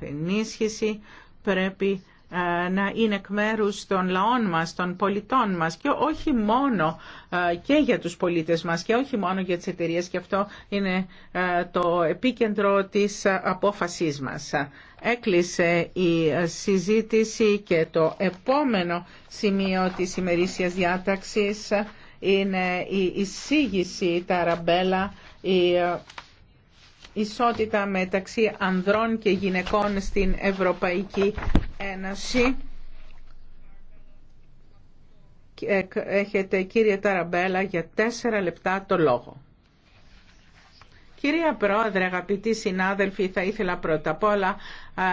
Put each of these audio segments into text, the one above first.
ενίσχυση πρέπει ε, να είναι εκ μέρου των λαών μας, των πολιτών μας και όχι μόνο ε, και για τους πολίτες μας και όχι μόνο για τις εταιρείε και αυτό είναι ε, το επίκεντρο της απόφασής μας. Έκλεισε η συζήτηση και το επόμενο σημείο της ημερήσιας διάταξης είναι η εισήγηση Ταραμπέλα, η ισότητα μεταξύ ανδρών και γυναικών στην Ευρωπαϊκή Ένωση. Ε, έχετε κύριε Ταραμπέλα για τέσσερα λεπτά το λόγο. Κυρία Πρόεδρε, αγαπητοί συνάδελφοι, θα ήθελα πρώτα απ' όλα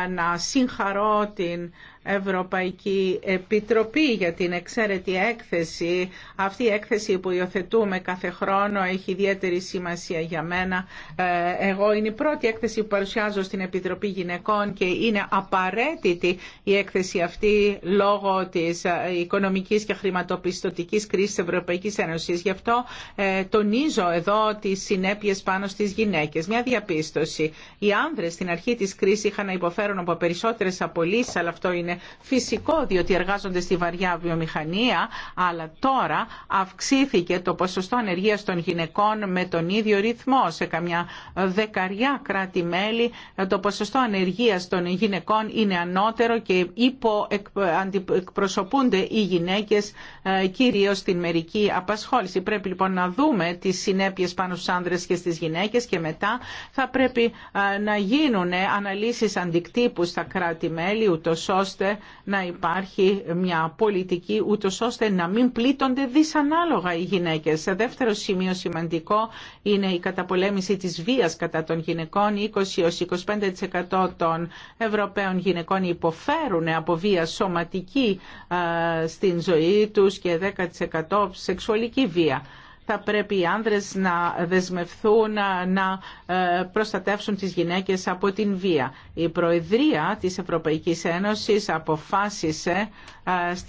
ε, να συγχαρώ την Ευρωπαϊκή Επιτροπή για την εξαίρετη έκθεση. Αυτή η έκθεση που υιοθετούμε κάθε χρόνο έχει ιδιαίτερη σημασία για μένα. Ε, εγώ είναι η πρώτη έκθεση που παρουσιάζω στην Επιτροπή Γυναικών και είναι απαραίτητη η έκθεση αυτή λόγω της ε, οικονομικής και χρηματοπιστωτικής κρίσης της Ευρωπαϊκής Ένωσης. Γι' αυτό ε, τονίζω εδώ τις συνέπειες πάνω στις γυναίκες. Μια διαπίστωση. Οι άνδρες στην αρχή της κρίσης είχαν να υποφέρουν από περισσότερες απολύσεις, αλλά αυτό είναι φυσικό διότι εργάζονται στη βαριά βιομηχανία, αλλά τώρα αυξήθηκε το ποσοστό ανεργίας των γυναικών με τον ίδιο ρυθμό. Σε καμιά δεκαριά κράτη-μέλη το ποσοστό ανεργίας των γυναικών είναι ανώτερο και υποεκπροσωπούνται οι γυναίκες ε, κυρίως στην μερική απασχόληση. Πρέπει λοιπόν να δούμε τις συνέπειες πάνω στους άνδρες και στις γυναίκες και μετά θα πρέπει ε, να γίνουν αναλύσεις αντικτύπου στα κράτη-μέλη ώστε να υπάρχει μια πολιτική ούτω ώστε να μην πλήττονται δυσανάλογα οι γυναίκες. Σε δεύτερο σημείο σημαντικό είναι η καταπολέμηση της βίας κατά των γυναικών. 20-25% των Ευρωπαίων γυναικών υποφέρουν από βία σωματική ε, στην ζωή τους και 10% σεξουαλική βία θα πρέπει οι άνδρες να δεσμευθούν να ε, προστατεύσουν τις γυναίκες από την βία. Η Προεδρία της Ευρωπαϊκής Ένωσης αποφάσισε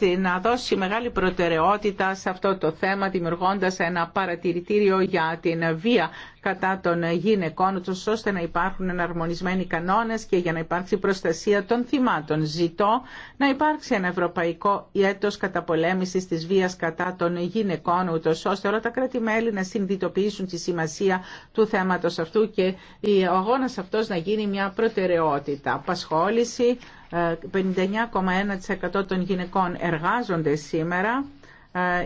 ε, να δώσει μεγάλη προτεραιότητα σε αυτό το θέμα, δημιουργώντας ένα παρατηρητήριο για την βία κατά των γυναικών, ώστε να υπάρχουν εναρμονισμένοι κανόνες και για να υπάρξει προστασία των θυμάτων. Ζητώ να υπάρξει ένα ευρωπαϊκό έτος καταπολέμησης της βίας κατά των γυναικών, ούτως ώστε όλα τα κράτη-μέλη να συνειδητοποιήσουν τη σημασία του θέματος αυτού και ο αγώνας αυτός να γίνει μια προτεραιότητα. Απασχόληση, 59,1% ε, των γυναικών εργάζονται σήμερα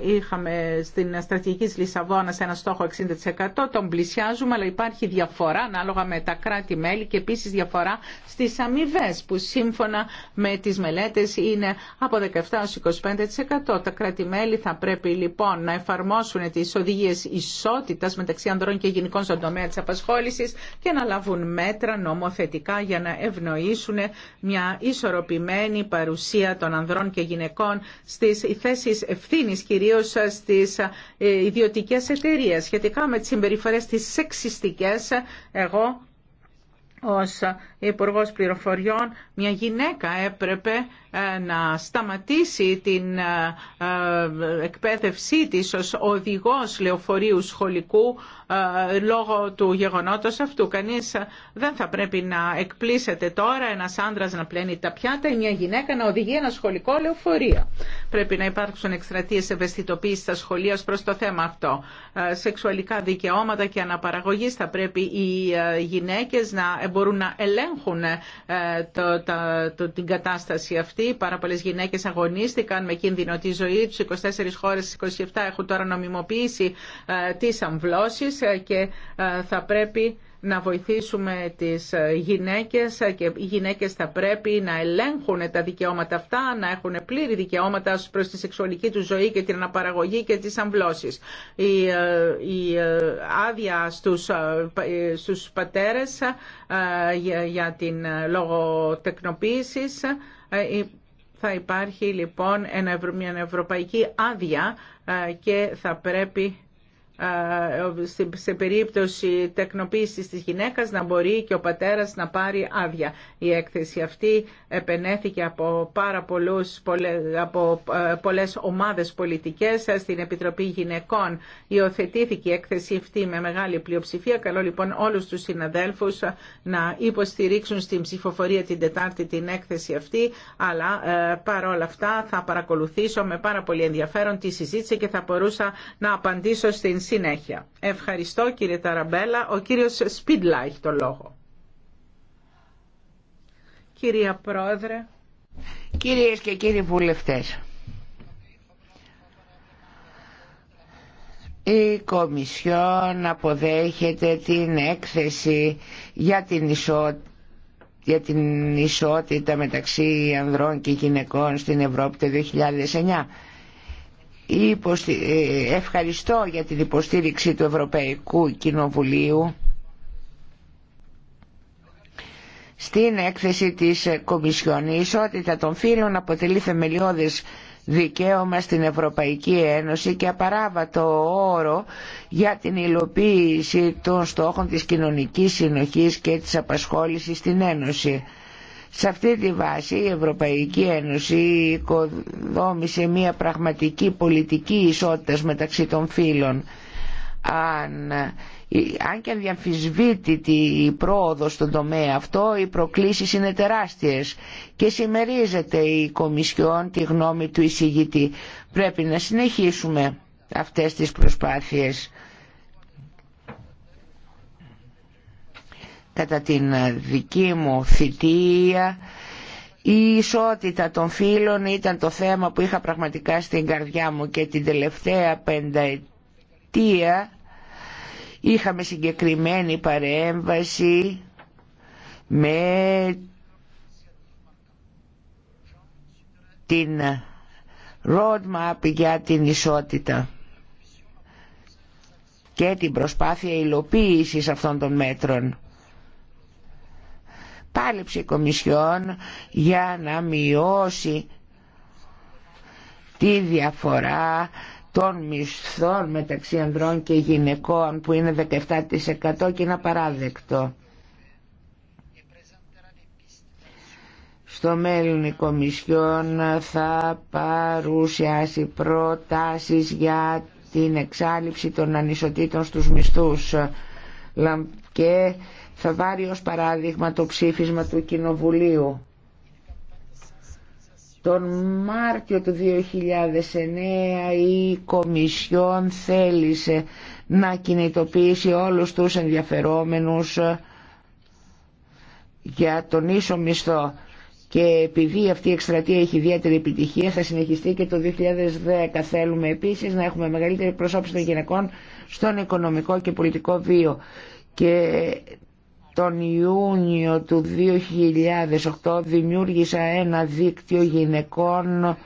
ε, είχαμε στην στρατηγική της Λισαβόνας ένα στόχο 60%, τον πλησιάζουμε, αλλά υπάρχει διαφορά ανάλογα με τα κράτη-μέλη και επίσης διαφορά στις αμοιβέ που σύμφωνα με τις μελέτες είναι από 17-25%. Τα κράτη-μέλη θα πρέπει λοιπόν να εφαρμόσουν τις οδηγίες ισότητας μεταξύ ανδρών και γυναικών στον τομέα της απασχόλησης και να λάβουν μέτρα νομοθετικά για να ευνοήσουν μια ισορροπημένη παρουσία των ανδρών και γυναικών στις θέσεις ευθύνη επιχειρήσεις, κυρίως στις ε, ιδιωτικές εταιρείες. Σχετικά με τις συμπεριφορές τις σεξιστικές, εγώ ως υπουργό Πληροφοριών, μια γυναίκα έπρεπε ε, να σταματήσει την ε, ε, εκπαίδευσή της ως οδηγός λεωφορείου σχολικού λόγω του γεγονότος αυτού. Κανείς δεν θα πρέπει να εκπλήσεται τώρα ένας άντρας να πλένει τα πιάτα ή μια γυναίκα να οδηγεί ένα σχολικό λεωφορείο. Πρέπει να υπάρξουν εκστρατείες ευαισθητοποίησης στα σχολεία προς το θέμα αυτό. Σεξουαλικά δικαιώματα και αναπαραγωγής θα πρέπει οι γυναίκες να μπορούν να ελέγχουν ελέγχουν ε, το, το, το, την κατάσταση αυτή. Πάρα πολλέ γυναίκε αγωνίστηκαν με κίνδυνο τη ζωή του. 24 χώρε, 27 έχουν τώρα νομιμοποιήσει ε, τι αμβλώσει ε, και θα πρέπει να βοηθήσουμε τις ε, γυναίκες ε, και οι γυναίκες θα πρέπει να ελέγχουν τα δικαιώματα αυτά, να έχουν πλήρη δικαιώματα προς τη σεξουαλική του ζωή και την αναπαραγωγή και τις αμβλώσεις. Η, ε, η άδεια στους, στους πατέρες για, την λογοτεκνοποίηση θα υπάρχει λοιπόν μια ευρωπαϊκή άδεια και θα πρέπει ε, σε περίπτωση τεκνοποίησης της γυναίκας να μπορεί και ο πατέρας να πάρει άδεια. Η έκθεση αυτή επενέθηκε από πάρα πολλούς, από ε, πολλές ομάδες πολιτικές στην Επιτροπή Γυναικών. Υιοθετήθηκε η έκθεση αυτή με μεγάλη πλειοψηφία. Καλό λοιπόν όλους τους συναδέλφους να υποστηρίξουν στην ψηφοφορία την Τετάρτη την έκθεση αυτή, αλλά ε, παρόλα αυτά θα παρακολουθήσω με πάρα πολύ ενδιαφέρον τη συζήτηση και θα μπορούσα να απαντήσω στην συνέχεια. Ευχαριστώ κύριε Ταραμπέλα. Ο κύριος Σπίτλα έχει το λόγο. Κυρία Πρόεδρε. Κυρίες και κύριοι βουλευτές. Η Κομισιόν αποδέχεται την έκθεση για την ισότητα για την ισότητα μεταξύ ανδρών και γυναικών στην Ευρώπη το 2009 ε, ευχαριστώ για την υποστήριξη του Ευρωπαϊκού Κοινοβουλίου στην έκθεση της Κομισιόν. Η ισότητα των φύλων αποτελεί θεμελιώδες δικαίωμα στην Ευρωπαϊκή Ένωση και απαράβατο όρο για την υλοποίηση των στόχων της κοινωνικής συνοχής και της απασχόλησης στην Ένωση. Σε αυτή τη βάση η Ευρωπαϊκή Ένωση οικοδόμησε μια πραγματική πολιτική ισότητας μεταξύ των φύλων. Αν, αν και αδιαμφισβήτητη η πρόοδο στον τομέα αυτό, οι προκλήσεις είναι τεράστιες και συμμερίζεται η Κομισιόν τη γνώμη του εισηγητή. Πρέπει να συνεχίσουμε αυτές τις προσπάθειες κατά την δική μου θητεία η ισότητα των φίλων ήταν το θέμα που είχα πραγματικά στην καρδιά μου και την τελευταία πενταετία είχαμε συγκεκριμένη παρέμβαση με την roadmap για την ισότητα και την προσπάθεια υλοποίησης αυτών των μέτρων πάλεψε η Κομισιόν για να μειώσει τη διαφορά των μισθών μεταξύ ανδρών και γυναικών που είναι 17% και είναι απαράδεκτο. Στο μέλλον η Κομισιόν θα παρουσιάσει προτάσεις για την εξάλληψη των ανισοτήτων στους μισθούς και θα βάλει ως παράδειγμα το ψήφισμα του Κοινοβουλίου. Τον Μάρτιο του 2009 η Κομισιόν θέλησε να κινητοποιήσει όλους τους ενδιαφερόμενους για τον ίσο μισθό και επειδή αυτή η εκστρατεία έχει ιδιαίτερη επιτυχία θα συνεχιστεί και το 2010 θέλουμε επίσης να έχουμε μεγαλύτερη προσώπηση των γυναικών στον οικονομικό και πολιτικό βίο και τον Ιούνιο του 2008 δημιούργησα ένα δίκτυο γυναικών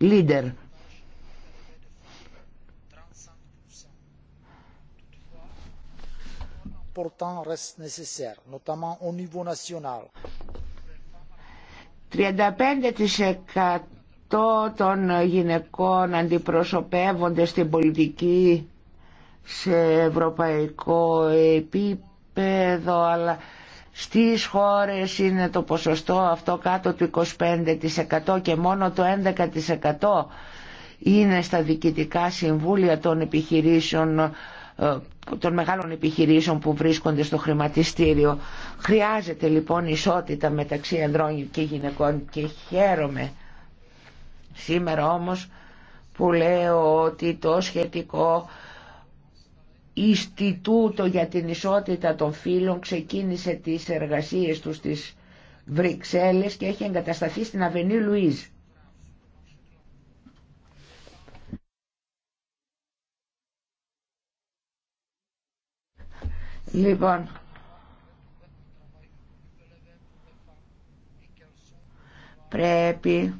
leader. Pourtant 35% των γυναικών αντιπροσωπεύονται στην πολιτική σε ευρωπαϊκό επίπεδο αλλά στις χώρες είναι το ποσοστό αυτό κάτω του 25% και μόνο το 11% είναι στα διοικητικά συμβούλια των επιχειρήσεων ε, των μεγάλων επιχειρήσεων που βρίσκονται στο χρηματιστήριο. Χρειάζεται λοιπόν ισότητα μεταξύ ανδρών και γυναικών και χαίρομαι σήμερα όμως που λέω ότι το σχετικό Ιστιτούτο για την Ισότητα των Φύλων ξεκίνησε τις εργασίες του στις Βρυξέλλες και έχει εγκατασταθεί στην Αβενή Λουίζ. Λοιπόν, πρέπει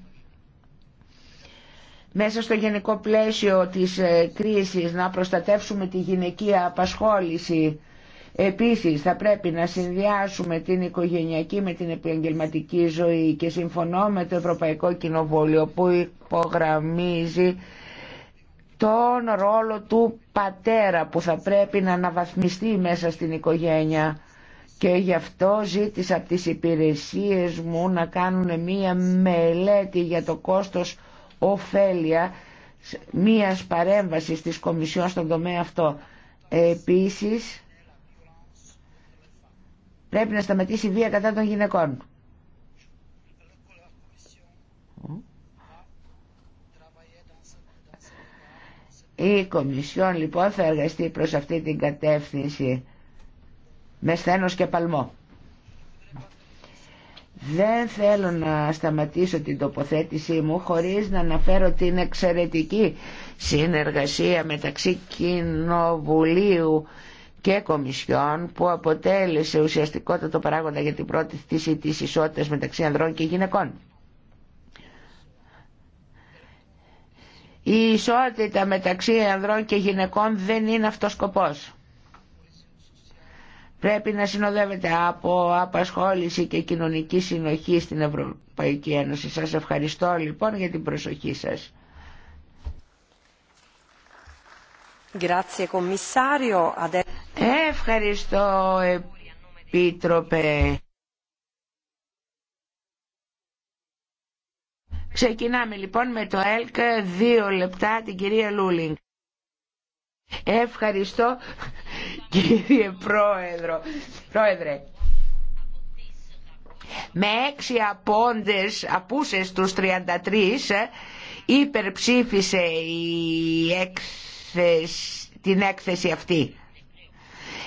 μέσα στο γενικό πλαίσιο της ε, κρίσης να προστατεύσουμε τη γυναικεία απασχόληση. Επίσης θα πρέπει να συνδυάσουμε την οικογενειακή με την επαγγελματική ζωή και συμφωνώ με το Ευρωπαϊκό Κοινοβούλιο που υπογραμμίζει τον ρόλο του πατέρα που θα πρέπει να αναβαθμιστεί μέσα στην οικογένεια και γι' αυτό ζήτησα από τις υπηρεσίες μου να κάνουν μία μελέτη για το κόστος ωφέλεια μίας παρέμβασης της Κομισιόν στον τομέα αυτό. Επίσης, πρέπει να σταματήσει η βία κατά των γυναικών. Η Κομισιόν λοιπόν θα εργαστεί προς αυτή την κατεύθυνση με σθένος και παλμό. Δεν θέλω να σταματήσω την τοποθέτησή μου χωρίς να αναφέρω την εξαιρετική συνεργασία μεταξύ Κοινοβουλίου και Κομισιόν που αποτέλεσε ουσιαστικότατο παράγοντα για την πρώτη θέση της ισότητας μεταξύ ανδρών και γυναικών. Η ισότητα μεταξύ ανδρών και γυναικών δεν είναι αυτός σκοπός πρέπει να συνοδεύεται από απασχόληση και κοινωνική συνοχή στην Ευρωπαϊκή Ένωση. Σας ευχαριστώ λοιπόν για την προσοχή σας. Ευχαριστώ Επίτροπε. Ξεκινάμε λοιπόν με το ΕΛΚ, δύο λεπτά την κυρία Λούλινγκ. Ευχαριστώ κύριε Πρόεδρο. Πρόεδρε, με έξι απόντες, απούσες τους 33, ε, υπερψήφισε η έκθεση, την έκθεση αυτή.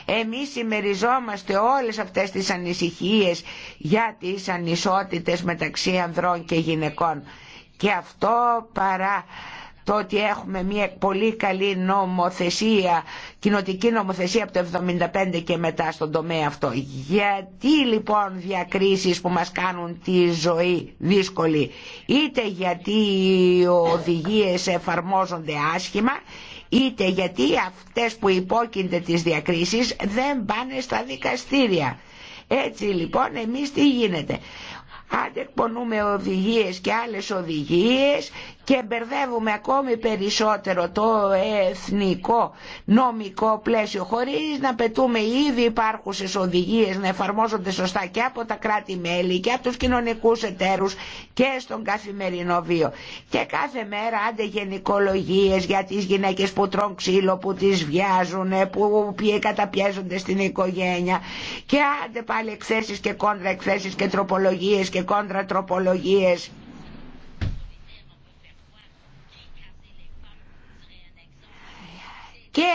Εμείς συμμεριζόμαστε όλες αυτές τις ανησυχίες για τις ανισότητες μεταξύ ανδρών και γυναικών. Και αυτό παρά το ότι έχουμε μια πολύ καλή νομοθεσία, κοινοτική νομοθεσία από το 1975 και μετά στον τομέα αυτό. Γιατί λοιπόν διακρίσεις που μας κάνουν τη ζωή δύσκολη, είτε γιατί οι οδηγίες εφαρμόζονται άσχημα, είτε γιατί αυτές που υπόκεινται τις διακρίσεις δεν πάνε στα δικαστήρια. Έτσι λοιπόν εμείς τι γίνεται. εκπονούμε οδηγίες και άλλες οδηγίες και μπερδεύουμε ακόμη περισσότερο το εθνικό νομικό πλαίσιο χωρίς να πετούμε ήδη υπάρχουσες οδηγίες να εφαρμόζονται σωστά και από τα κράτη-μέλη και από τους κοινωνικούς εταίρους και στον καθημερινό βίο. Και κάθε μέρα άντε γενικολογίες για τις γυναίκες που τρών ξύλο, που τις βιάζουν, που καταπιέζονται στην οικογένεια και άντε πάλι εκθέσεις και κόντρα εκθέσεις και τροπολογίες και κόντρα τροπολογίες και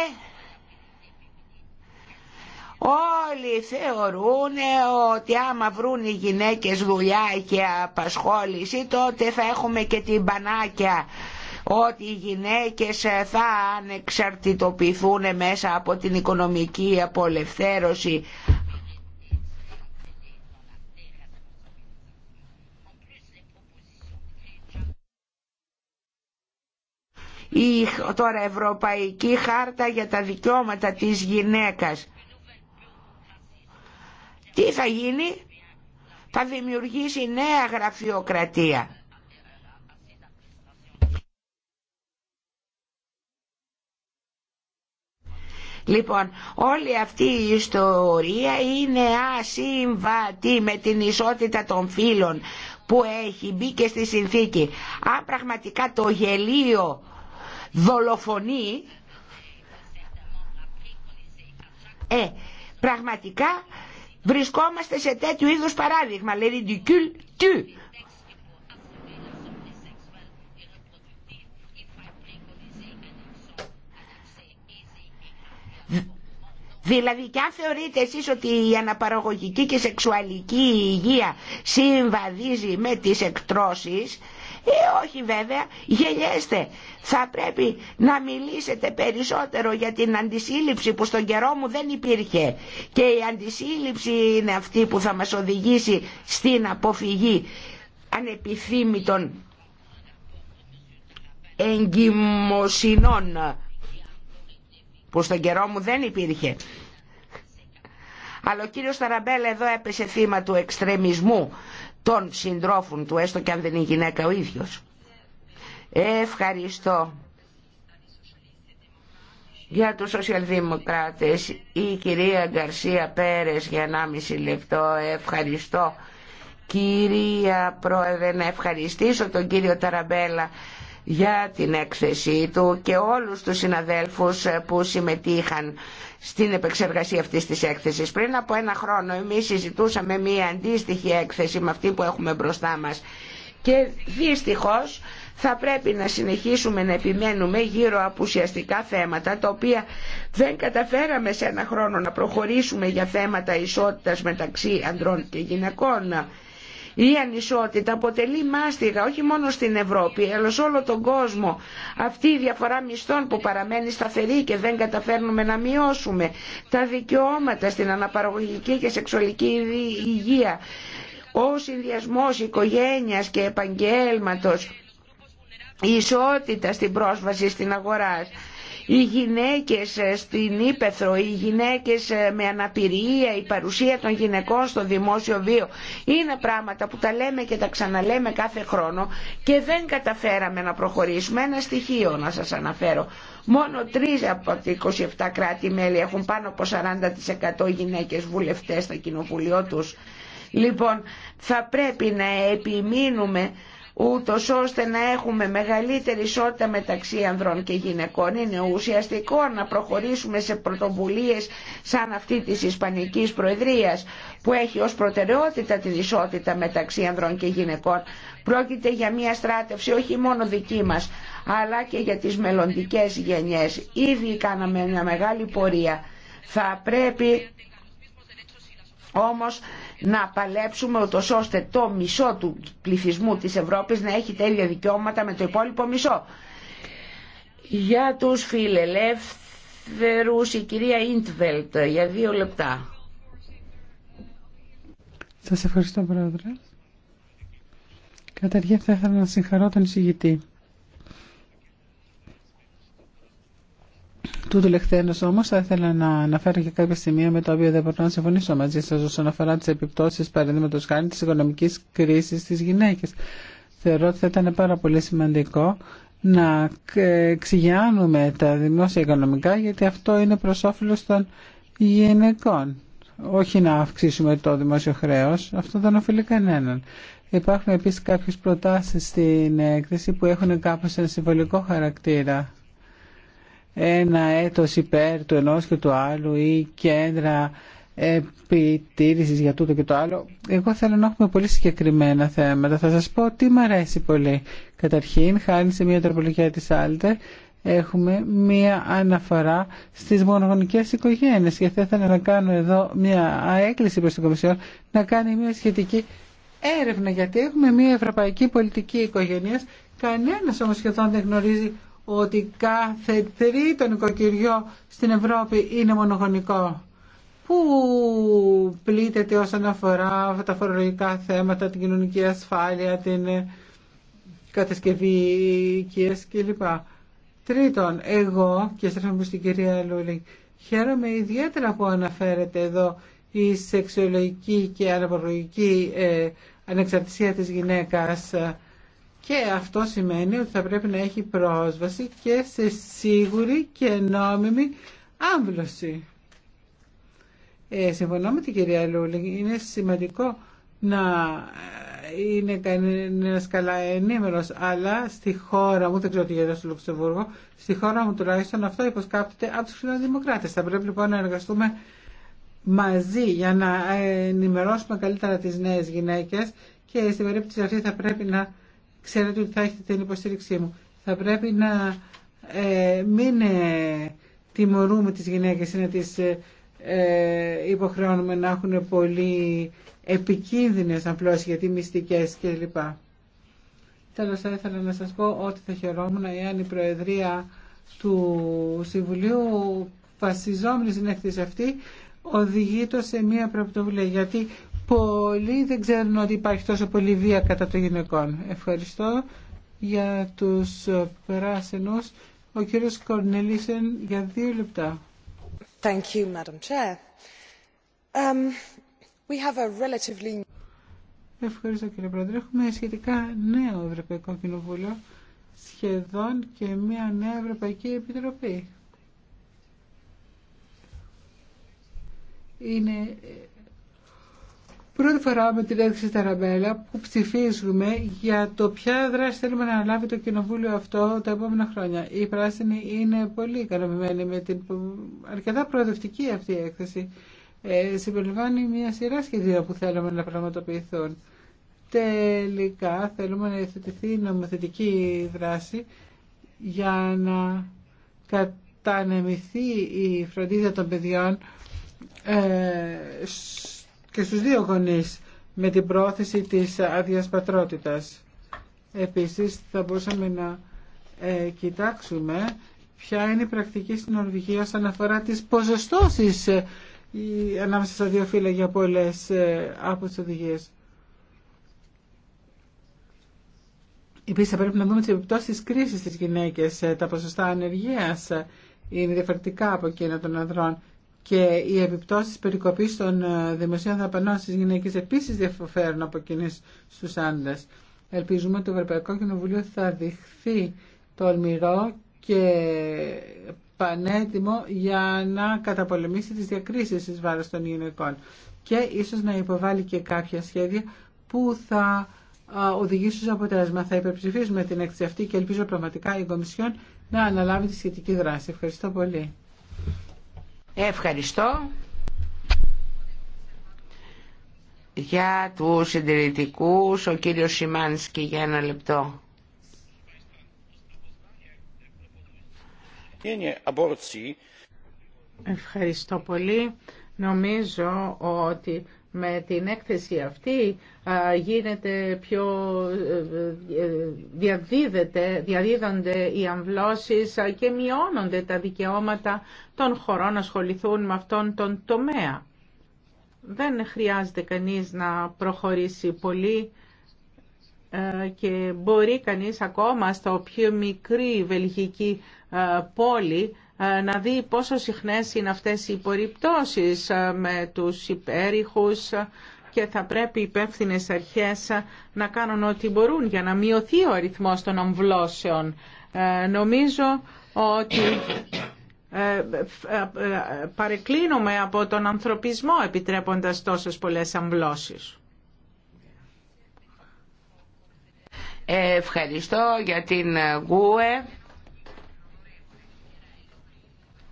Όλοι θεωρούν ότι άμα βρουν οι γυναίκες δουλειά και απασχόληση τότε θα έχουμε και την πανάκια ότι οι γυναίκες θα ανεξαρτητοποιηθούν μέσα από την οικονομική απολευθέρωση η τώρα Ευρωπαϊκή Χάρτα για τα Δικαιώματα της Γυναίκας. Τι θα γίνει, θα δημιουργήσει νέα γραφειοκρατία. Λοιπόν, όλη αυτή η ιστορία είναι ασύμβατη με την ισότητα των φίλων που έχει μπει και στη συνθήκη. Αν πραγματικά το γελίο δολοφονεί ε, πραγματικά βρισκόμαστε σε τέτοιου είδους παράδειγμα λέει Δηλαδή και αν θεωρείτε εσείς ότι η αναπαραγωγική και σεξουαλική υγεία συμβαδίζει με τις εκτρώσεις, ε όχι βέβαια, γελιέστε. Θα πρέπει να μιλήσετε περισσότερο για την αντισύλληψη που στον καιρό μου δεν υπήρχε. Και η αντισύλληψη είναι αυτή που θα μας οδηγήσει στην αποφυγή ανεπιθύμητων εγκυμοσυνών που στον καιρό μου δεν υπήρχε. Αλλά ο κύριος Ταραμπέλα εδώ έπεσε θύμα του εξτρεμισμού των συντρόφων του, έστω και αν δεν είναι γυναίκα ο ίδιος. Ευχαριστώ. Για τους σοσιαλδημοκράτες η κυρία Γκαρσία Πέρες για 1,5 λεπτό. Ευχαριστώ. Κυρία Πρόεδρε, να ευχαριστήσω τον κύριο Ταραμπέλα για την έκθεσή του και όλους τους συναδέλφους που συμμετείχαν στην επεξεργασία αυτής της έκθεσης. Πριν από ένα χρόνο εμείς συζητούσαμε μία αντίστοιχη έκθεση με αυτή που έχουμε μπροστά μας και δυστυχώς θα πρέπει να συνεχίσουμε να επιμένουμε γύρω από ουσιαστικά θέματα τα οποία δεν καταφέραμε σε ένα χρόνο να προχωρήσουμε για θέματα ισότητας μεταξύ ανδρών και γυναικών η ανισότητα αποτελεί μάστιγα όχι μόνο στην Ευρώπη αλλά σε όλο τον κόσμο. Αυτή η διαφορά μισθών που παραμένει σταθερή και δεν καταφέρνουμε να μειώσουμε. Τα δικαιώματα στην αναπαραγωγική και σεξουαλική υγεία. Ο συνδυασμός οικογένειας και επαγγέλματος. Η ισότητα στην πρόσβαση στην αγορά οι γυναίκες ε, στην Ήπεθρο, οι γυναίκες ε, με αναπηρία, η παρουσία των γυναικών στο δημόσιο βίο είναι πράγματα που τα λέμε και τα ξαναλέμε κάθε χρόνο και δεν καταφέραμε να προχωρήσουμε. Ένα στοιχείο να σας αναφέρω. Μόνο τρει από τα 27 κράτη-μέλη έχουν πάνω από 40% γυναίκες βουλευτές στα κοινοβουλίο τους. Λοιπόν, θα πρέπει να επιμείνουμε ούτως ώστε να έχουμε μεγαλύτερη ισότητα μεταξύ ανδρών και γυναικών. Είναι ουσιαστικό να προχωρήσουμε σε πρωτοβουλίες σαν αυτή της Ισπανικής Προεδρίας που έχει ως προτεραιότητα την ισότητα μεταξύ ανδρών και γυναικών. Πρόκειται για μια στράτευση όχι μόνο δική μας αλλά και για τις μελλοντικέ γενιές. Ήδη κάναμε μια μεγάλη πορεία. Θα πρέπει όμως να παλέψουμε ούτως ώστε το μισό του πληθυσμού της Ευρώπης να έχει τέλεια δικαιώματα με το υπόλοιπο μισό. Για τους φιλελεύθερους η κυρία Ιντβελτ για δύο λεπτά. Σας ευχαριστώ πρόεδρε. Καταρχήν θα ήθελα να συγχαρώ τον εισηγητή. Τούτου λεχθένω όμω θα ήθελα να αναφέρω και κάποια σημεία με τα οποία δεν μπορώ να συμφωνήσω μαζί σα όσον αφορά τι επιπτώσει παραδείγματο χάρη τη οικονομική κρίση στι γυναίκε. Θεωρώ ότι θα ήταν πάρα πολύ σημαντικό να ξυγιάνουμε τα δημόσια οικονομικά γιατί αυτό είναι προ όφελο των γυναικών. Όχι να αυξήσουμε το δημόσιο χρέο, αυτό δεν οφείλει κανέναν. Υπάρχουν επίση κάποιε προτάσει στην έκθεση που έχουν κάπω ένα συμβολικό χαρακτήρα ένα έτος υπέρ του ενός και του άλλου ή κέντρα επιτήρησης για τούτο και το άλλο. Εγώ θέλω να έχουμε πολύ συγκεκριμένα θέματα. Θα σας πω τι μου αρέσει πολύ. Καταρχήν, χάρη σε μια τροπολογία της Άλτερ, έχουμε μία αναφορά στις μονογονικές οικογένειες και θα ήθελα να κάνω εδώ μία έκκληση προς την Κομισιόν να κάνει μία σχετική έρευνα γιατί έχουμε μία ευρωπαϊκή πολιτική οικογένειας κανένας όμως σχεδόν δεν γνωρίζει ότι κάθε τρίτο νοικοκυριό στην Ευρώπη είναι μονογονικό. Πού πλήττεται όσον αφορά τα φορολογικά θέματα, την κοινωνική ασφάλεια, την κατασκευή οικίας κλπ. Τρίτον, εγώ και στρέφομαι στην κυρία Λούλη, χαίρομαι ιδιαίτερα που αναφέρεται εδώ η σεξιολογική και μου στην κυρια λουλη χαιρομαι ιδιαιτερα που αναφερεται εδω η σεξουαλική και αναπαραγωγικη ε, ανεξαρτησια της γυναίκας και αυτό σημαίνει ότι θα πρέπει να έχει πρόσβαση και σε σίγουρη και νόμιμη άμβλωση. Ε, συμφωνώ με την κυρία Λούλη. Είναι σημαντικό να ε, είναι κανένας καλά ενήμερο, αλλά στη χώρα μου, δεν ξέρω τι γίνεται στο Λουξεμβούργο, στη χώρα μου τουλάχιστον αυτό υποσκάπτεται από τους φιλοδημοκράτε. Θα πρέπει λοιπόν να εργαστούμε μαζί για να ενημερώσουμε καλύτερα τι νέε γυναίκε και στην περίπτωση αυτή θα πρέπει να ξέρετε ότι θα έχετε την υποστήριξή μου. Θα πρέπει να ε, μην ε, τιμωρούμε τις γυναίκες ή να τις ε, ε, υποχρεώνουμε να έχουν πολύ επικίνδυνες απλώς γιατί μυστικές κλπ. Τέλος θα ήθελα να σας πω ότι θα χαιρόμουν εάν η Προεδρία του Συμβουλίου βασιζόμενη στην αυτή οδηγεί το σε μία πρωτοβουλία γιατί πολλοί δεν ξέρουν ότι υπάρχει τόσο πολύ βία κατά των γυναικών. Ευχαριστώ για τους πράσινους. Ο κύριος Κορνελίσεν για δύο λεπτά. Ευχαριστώ κύριε Πρόεδρε. Έχουμε σχετικά νέο Ευρωπαϊκό Κοινοβούλιο, σχεδόν και μια νέα Ευρωπαϊκή Επιτροπή. Είναι Πρώτη φορά με την έκθεση Ταραμπέλα που ψηφίζουμε για το ποια δράση θέλουμε να αναλάβει το κοινοβούλιο αυτό τα επόμενα χρόνια. Η πράσινη είναι πολύ ικανοποιημένη με την αρκετά προοδευτική αυτή η έκθεση. Ε, συμπεριλαμβάνει μια σειρά σχεδίων που θέλουμε να πραγματοποιηθούν. Τελικά θέλουμε να η νομοθετική δράση για να κατανεμηθεί η φροντίδα των παιδιών ε, και στους δύο γονείς με την πρόθεση της άδειας πατρότητας. Επίσης θα μπορούσαμε να ε, κοιτάξουμε ποια είναι η πρακτική στην Ορβηγία όσον αφορά τις ποσοστώσεις η, ε, ανάμεσα στα δύο φύλλα για πολλές ε, από τις οδηγίες. Επίσης θα πρέπει να δούμε τις επιπτώσεις της κρίσης στις γυναίκες. Ε, τα ποσοστά ανεργίας είναι διαφορετικά από εκείνα των ανδρών και οι επιπτώσει περικοπής των ε, δημοσίων δαπανών στις γυναίκε επίση διαφέρουν από κοινέ στου άντρε. Ελπίζουμε ότι το Ευρωπαϊκό Κοινοβουλίο θα δειχθεί τολμηρό και πανέτοιμο για να καταπολεμήσει τις διακρίσεις στις βάρος των γυναικών και ίσως να υποβάλει και κάποια σχέδια που θα οδηγήσουν σε αποτέλεσμα. Θα υπερψηφίσουμε την έκθεση αυτή και ελπίζω πραγματικά η Κομισιόν να αναλάβει τη σχετική δράση. Ευχαριστώ πολύ. Ευχαριστώ για τους συντηρητικού, ο κύριο Σιμάνσκι για ένα λεπτό. Ευχαριστώ πολύ. Νομίζω ότι με την έκθεση αυτή γίνεται πιο ε, ε, διαδίδεται, διαδίδονται οι αμβλώσεις και μειώνονται τα δικαιώματα των χωρών να ασχοληθούν με αυτόν τον τομέα. Δεν χρειάζεται κανείς να προχωρήσει πολύ ε, και μπορεί κανείς ακόμα στο πιο μικρή βελγική πόλη ε, να δει πόσο συχνές είναι αυτές οι υπορριπτώσεις ε, με τους υπέρηχους ε, και θα πρέπει οι υπεύθυνε αρχές να κάνουν ό,τι μπορούν για να μειωθεί ο αριθμός των αμβλώσεων. νομίζω ότι παρεκκλίνουμε από τον ανθρωπισμό επιτρέποντας τόσες πολλές αμβλώσεις. Ευχαριστώ για την ΓΟΕ.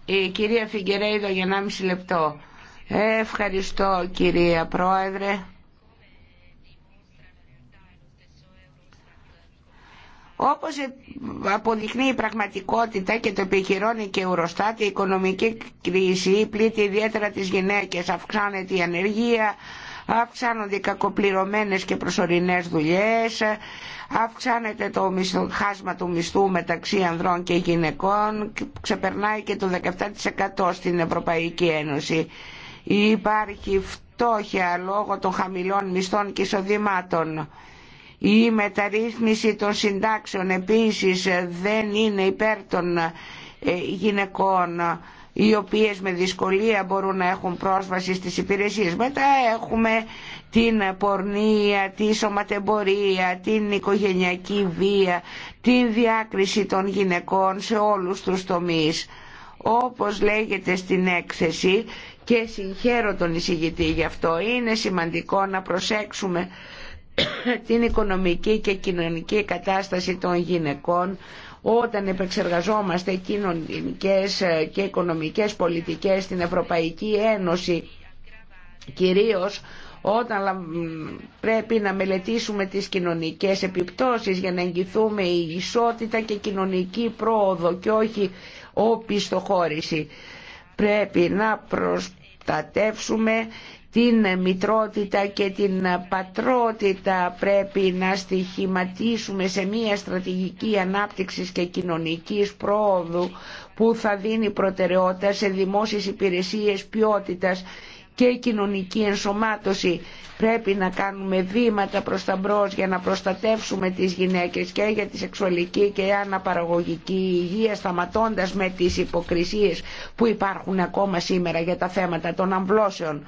Η κυρία Φιγκερέιδο για μισή λεπτό. Ευχαριστώ κυρία Πρόεδρε. Όπως αποδεικνύει η πραγματικότητα και το επιχειρώνει και η η οικονομική κρίση πλήττει ιδιαίτερα τις γυναίκες, αυξάνεται η ανεργία, αυξάνονται οι κακοπληρωμένες και προσωρινές δουλειές, αυξάνεται το χάσμα του μισθού μεταξύ ανδρών και γυναικών, ξεπερνάει και το 17% στην Ευρωπαϊκή Ένωση. Υπάρχει φτώχεια λόγω των χαμηλών μισθών και εισοδημάτων. Η μεταρρύθμιση των συντάξεων επίσης δεν είναι υπέρ των ε, γυναικών οι οποίες με δυσκολία μπορούν να έχουν πρόσβαση στις υπηρεσίες. Μετά έχουμε την πορνεία, τη σωματεμπορία, την οικογενειακή βία, την διάκριση των γυναικών σε όλους τους τομείς. Όπως λέγεται στην έκθεση και συγχαίρω τον εισηγητή γι' αυτό, είναι σημαντικό να προσέξουμε την οικονομική και κοινωνική κατάσταση των γυναικών όταν επεξεργαζόμαστε κοινωνικές ε, και οικονομικές πολιτικές στην Ευρωπαϊκή Ένωση κυρίως όταν πρέπει να μελετήσουμε τις κοινωνικές επιπτώσεις για να εγγυθούμε η ισότητα και κοινωνική πρόοδο και όχι οπισθοχώρηση. Πρέπει να προστατεύσουμε την μητρότητα και την πατρότητα πρέπει να στοιχηματίσουμε σε μια στρατηγική ανάπτυξης και κοινωνικής πρόοδου που θα δίνει προτεραιότητα σε δημόσιες υπηρεσίες ποιότητας και κοινωνική ενσωμάτωση. Πρέπει να κάνουμε βήματα προς τα μπρος για να προστατεύσουμε τις γυναίκες και για τη σεξουαλική και αναπαραγωγική υγεία σταματώντας με τις υποκρισίες που υπάρχουν ακόμα σήμερα για τα θέματα των αμβλώσεων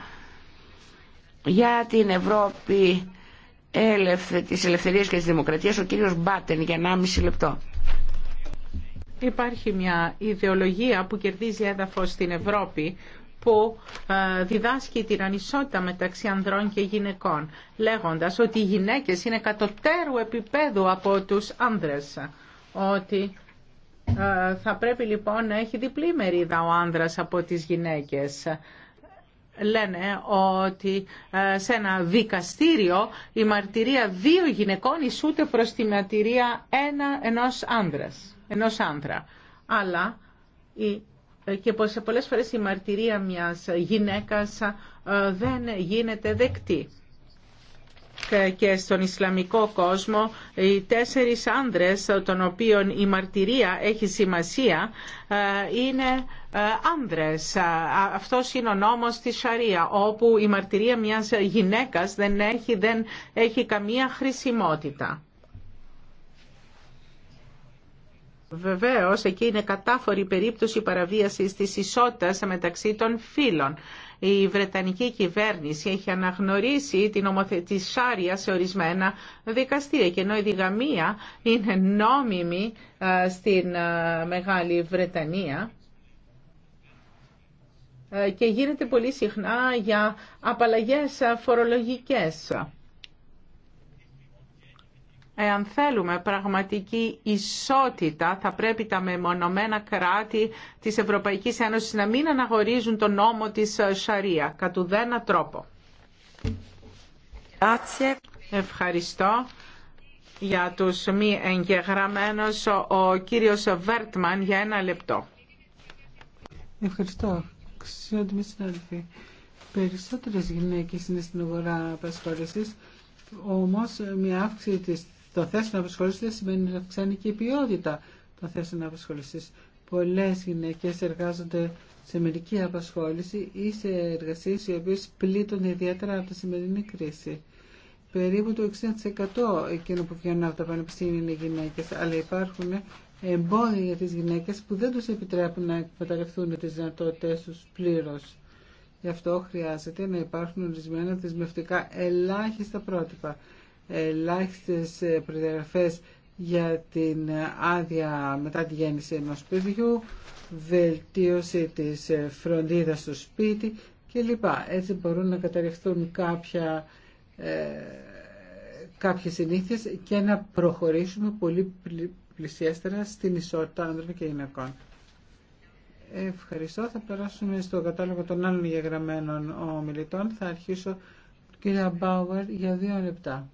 για την Ευρώπη ελευθε, της Ελευθερίας και της Δημοκρατίας ο κύριος Μπάτεν για 1,5 λεπτό. Υπάρχει μια ιδεολογία που κερδίζει έδαφος στην Ευρώπη που ε, διδάσκει την ανισότητα μεταξύ ανδρών και γυναικών, λέγοντας ότι οι γυναίκες είναι κατωτέρου επίπεδου από τους άνδρες, ότι ε, θα πρέπει λοιπόν να έχει διπλή μερίδα ο άνδρας από τις γυναίκες λένε ότι ε, σε ένα δικαστήριο η μαρτυρία δύο γυναικών ισούται προς τη μαρτυρία ένα, ενός, άνδρας, ενός άνδρα. Αλλά η, ε, και πως πολλές φορές η μαρτυρία μιας γυναίκας ε, δεν γίνεται δεκτή. Ε, και στον Ισλαμικό κόσμο οι τέσσερις άνδρες των οποίων η μαρτυρία έχει σημασία ε, είναι ε, άνδρες. Αυτός είναι ο νόμος της Σαρία όπου η μαρτυρία μιας γυναίκας δεν έχει, δεν έχει καμία χρησιμότητα. Βεβαίως, εκεί είναι κατάφορη περίπτωση παραβίασης της ισότητας μεταξύ των φίλων η Βρετανική κυβέρνηση έχει αναγνωρίσει την ομοθετησάρια Σάρια σε ορισμένα δικαστήρια και ενώ η διγαμία είναι νόμιμη ε, στην ε, Μεγάλη Βρετανία ε, και γίνεται πολύ συχνά για απαλλαγές φορολογικές. Εάν θέλουμε πραγματική ισότητα, θα πρέπει τα μεμονωμένα κράτη της Ευρωπαϊκής Ένωσης να μην αναγορίζουν τον νόμο της ε, Σαρία, κατ' ουδένα τρόπο. Ευχαριστώ για τους μη εγγεγραμμένους. Ο κύριος Βέρτμαν για ένα λεπτό. Ευχαριστώ. περισσότερες γυναίκες είναι στην αγορά απασχόλησης, όμως ε, μια αύξηση το θέση να απασχολήσει σημαίνει να αυξάνει και η ποιότητα των να απασχόληση. Πολλέ γυναίκε εργάζονται σε μερική απασχόληση ή σε εργασίε οι οποίε πλήττονται ιδιαίτερα από τη σημερινή κρίση. Περίπου το 60% εκείνων που βγαίνουν από τα πανεπιστήμια είναι γυναίκε, αλλά υπάρχουν εμπόδια για τι γυναίκε που δεν του επιτρέπουν να εκμεταλλευτούν τι δυνατότητέ του πλήρω. Γι' αυτό χρειάζεται να υπάρχουν ορισμένα δεσμευτικά ελάχιστα πρότυπα ελάχιστες ε, προδιαγραφές για την άδεια μετά τη γέννηση ενός παιδιού, βελτίωση της ε, φροντίδας στο σπίτι κλπ. Έτσι μπορούν να καταρριφθούν κάποια, ε, κάποιες συνήθειες και να προχωρήσουμε πολύ πλησιέστερα στην ισότητα άνδρων και γυναικών. Ευχαριστώ. Θα περάσουμε στο κατάλογο των άλλων γεγραμμένων ομιλητών. Θα αρχίσω κυρία Μπάουερ για δύο λεπτά.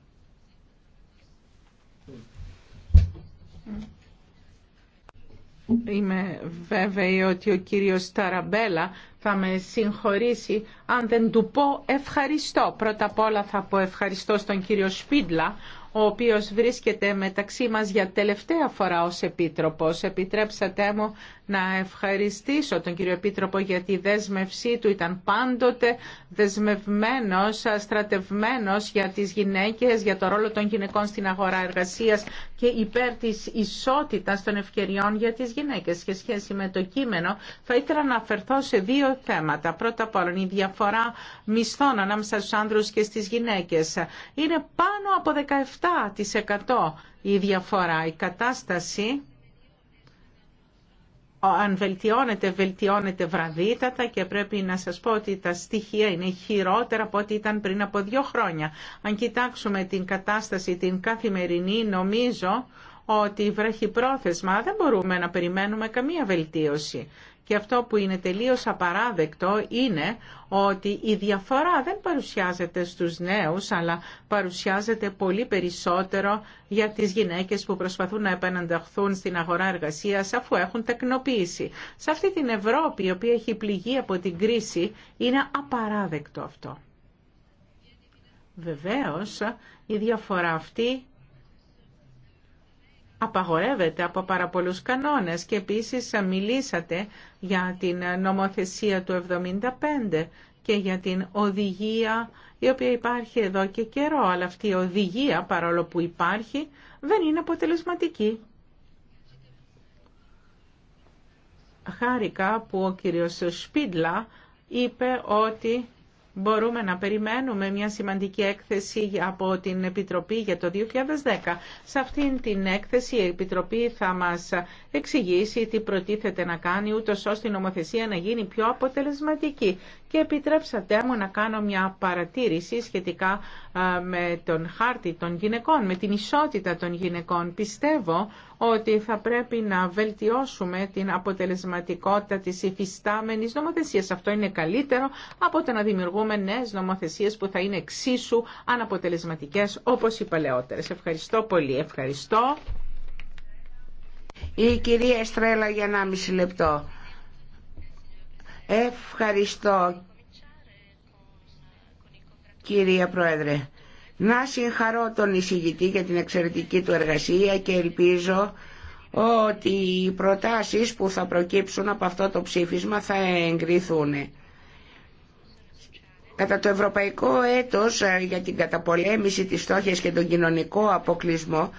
Είμαι βέβαιη ότι ο κύριος Ταραμπέλα θα με συγχωρήσει αν δεν του πω ευχαριστώ. Πρώτα απ' όλα θα πω ευχαριστώ στον κύριο Σπίτλα, ο οποίος βρίσκεται μεταξύ μας για τελευταία φορά ως Επίτροπος. Επιτρέψατε μου να ευχαριστήσω τον κύριο Επίτροπο για τη δέσμευσή του. Ήταν πάντοτε δεσμευμένος, στρατευμένος για τις γυναίκες, για το ρόλο των γυναικών στην αγορά εργασίας και υπέρ της ισότητας των ευκαιριών για τις γυναίκες. Και σχέση με το κείμενο θα ήθελα να αφερθώ σε δύο θέματα. Πρώτα απ' όλα η διαφορά μισθών ανάμεσα στους άνδρους και στις γυναίκες. Είναι πάνω από 17 7% η διαφορά. Η κατάσταση αν βελτιώνεται, βελτιώνεται βραδύτατα και πρέπει να σας πω ότι τα στοιχεία είναι χειρότερα από ό,τι ήταν πριν από δύο χρόνια. Αν κοιτάξουμε την κατάσταση την καθημερινή, νομίζω ότι βραχυπρόθεσμα δεν μπορούμε να περιμένουμε καμία βελτίωση. Και αυτό που είναι τελείως απαράδεκτο είναι ότι η διαφορά δεν παρουσιάζεται στους νέους, αλλά παρουσιάζεται πολύ περισσότερο για τις γυναίκες που προσπαθούν να επανανταχθούν στην αγορά εργασίας αφού έχουν τεκνοποίηση. Σε αυτή την Ευρώπη, η οποία έχει πληγεί από την κρίση, είναι απαράδεκτο αυτό. Βεβαίως, η διαφορά αυτή απαγορεύεται από πάρα πολλούς κανόνες και επίσης ε, μιλήσατε για την ε, νομοθεσία του 75 και για την οδηγία η οποία υπάρχει εδώ και καιρό, αλλά αυτή η οδηγία παρόλο που υπάρχει δεν είναι αποτελεσματική. Χάρηκα που ο κύριος Σπίτλα είπε ότι μπορούμε να περιμένουμε μια σημαντική έκθεση από την Επιτροπή για το 2010. Σε αυτήν την έκθεση η Επιτροπή θα μας εξηγήσει τι προτίθεται να κάνει ούτως ώστε η νομοθεσία να γίνει πιο αποτελεσματική. Και επιτρέψατε μου να κάνω μια παρατήρηση σχετικά με τον χάρτη των γυναικών, με την ισότητα των γυναικών. Πιστεύω ότι θα πρέπει να βελτιώσουμε την αποτελεσματικότητα της υφιστάμενης νομοθεσίας. Αυτό είναι καλύτερο από το να δημιουργούμε νέες νομοθεσίες που θα είναι εξίσου αναποτελεσματικές όπως οι παλαιότερες. Ευχαριστώ πολύ. Ευχαριστώ. Η κυρία Στρέλα, για 1,5 λεπτό. Ευχαριστώ κυρία Πρόεδρε. Να συγχαρώ τον εισηγητή για την εξαιρετική του εργασία και ελπίζω ότι οι προτάσεις που θα προκύψουν από αυτό το ψήφισμα θα εγκριθούν. Κατά το ευρωπαϊκό έτος ε, για την καταπολέμηση της στόχης και τον κοινωνικό αποκλεισμό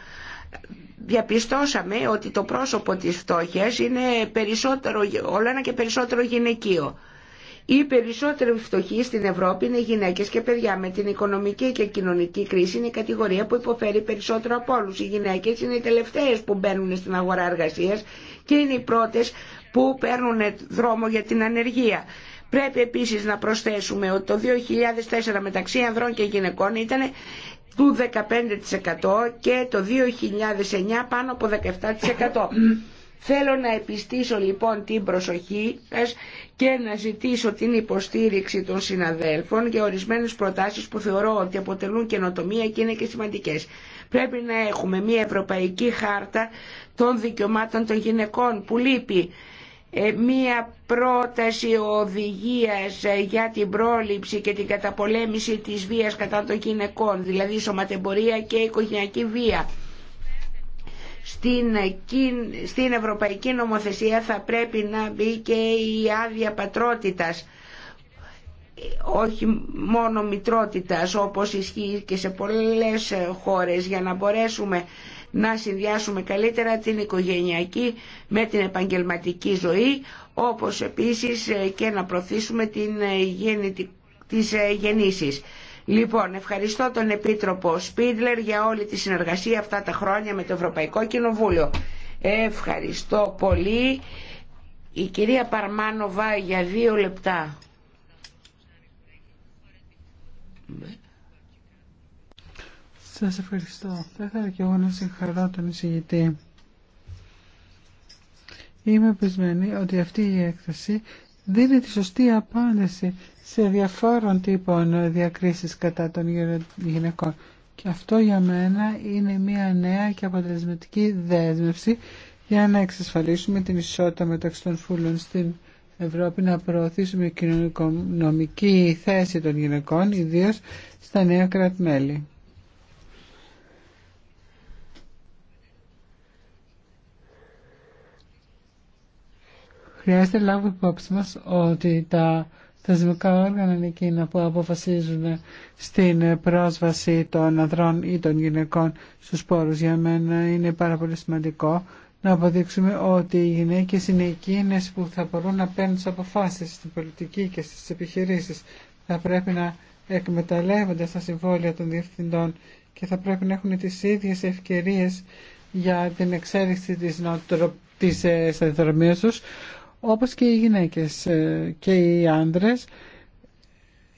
διαπιστώσαμε ότι το πρόσωπο της φτώχειας είναι περισσότερο, όλο ένα και περισσότερο γυναικείο. Οι περισσότεροι φτωχοί στην Ευρώπη είναι γυναίκες και παιδιά. Με την οικονομική και κοινωνική κρίση είναι η κατηγορία που υποφέρει περισσότερο από όλου. Οι γυναίκες είναι οι τελευταίε που μπαίνουν στην αγορά εργασία και είναι οι πρώτες που παίρνουν δρόμο για την ανεργία. Πρέπει επίσης να προσθέσουμε ότι το 2004 μεταξύ ανδρών και γυναικών ήταν του 15% και το 2009 πάνω από 17%. Θέλω να επιστήσω λοιπόν την προσοχή σας και να ζητήσω την υποστήριξη των συναδέλφων για ορισμένες προτάσεις που θεωρώ ότι αποτελούν καινοτομία και είναι και σημαντικές. Πρέπει να έχουμε μια ευρωπαϊκή χάρτα των δικαιωμάτων των γυναικών που λείπει. Ε, Μία πρόταση οδηγίας ε, για την πρόληψη και την καταπολέμηση της βίας κατά των γυναικών, δηλαδή σωματεμπορία και οικογενειακή βία στην Ευρωπαϊκή Νομοθεσία θα πρέπει να μπει και η άδεια πατρότητας όχι μόνο μητρότητας όπως ισχύει και σε πολλές χώρες για να μπορέσουμε να συνδυάσουμε καλύτερα την οικογενειακή με την επαγγελματική ζωή όπως επίσης και να προωθήσουμε την τις ε, γεννήσεις. Λοιπόν, ευχαριστώ τον Επίτροπο Σπίτλερ για όλη τη συνεργασία αυτά τα χρόνια με το Ευρωπαϊκό Κοινοβούλιο. Ευχαριστώ πολύ. Η κυρία Παρμάνοβα για δύο λεπτά. Σας ευχαριστώ. Θα ήθελα και εγώ να συγχαρώ τον εισηγητή. Είμαι πεσμένη ότι αυτή η έκθεση δίνει τη σωστή απάντηση σε διαφόρων τύπων διακρίσεις κατά των γυναικών. Και αυτό για μένα είναι μια νέα και αποτελεσματική δέσμευση για να εξασφαλίσουμε την ισότητα μεταξύ των φούλων στην Ευρώπη, να προωθήσουμε κοινωνικονομική θέση των γυναικών, ιδίως στα νέα κρατμέλη. Χρειάζεται να υπόψη μας ότι τα θεσμικά όργανα είναι εκείνα που αποφασίζουν στην πρόσβαση των ανδρών ή των γυναικών στους πόρους. Για μένα είναι πάρα πολύ σημαντικό να αποδείξουμε ότι οι γυναίκες είναι εκείνες που θα μπορούν να παίρνουν τις αποφάσεις στην πολιτική και στις επιχειρήσεις. Θα πρέπει να εκμεταλλεύονται στα συμβόλια των διευθυντών και θα πρέπει να έχουν τις ίδιες ευκαιρίες για την εξέλιξη της, νοοτρο... της ε, τους όπως και οι γυναίκες ε, και οι άνδρες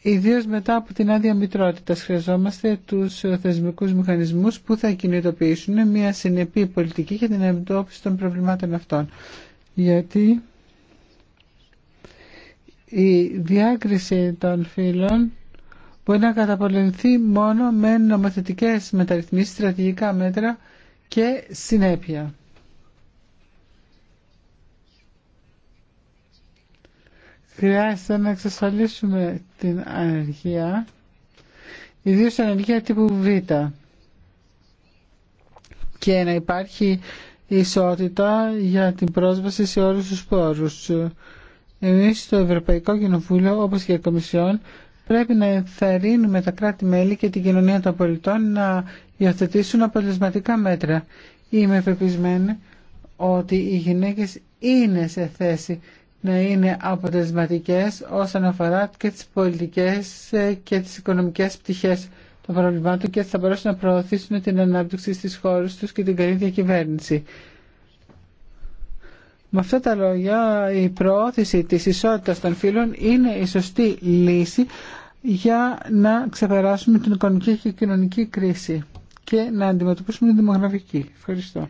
Ιδίως μετά από την άδεια μητρότητας χρειαζόμαστε τους ε, θεσμικούς μηχανισμούς που θα κινητοποιήσουν μια συνεπή πολιτική για την αντιμετώπιση των προβλημάτων αυτών. Γιατί η διάκριση των φύλων μπορεί να καταπολεμηθεί μόνο με νομοθετικές μεταρρυθμίσεις, στρατηγικά μέτρα και συνέπεια. Χρειάζεται να εξασφαλίσουμε την ανεργία, ιδίως την ανεργία τύπου Β και να υπάρχει ισότητα για την πρόσβαση σε όλους τους πόρους. Εμείς στο Ευρωπαϊκό Κοινοβούλιο, όπως και η Κομισιόν, πρέπει να ενθαρρύνουμε τα κράτη-μέλη και την κοινωνία των πολιτών να υιοθετήσουν αποτελεσματικά μέτρα. Είμαι πεπισμένη ότι οι γυναίκες είναι σε θέση να είναι αποτελεσματικές όσον αφορά και τις πολιτικές ε, και τις οικονομικές πτυχές των προβλημάτων και θα μπορέσουν να προωθήσουν την ανάπτυξη στις χώρες τους και την καλή διακυβέρνηση. Με αυτά τα λόγια η προώθηση της ισότητας των φύλων είναι η σωστή λύση για να ξεπεράσουμε την οικονομική και κοινωνική κρίση και να αντιμετωπίσουμε την δημογραφική. Ευχαριστώ.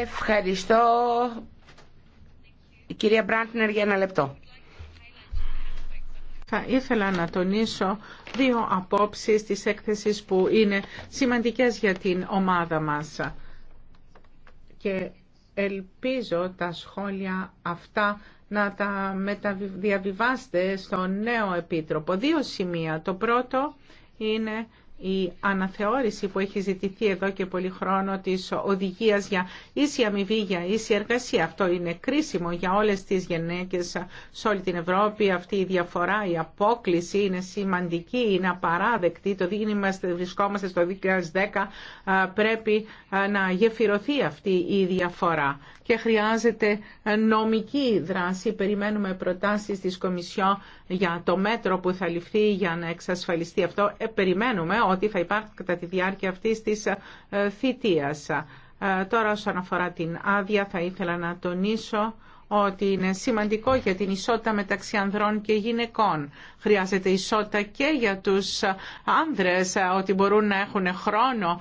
Ευχαριστώ η κυρία Μπραντνερ για ένα λεπτό. Θα ήθελα να τονίσω δύο απόψεις της έκθεσης που είναι σημαντικές για την ομάδα μας. Και ελπίζω τα σχόλια αυτά να τα διαβιβάστε στο νέο επίτροπο. Δύο σημεία. Το πρώτο είναι η αναθεώρηση που έχει ζητηθεί εδώ και πολύ χρόνο της οδηγίας για ίση αμοιβή, για ίση εργασία. Αυτό είναι κρίσιμο για όλες τις γυναίκες σε όλη την Ευρώπη. Αυτή η διαφορά, η απόκληση είναι σημαντική, είναι απαράδεκτη. Το δίγνυμα βρισκόμαστε στο 2010 πρέπει να γεφυρωθεί αυτή η διαφορά και χρειάζεται νομική δράση. Περιμένουμε προτάσεις της Κομισιό για το μέτρο που θα ληφθεί για να εξασφαλιστεί αυτό. Ε, περιμένουμε ότι θα υπάρχουν κατά τη διάρκεια αυτής της ε, θητεία. Ε, τώρα όσον αφορά την άδεια θα ήθελα να τονίσω ότι είναι σημαντικό για την ισότητα μεταξύ ανδρών και γυναικών. Χρειάζεται ισότητα και για τους άνδρες, ε, ότι μπορούν να έχουν χρόνο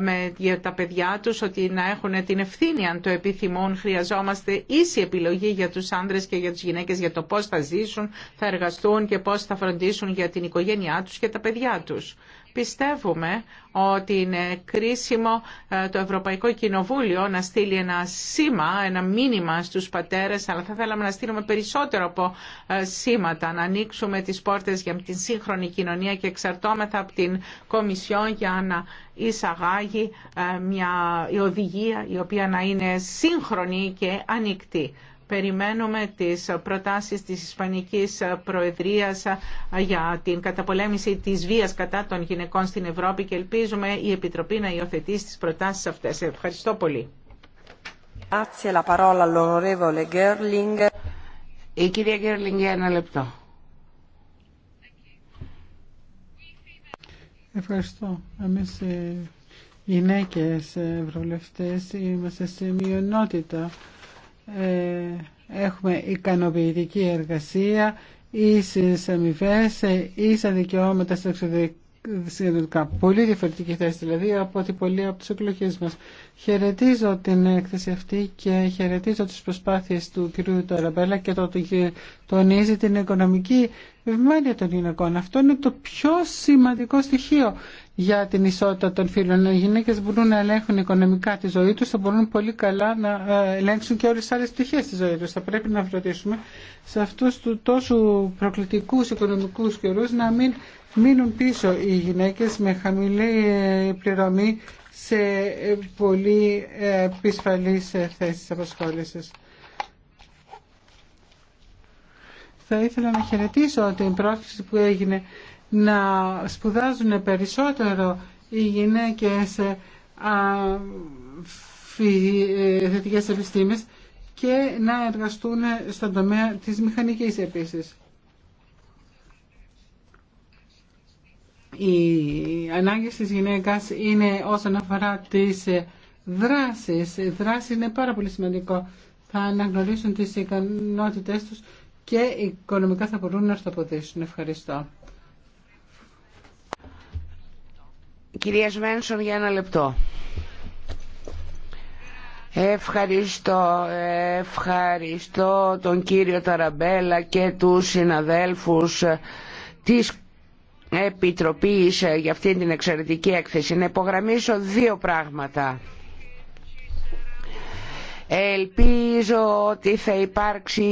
με, για τα παιδιά τους, ότι να έχουν την ευθύνη αν το επιθυμούν. Χρειαζόμαστε ίση επιλογή για τους άνδρες και για τις γυναίκες για το πώς θα ζήσουν, θα εργαστούν και πώς θα φροντίσουν για την οικογένειά τους και τα παιδιά τους. Πιστεύουμε ότι είναι κρίσιμο ε, το Ευρωπαϊκό Κοινοβούλιο να στείλει ένα σήμα, ένα μήνυμα στους πατέρες, αλλά θα θέλαμε να στείλουμε περισσότερο από ε, σήματα, να ανοίξουμε τις πόρτες για την σύγχρονη κοινωνία και εξαρτώμεθα από την Κομισιόν για να εισαγάγει ε, μια οδηγία η οποία να είναι σύγχρονη και ανοιχτή περιμένουμε τις προτάσεις της Ισπανικής Προεδρίας για την καταπολέμηση της βίας κατά των γυναικών στην Ευρώπη και ελπίζουμε η Επιτροπή να υιοθετήσει τις προτάσεις αυτές. Ευχαριστώ πολύ. Η κυρία Γκέρλινγκ για ένα λεπτό. Ευχαριστώ. Εμείς οι ε, γυναίκες ευρωβουλευτές είμαστε σε μειονότητα ε, έχουμε ικανοποιητική εργασία, ίσες αμοιβέ, ε, ίσα δικαιώματα στα εξωτερικά. Πολύ διαφορετική θέση δηλαδή από ό,τι πολλοί από τις εκλογέ μας. Χαιρετίζω την έκθεση αυτή και χαιρετίζω τις προσπάθειες του κ. Ταραμπέλα και το ότι τονίζει την οικονομική ευημερία των γυναικών. Αυτό είναι το πιο σημαντικό στοιχείο για την ισότητα των φίλων. Οι γυναίκες μπορούν να ελέγχουν οικονομικά τη ζωή τους, θα μπορούν πολύ καλά να ε, ελέγξουν και όλε τι άλλε πτυχέ τη ζωή τους. Θα πρέπει να φροντίσουμε σε αυτούς του τόσο προκλητικούς οικονομικούς καιρού να μην μείνουν πίσω οι γυναίκες με χαμηλή ε, πληρωμή σε ε, πολύ επισφαλείς θέσει απασχόλησης. Θα ήθελα να χαιρετήσω την πρόσκληση που έγινε να σπουδάζουν περισσότερο οι γυναίκες ε, ε, θετικές επιστήμες και να εργαστούν στον τομέα της μηχανικής επίσης. Οι ανάγκες της γυναίκας είναι όσον αφορά τις δράσεις. Η δράση είναι πάρα πολύ σημαντικό. Θα αναγνωρίσουν τις ικανότητές τους και οικονομικά θα μπορούν να ορθοποδήσουν. Ευχαριστώ. Κυρία Σμένσον για ένα λεπτό. Ευχαριστώ, ευχαριστώ τον κύριο Ταραμπέλα και τους συναδέλφους της Επιτροπής για αυτή την εξαιρετική έκθεση. Να υπογραμμίσω δύο πράγματα. Ελπίζω ότι θα υπάρξει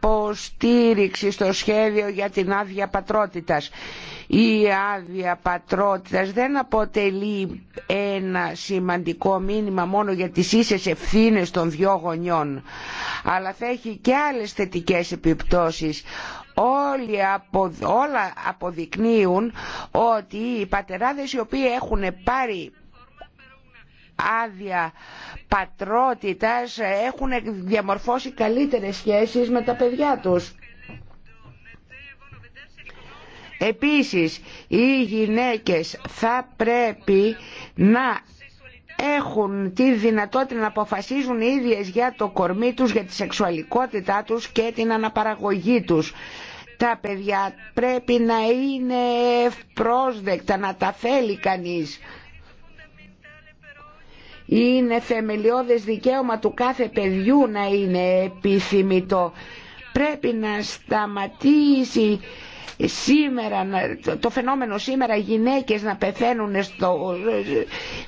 υποστήριξη στο σχέδιο για την άδεια πατρότητας. Η άδεια πατρότητας δεν αποτελεί ένα σημαντικό μήνυμα μόνο για τις ίσες ευθύνε των δυο γονιών, αλλά θα έχει και άλλες θετικές επιπτώσεις όλοι όλα αποδεικνύουν ότι οι πατεράδες οι οποίοι έχουν πάρει άδεια πατρότητας έχουν διαμορφώσει καλύτερες σχέσεις με τα παιδιά τους. Επίσης, οι γυναίκες θα πρέπει να έχουν τη δυνατότητα να αποφασίζουν οι ίδιες για το κορμί τους, για τη σεξουαλικότητά τους και την αναπαραγωγή τους. Τα παιδιά πρέπει να είναι πρόσδεκτα, να τα θέλει κανείς. Είναι θεμελιώδες δικαίωμα του κάθε παιδιού να είναι επιθυμητό. Πρέπει να σταματήσει σήμερα, το φαινόμενο σήμερα γυναίκες να πεθαίνουν στο,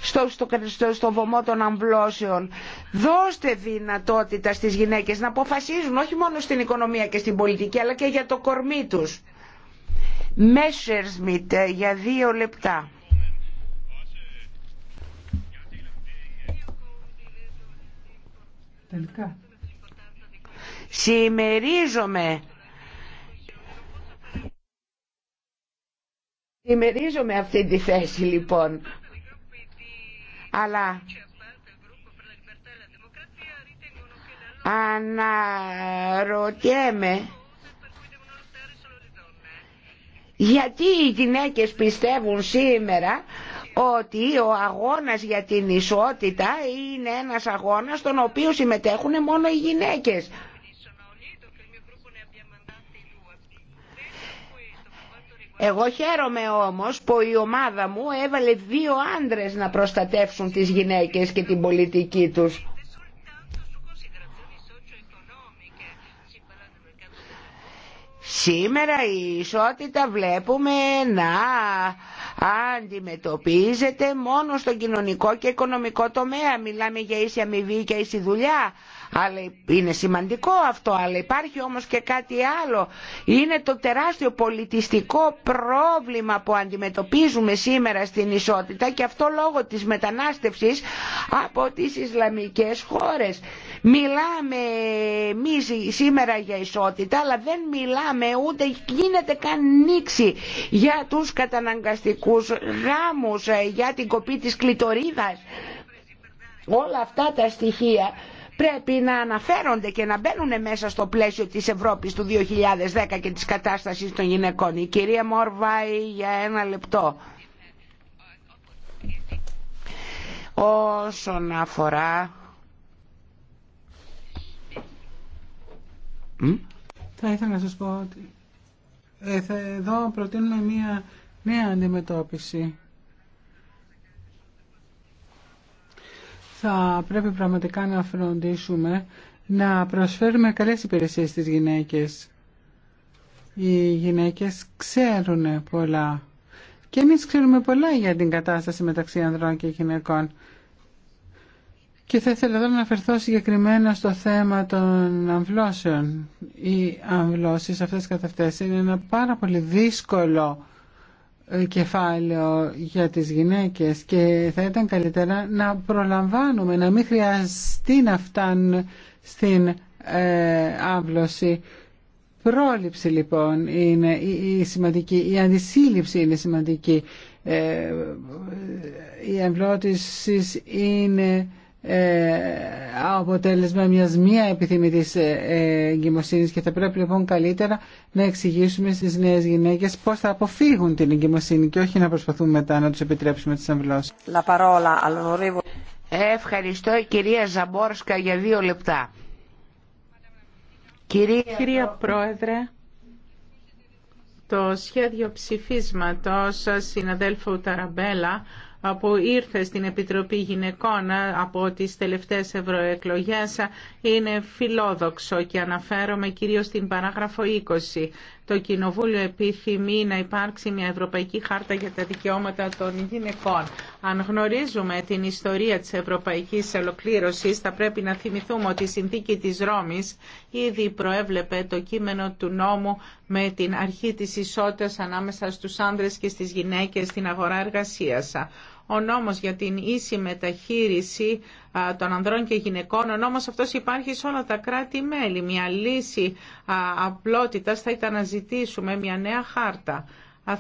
στο, στο, στο, στο βωμό των αμβλώσεων. Δώστε δυνατότητα στις γυναίκες να αποφασίζουν όχι μόνο στην οικονομία και στην πολιτική αλλά και για το κορμί τους. Σμιτ για δύο λεπτά. Σημερίζομαι. Σημερίζομαι αυτή τη θέση λοιπόν. Αλλά αναρωτιέμαι γιατί οι γυναίκες πιστεύουν σήμερα ότι ο αγώνας για την ισότητα είναι ένας αγώνας στον οποίο συμμετέχουν μόνο οι γυναίκες. Εγώ χαίρομαι όμως που η ομάδα μου έβαλε δύο άντρες να προστατεύσουν τις γυναίκες και την πολιτική τους. Σήμερα η ισότητα βλέπουμε να αντιμετωπίζεται μόνο στο κοινωνικό και οικονομικό τομέα. Μιλάμε για ίση αμοιβή και ίση δουλειά, αλλά είναι σημαντικό αυτό, αλλά υπάρχει όμως και κάτι άλλο. Είναι το τεράστιο πολιτιστικό πρόβλημα που αντιμετωπίζουμε σήμερα στην ισότητα και αυτό λόγω της μετανάστευσης από τις Ισλαμικές χώρες. Μιλάμε εμεί σήμερα για ισότητα, αλλά δεν μιλάμε ούτε γίνεται καν νήξη για τους καταναγκαστικούς γάμους, ε, για την κοπή της κλιτορίδας. Όλα αυτά τα στοιχεία πρέπει να αναφέρονται και να μπαίνουν μέσα στο πλαίσιο της Ευρώπης του 2010 και της κατάστασης των γυναικών. Η κυρία Μόρβαη για ένα λεπτό. Όσον αφορά... Θα ήθελα να σας πω ότι ε, εδώ προτείνουμε μία νέα αντιμετώπιση θα πρέπει πραγματικά να φροντίσουμε να προσφέρουμε καλές υπηρεσίες στις γυναίκες. Οι γυναίκες ξέρουν πολλά. Και εμείς ξέρουμε πολλά για την κατάσταση μεταξύ ανδρών και γυναικών. Και θα ήθελα εδώ να αναφερθώ συγκεκριμένα στο θέμα των αμβλώσεων. Οι αμβλώσεις αυτές τις αυτές είναι ένα πάρα πολύ δύσκολο κεφάλαιο για τις γυναίκες και θα ήταν καλύτερα να προλαμβάνουμε, να μην χρειαστεί να φτάνουν στην ε, άβλωση. Πρόληψη λοιπόν είναι η σημαντική, η αντισύλληψη είναι σημαντική. Ε, η εμπλώτηση είναι ε, αποτέλεσμα μιας μία επιθυμητής ε, εγκυμοσύνης και θα πρέπει λοιπόν καλύτερα να εξηγήσουμε στις νέες γυναίκες πώς θα αποφύγουν την εγκυμοσύνη και όχι να προσπαθούμε μετά να τους επιτρέψουμε τις αμβλώσεις. Ευχαριστώ η κυρία Ζαμπόρσκα για δύο λεπτά. Κυρία, κυρία Πρόεδρε, το σχέδιο ψηφίσματος συναδέλφου Ταραμπέλα που ήρθε στην Επιτροπή Γυναικών από τις τελευταίες ευρωεκλογές είναι φιλόδοξο και αναφέρομαι κυρίως στην παράγραφο 20. Το Κοινοβούλιο επιθυμεί να υπάρξει μια Ευρωπαϊκή Χάρτα για τα Δικαιώματα των Γυναικών. Αν γνωρίζουμε την ιστορία της Ευρωπαϊκής Ολοκλήρωσης, θα πρέπει να θυμηθούμε ότι η Συνθήκη της Ρώμης ήδη προέβλεπε το κείμενο του νόμου με την αρχή της ισότητας ανάμεσα στους άνδρες και στις γυναίκες στην αγορά εργασίας ο νόμος για την ίση μεταχείριση των ανδρών και γυναικών. Ο νόμος αυτός υπάρχει σε όλα τα κράτη-μέλη. Μια λύση απλότητας θα ήταν να ζητήσουμε μια νέα χάρτα.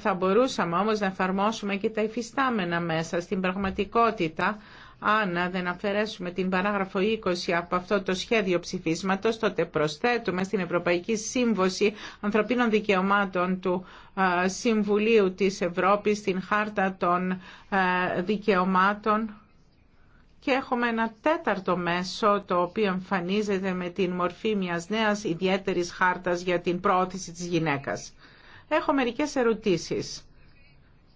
Θα μπορούσαμε όμως να εφαρμόσουμε και τα υφιστάμενα μέσα στην πραγματικότητα αν δεν αφαιρέσουμε την παράγραφο 20 από αυτό το σχέδιο ψηφίσματος, τότε προσθέτουμε στην Ευρωπαϊκή Σύμβοση Ανθρωπίνων Δικαιωμάτων του ε, Συμβουλίου της Ευρώπης την Χάρτα των ε, Δικαιωμάτων και έχουμε ένα τέταρτο μέσο το οποίο εμφανίζεται με την μορφή μιας νέας ιδιαίτερης χάρτας για την πρόθεση της γυναίκας. Έχω μερικές ερωτήσεις.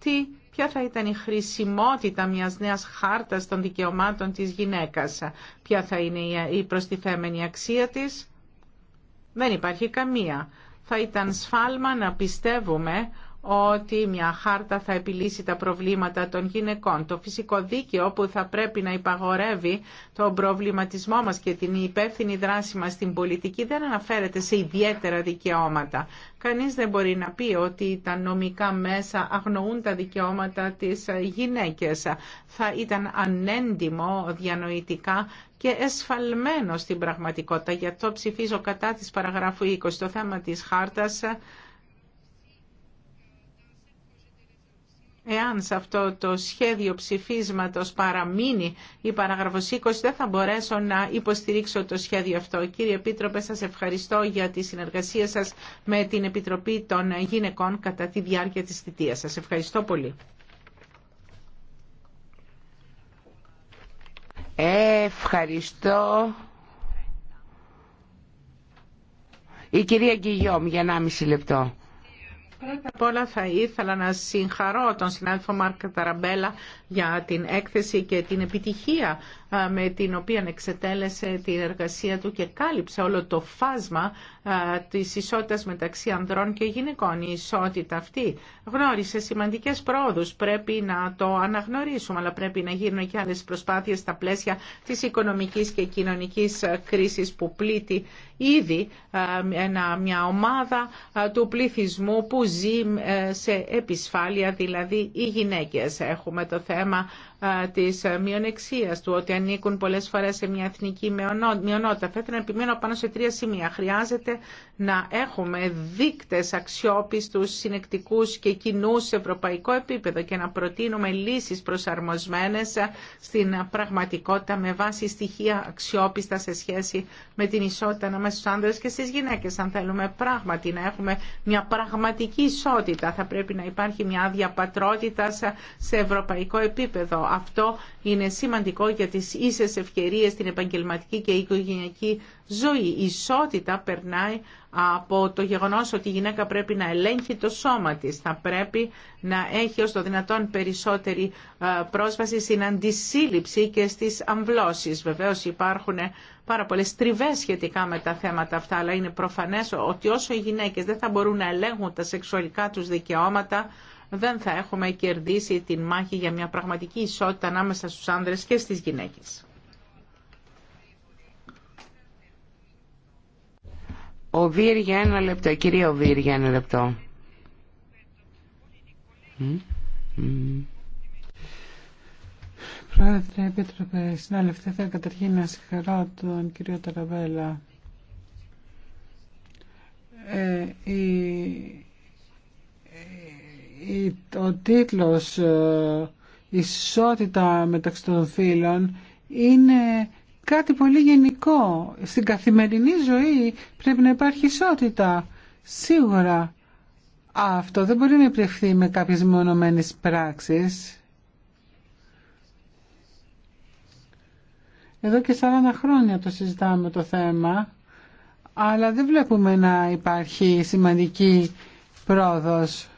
Τι ποια θα ήταν η χρησιμότητα μιας νέας χάρτας των δικαιωμάτων της γυναίκας, ποια θα είναι η προστιθέμενη αξία της. Δεν υπάρχει καμία. Θα ήταν σφάλμα να πιστεύουμε ότι μια χάρτα θα επιλύσει τα προβλήματα των γυναικών. Το φυσικό δίκαιο που θα πρέπει να υπαγορεύει τον προβληματισμό μας και την υπεύθυνη δράση μας στην πολιτική δεν αναφέρεται σε ιδιαίτερα δικαιώματα. Κανείς δεν μπορεί να πει ότι τα νομικά μέσα αγνοούν τα δικαιώματα της γυναίκες. Θα ήταν ανέντιμο διανοητικά και εσφαλμένο στην πραγματικότητα. Γι' αυτό ψηφίζω κατά της παραγράφου 20 το θέμα της χάρτας Εάν σε αυτό το σχέδιο ψηφίσματος παραμείνει η παραγραφος 20, δεν θα μπορέσω να υποστηρίξω το σχέδιο αυτό. Κύριε Επίτροπε, σας ευχαριστώ για τη συνεργασία σας με την Επιτροπή των Γυναικών κατά τη διάρκεια της θητείας σας. Ευχαριστώ πολύ. Ευχαριστώ. Η κυρία Γκυγιόμ για 1,5 λεπτό. Πρώτα απ' όλα θα ήθελα να συγχαρώ τον συνάδελφο Μάρκα Ταραμπέλα για την έκθεση και την επιτυχία με την οποία εξετέλεσε την εργασία του και κάλυψε όλο το φάσμα της ισότητας μεταξύ ανδρών και γυναικών. Η ισότητα αυτή γνώρισε σημαντικές πρόοδους. Πρέπει να το αναγνωρίσουμε, αλλά πρέπει να γίνουν και άλλες προσπάθειες στα πλαίσια της οικονομικής και κοινωνικής κρίσης που πλήττει ήδη μια ομάδα του πληθυσμού που ζει ε, σε επισφάλεια, δηλαδή οι γυναίκες. Έχουμε το θέμα θέμα της ε, μειονεξίας του, ότι ανήκουν πολλές φορές σε μια εθνική μειονότητα. Θα ήθελα να επιμένω πάνω σε τρία σημεία. Χρειάζεται να έχουμε δείκτες αξιόπιστους, συνεκτικούς και κοινού σε ευρωπαϊκό επίπεδο και να προτείνουμε λύσεις προσαρμοσμένες ε, στην πραγματικότητα με βάση στοιχεία αξιόπιστα σε σχέση με την ισότητα ανάμεσα στους άνδρες και στις γυναίκες. Αν θέλουμε πράγματι να έχουμε μια πραγματική ισότητα, θα πρέπει να υπάρχει μια διαπατρότητα ε, σε ευρωπαϊκό επίπεδο επίπεδο. Αυτό είναι σημαντικό για τις ίσες ευκαιρίες στην επαγγελματική και οικογενειακή ζωή. Η ισότητα περνάει από το γεγονός ότι η γυναίκα πρέπει να ελέγχει το σώμα της. Θα πρέπει να έχει ως το δυνατόν περισσότερη ε, πρόσβαση στην αντισύλληψη και στις αμβλώσεις. Βεβαίως υπάρχουν ε, πάρα πολλέ τριβέ σχετικά με τα θέματα αυτά, αλλά είναι προφανές ότι όσο οι γυναίκες δεν θα μπορούν να ελέγχουν τα σεξουαλικά τους δικαιώματα, δεν θα έχουμε κερδίσει την μάχη για μια πραγματική ισότητα ανάμεσα στους άνδρες και στις γυναίκες. Ο Βίρ για ένα λεπτό. Κυρία Οβίρ για ένα λεπτό. Πρόεδρε, Επίτροπε, συνάδελφε, θέλω καταρχήν να συγχαρώ τον κύριο Ταραβέλα. Ε, η ο τίτλος ε, «Ισότητα μεταξύ των φύλων» είναι κάτι πολύ γενικό. Στην καθημερινή ζωή πρέπει να υπάρχει ισότητα. Σίγουρα αυτό δεν μπορεί να επιτευχθεί με κάποιες μονομένες πράξεις. Εδώ και 40 χρόνια το συζητάμε το θέμα, αλλά δεν βλέπουμε να υπάρχει σημαντική πρόοδος.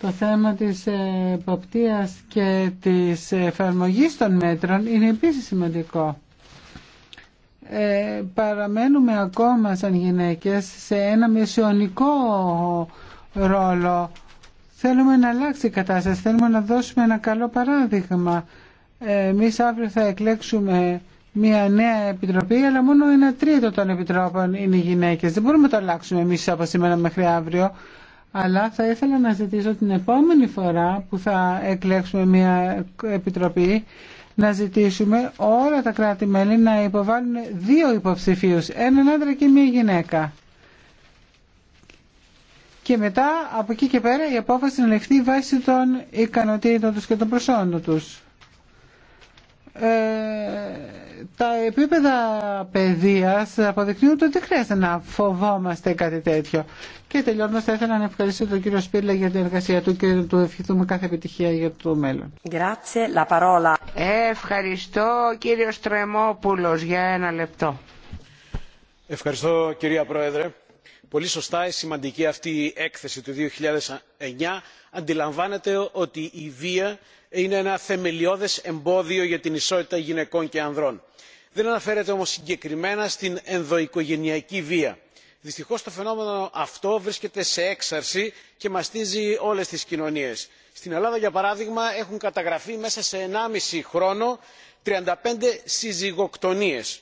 Το θέμα της εποπτείας και της εφαρμογής των μέτρων είναι επίσης σημαντικό. Ε, παραμένουμε ακόμα σαν γυναίκες σε ένα μεσαιωνικό ρόλο. Θέλουμε να αλλάξει η κατάσταση, θέλουμε να δώσουμε ένα καλό παράδειγμα. Εμεί αύριο θα εκλέξουμε μια νέα επιτροπή, αλλά μόνο ένα τρίτο των επιτρόπων είναι οι γυναίκες. Δεν μπορούμε να το αλλάξουμε εμείς από σήμερα μέχρι αύριο αλλά θα ήθελα να ζητήσω την επόμενη φορά που θα εκλέξουμε μια επιτροπή να ζητήσουμε όλα τα κράτη-μέλη να υποβάλουν δύο υποψηφίους, έναν άντρα και μια γυναίκα. Και μετά από εκεί και πέρα η απόφαση να ληφθεί βάσει των ικανοτήτων τους και των προσόντων τους. Ε, τα επίπεδα παιδείας αποδεικνύουν ότι δεν χρειάζεται να φοβόμαστε κάτι τέτοιο. Και τελειώνοντας θα ήθελα να ευχαριστήσω τον κύριο Σπύρλα για την εργασία του και να του ευχηθούμε κάθε επιτυχία για το μέλλον. Ευχαριστώ κύριο Στρεμόπουλος για ένα λεπτό. Ευχαριστώ κυρία Πρόεδρε πολύ σωστά η σημαντική αυτή έκθεση του 2009 αντιλαμβάνεται ότι η βία είναι ένα θεμελιώδες εμπόδιο για την ισότητα γυναικών και ανδρών. Δεν αναφέρεται όμως συγκεκριμένα στην ενδοοικογενειακή βία. Δυστυχώς το φαινόμενο αυτό βρίσκεται σε έξαρση και μαστίζει όλες τις κοινωνίες. Στην Ελλάδα για παράδειγμα έχουν καταγραφεί μέσα σε 1,5 χρόνο 35 συζυγοκτονίες.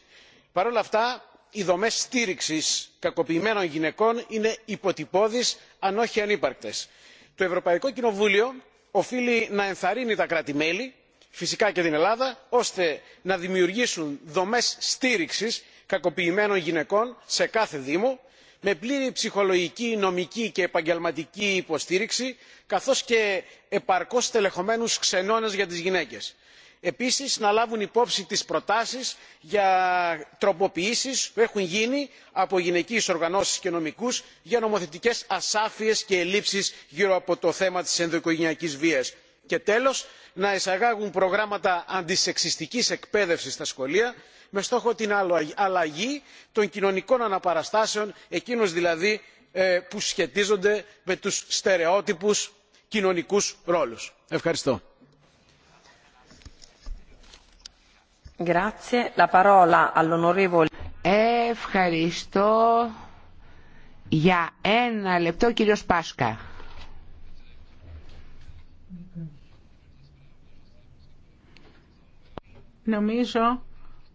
Παρ' όλα αυτά οι δομές στήριξης κακοποιημένων γυναικών είναι υποτυπώδεις αν όχι ανύπαρκτες. το ευρωπαϊκό κοινοβούλιο οφείλει να ενθαρρύνει τα κράτη μέλη φυσικά και την ελλάδα ώστε να δημιουργήσουν δομές στήριξης κακοποιημένων γυναικών σε κάθε δήμο με πλήρη ψυχολογική νομική και επαγγελματική υποστήριξη καθώς και επαρκώς στελεχωμένους ξενώνες για τις γυναίκες επίσης να λάβουν υπόψη τις προτάσεις για τροποποιήσεις που έχουν γίνει από γυναικείες οργανώσεις και νομικούς για νομοθετικές ασάφειες και ελλείψεις γύρω από το θέμα της ενδοοικογενειακής βίας και τέλος να εισαγάγουν προγράμματα αντισεξιστικής εκπαίδευσης στα σχολεία με στόχο την αλλαγή των κοινωνικών αναπαραστάσεων εκείνων δηλαδή ε, που σχετίζονται με τους στερεότυπους κοινωνικούς ρόλους. ευχαριστώ. Ευχαριστώ για ένα λεπτό κύριος Πάσκα. Νομίζω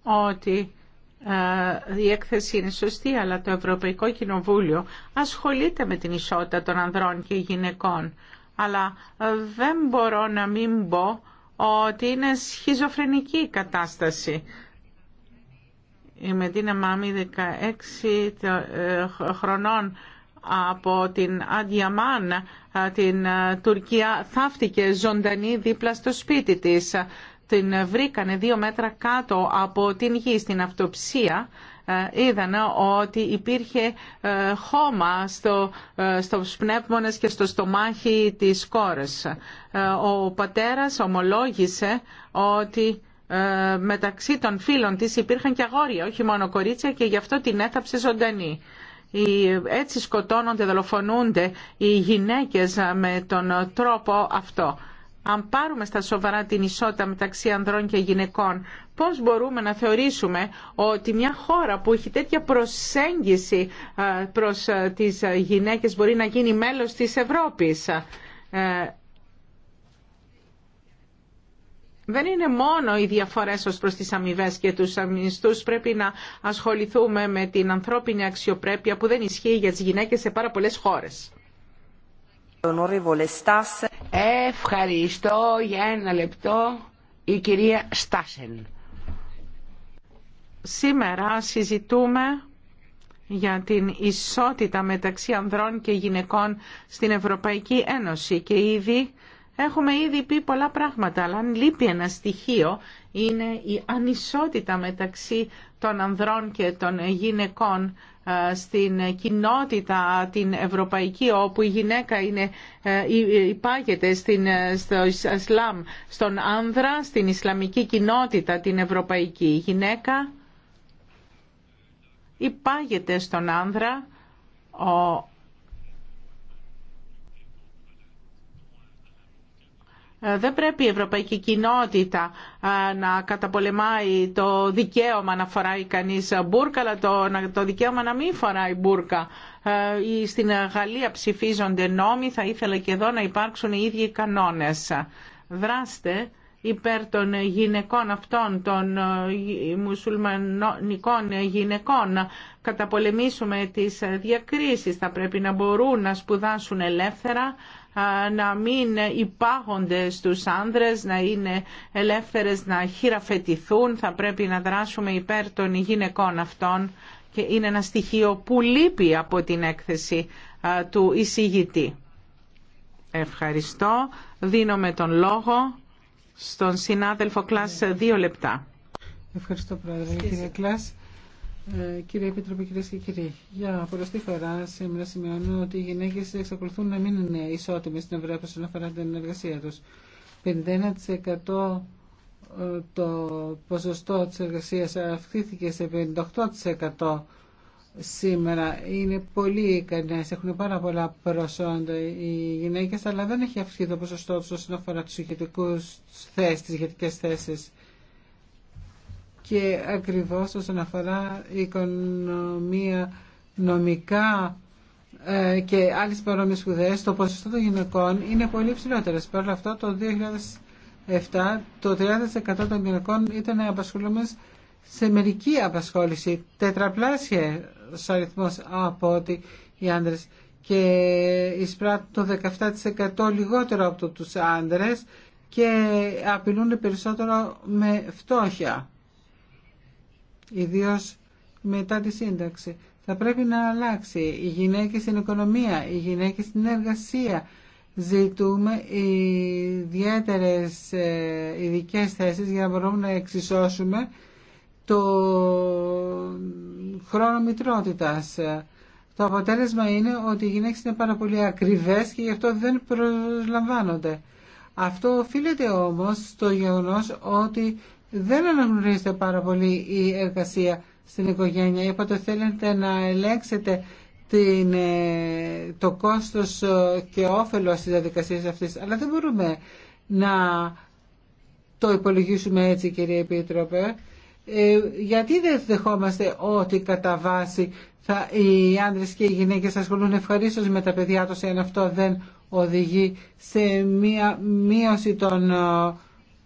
ότι ε, η έκθεση είναι σωστή, αλλά το Ευρωπαϊκό Κοινοβούλιο ασχολείται με την ισότητα των ανδρών και γυναικών. Αλλά ε, δεν μπορώ να μην πω ότι είναι σχιζοφρενική η κατάσταση. Η Μεντίνα Μάμι 16 ε, χρονών από την Αντιαμάν ε, την ε, Τουρκία θαύτηκε ζωντανή δίπλα στο σπίτι της. Την βρήκανε δύο μέτρα κάτω από την γη στην αυτοψία ε, είδαν ότι υπήρχε ε, χώμα στο, ε, στο πνεύμονες και στο στομάχι της κόρας. Ο πατέρας ομολόγησε ότι μεταξύ των φίλων της υπήρχαν και αγόρια, όχι μόνο κορίτσια και γι' αυτό την έθαψε ζωντανή. Έτσι σκοτώνονται, δολοφονούνται οι γυναίκες με τον τρόπο αυτό αν πάρουμε στα σοβαρά την ισότητα μεταξύ ανδρών και γυναικών, πώς μπορούμε να θεωρήσουμε ότι μια χώρα που έχει τέτοια προσέγγιση ε, προς ε, τις γυναίκες μπορεί να γίνει μέλος της Ευρώπης. Ε, δεν είναι μόνο οι διαφορές ως προς τις αμοιβέ και τους αμυνιστούς. Πρέπει να ασχοληθούμε με την ανθρώπινη αξιοπρέπεια που δεν ισχύει για τις γυναίκες σε πάρα πολλές χώρες. Ευχαριστώ για ένα λεπτό η κυρία Στάσεν. Σήμερα συζητούμε για την ισότητα μεταξύ ανδρών και γυναικών στην Ευρωπαϊκή Ένωση και ήδη Έχουμε ήδη πει πολλά πράγματα, αλλά αν λείπει ένα στοιχείο είναι η ανισότητα μεταξύ των ανδρών και των γυναικών ε, στην κοινότητα την ευρωπαϊκή όπου η γυναίκα είναι, ε, υπάγεται στην, ε, στο Ισλάμ, στον άνδρα, στην Ισλαμική κοινότητα την ευρωπαϊκή. Η γυναίκα υπάγεται στον άνδρα, ο Ε, δεν πρέπει η ευρωπαϊκή κοινότητα ε, να καταπολεμάει το δικαίωμα να φοράει κανείς μπουρκα, αλλά το, δικαίωμα να μην φοράει μπουρκα. Ε, στην Γαλλία ψηφίζονται νόμοι, θα ήθελα και εδώ να υπάρξουν οι ίδιοι κανόνες. Δράστε υπέρ των γυναικών αυτών, των μουσουλμανικών γυναικών. Καταπολεμήσουμε τις διακρίσεις, θα πρέπει να μπορούν να σπουδάσουν ελεύθερα, να μην υπάγονται στους άνδρες, να είναι ελεύθερες να χειραφετηθούν. Θα πρέπει να δράσουμε υπέρ των γυναικών αυτών και είναι ένα στοιχείο που λείπει από την έκθεση του εισηγητή. Ευχαριστώ. Δίνω με τον λόγο στον συνάδελφο Κλάς δύο λεπτά. Ευχαριστώ Πρόεδρε. Κλάς, ε, κύριε Επίτροπε, κυρίε και κύριοι, για πολλωστή φορά σήμερα σημειώνω ότι οι γυναίκε εξακολουθούν να μην είναι ισότιμε στην Ευρώπη όσον αφορά την εργασία του. 51% ε, το ποσοστό της εργασίας αυξήθηκε σε 58% σήμερα. Είναι πολύ ικανές, έχουν πάρα πολλά προσόντα οι γυναίκες, αλλά δεν έχει αυξηθεί το ποσοστό τους όσον αφορά θέσει, τις ηγετικές θέσεις και ακριβώς όσον αφορά οικονομία νομικά ε, και άλλες παρόμοιες σπουδές το ποσοστό των γυναικών είναι πολύ ψηλότερο. Παρ' αυτό το 2007 το 30% των γυναικών ήταν απασχολούμενες σε μερική απασχόληση, τετραπλάσια αριθμός από ότι οι άντρες και εισπράττουν το 17% λιγότερο από τους άντρες και απειλούν περισσότερο με φτώχεια. Ιδίω μετά τη σύνταξη. Θα πρέπει να αλλάξει η γυναίκη στην οικονομία, η γυναίκη στην εργασία. Ζητούμε ιδιαίτερε ε, ειδικέ θέσεις για να μπορούμε να εξισώσουμε το χρόνο μητρότητα. Το αποτέλεσμα είναι ότι οι γυναίκε είναι πάρα πολύ ακριβέ και γι' αυτό δεν προσλαμβάνονται. Αυτό οφείλεται όμως στο γεγονός ότι δεν αναγνωρίζεται πάρα πολύ η εργασία στην οικογένεια. Είπατε θέλετε να ελέγξετε την, ε, το κόστος ε, και όφελος της διαδικασίας αυτής. Αλλά δεν μπορούμε να το υπολογίσουμε έτσι κύριε Επίτροπε. Ε, γιατί δεν δεχόμαστε ότι κατά βάση θα, οι άνδρες και οι γυναίκες ασχολούν ευχαρίστως με τα παιδιά τους εάν αυτό δεν οδηγεί σε μία μείωση των ε,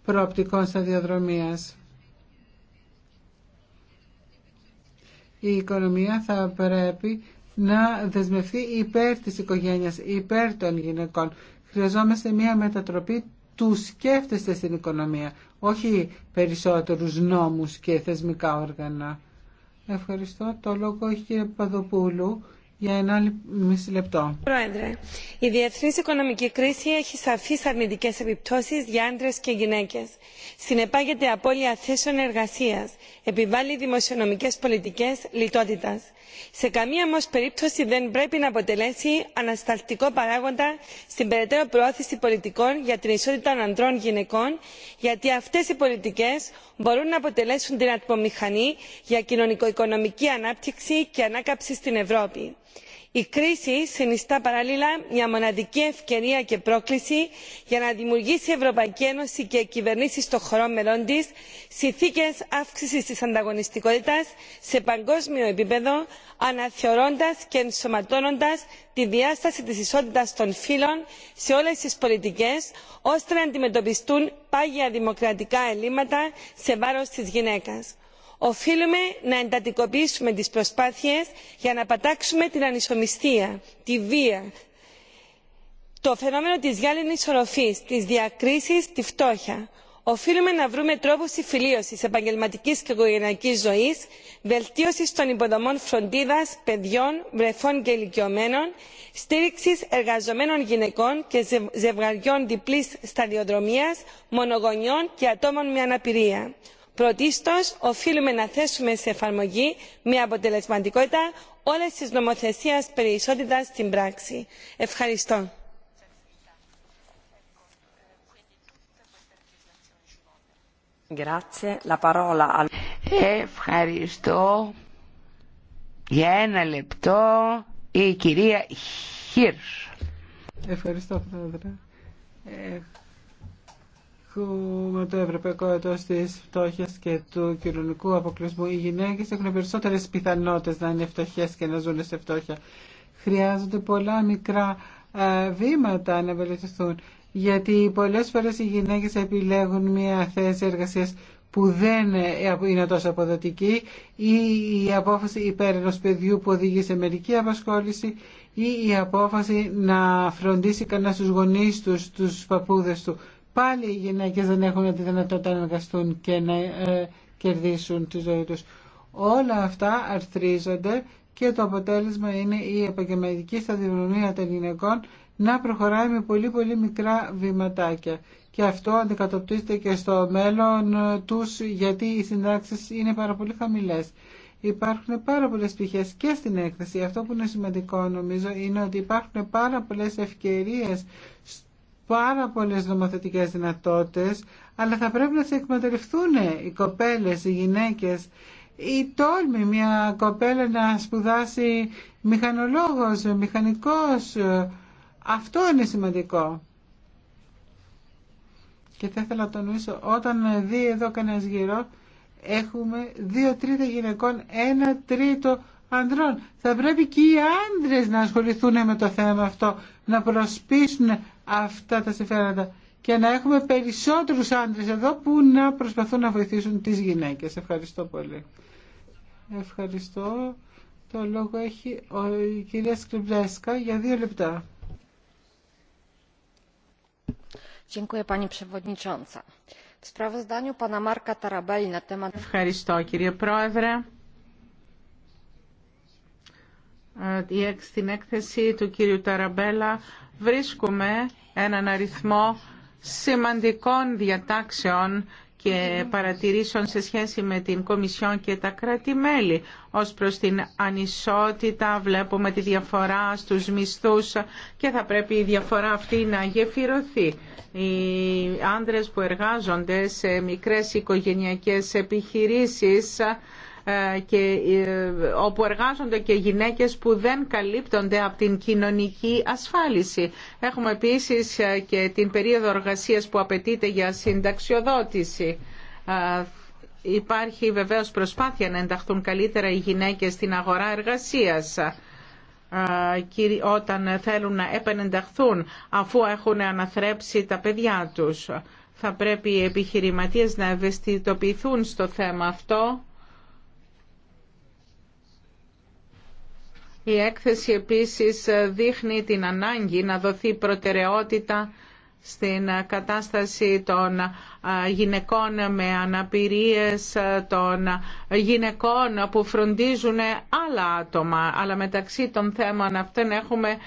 προοπτικών σταδιοδρομίας. Η οικονομία θα πρέπει να δεσμευτεί υπέρ της οικογένειας, υπέρ των γυναικών. Χρειαζόμαστε μια μετατροπή του σκέφτεστε στην οικονομία, όχι περισσότερους νόμους και θεσμικά όργανα. Ευχαριστώ. Το λόγο έχει κύριε Παδοπούλου για λεπτό. Πρόεδρε, η διεθνή οικονομική κρίση έχει σαφεί αρνητικέ επιπτώσει για άντρε και γυναίκε. Συνεπάγεται απώλεια θέσεων εργασία, επιβάλλει δημοσιονομικέ πολιτικέ λιτότητα σε καμία όμω περίπτωση δεν πρέπει να αποτελέσει ανασταλτικό παράγοντα στην περαιτέρω προώθηση πολιτικών για την ισότητα ανδρών γυναικών γιατί αυτέ οι πολιτικέ μπορούν να αποτελέσουν την ατμομηχανή για κοινωνικο οικονομική ανάπτυξη και ανάκαμψη στην ευρώπη η κρίση συνιστά παράλληλα μια μοναδική ευκαιρία και πρόκληση για να δημιουργήσει η ευρωπαϊκή ένωση και οι κυβερνήσει των χωρών μελών τη συνθήκε αύξηση τη ανταγωνιστικότητα σε παγκόσμιο επίπεδο αναθεωρώντα και ενσωματώνοντα τη διάσταση τη ισότητα των φύλων σε όλε τι πολιτικέ ώστε να αντιμετωπιστούν πάγια δημοκρατικά ελλείμματα σε βάρο τη γυναίκα οφείλουμε να εντατικοποιήσουμε τις προσπάθειες για να πατάξουμε την ανισομιστία, τη βία το φαινόμενο της γυάλινης οροφής τις διακρίσεις τη φτώχεια. οφείλουμε να βρούμε τρόπους συμφιλίωσης επαγγελματικής και οικογενειακής ζωής βελτίωσης των υποδομών φροντίδας παιδιών βρεφών και ηλικιωμένων στήριξης εργαζομένων γυναικών και ζευγαριών διπλής σταδιοδρομίας μονογονιών και ατόμων με αναπηρία πρωτίστως οφείλουμε να θέσουμε σε εφαρμογή με αποτελεσματικότητα όλες τις νομοθεσίες περί στην πράξη. ευχαριστώ. Ευχαριστώ. Για ένα λεπτό η κυρία Χίρς. Ευχαριστώ, Πρόεδρε. Ε, με το ευρωπαϊκό Έτο τη Φτώχεια και του κοινωνικού αποκλεισμού οι γυναίκε έχουν περισσότερε πιθανότητε να είναι φτωχέ και να ζουν σε φτώχεια. Χρειάζονται πολλά μικρά ε, βήματα να βελτιωθούν, γιατί πολλέ φορέ οι γυναίκε επιλέγουν μια θέση εργασία που δεν είναι τόσο αποδοτική ή η απόφαση υπέρ ενός παιδιού που οδηγεί σε μερική απασχόληση ή η απόφαση να φροντίσει κανένα στους γονείς τους, τους παππούδες του πάλι οι γυναίκες δεν έχουν τη δυνατότητα να εργαστούν και να ε, κερδίσουν τη ζωή τους. Όλα αυτά αρθρίζονται και το αποτέλεσμα είναι η επαγγελματική σταδιοδρομία των γυναικών να προχωράει με πολύ πολύ μικρά βηματάκια. Και αυτό αντικατοπτρίζεται και στο μέλλον τους γιατί οι συντάξεις είναι πάρα πολύ χαμηλές. Υπάρχουν πάρα πολλές πτυχές και στην έκθεση. Αυτό που είναι σημαντικό νομίζω είναι ότι υπάρχουν πάρα πολλές ευκαιρίες πάρα πολλές νομοθετικές δυνατότητες, αλλά θα πρέπει να σε εκμεταλλευτούν οι κοπέλες, οι γυναίκες. Η τόλμη μια κοπέλα να σπουδάσει μηχανολόγος, μηχανικός, αυτό είναι σημαντικό. Και θα ήθελα να τονίσω, όταν δει εδώ κανένα γύρω, έχουμε δύο τρίτα γυναικών, ένα τρίτο ανδρών. Θα πρέπει και οι άντρες να ασχοληθούν με το θέμα αυτό, να προσπίσουν αυτά τα συμφέροντα και να έχουμε περισσότερους άντρες εδώ που να προσπαθούν να βοηθήσουν τις γυναίκες. Ευχαριστώ πολύ. Ευχαριστώ. Το λόγο έχει η κυρία Σκριμπλέσκα για δύο λεπτά. Ευχαριστώ κύριε Πρόεδρε. Ε, στην έκθεση του κύριου Ταραμπέλα βρίσκουμε έναν αριθμό σημαντικών διατάξεων και παρατηρήσεων σε σχέση με την Κομισιόν και τα κράτη-μέλη. Ως προς την ανισότητα βλέπουμε τη διαφορά στους μισθούς και θα πρέπει η διαφορά αυτή να γεφυρωθεί. Οι άντρες που εργάζονται σε μικρές οικογενειακές επιχειρήσεις ε, και ε, όπου εργάζονται και γυναίκες που δεν καλύπτονται από την κοινωνική ασφάλιση. Έχουμε επίσης ε, και την περίοδο εργασίας που απαιτείται για συνταξιοδότηση. Υπάρχει βεβαίως προσπάθεια να ενταχθούν καλύτερα οι γυναίκες στην αγορά εργασίας όταν θέλουν να επενενταχθούν αφού έχουν αναθρέψει τα παιδιά τους. Θα πρέπει οι επιχειρηματίες να ευαισθητοποιηθούν στο θέμα αυτό Η έκθεση επίσης δείχνει την ανάγκη να δοθεί προτεραιότητα στην κατάσταση των γυναικών με αναπηρίες, των γυναικών που φροντίζουν άλλα άτομα. Αλλά μεταξύ των θέμων αυτών έχουμε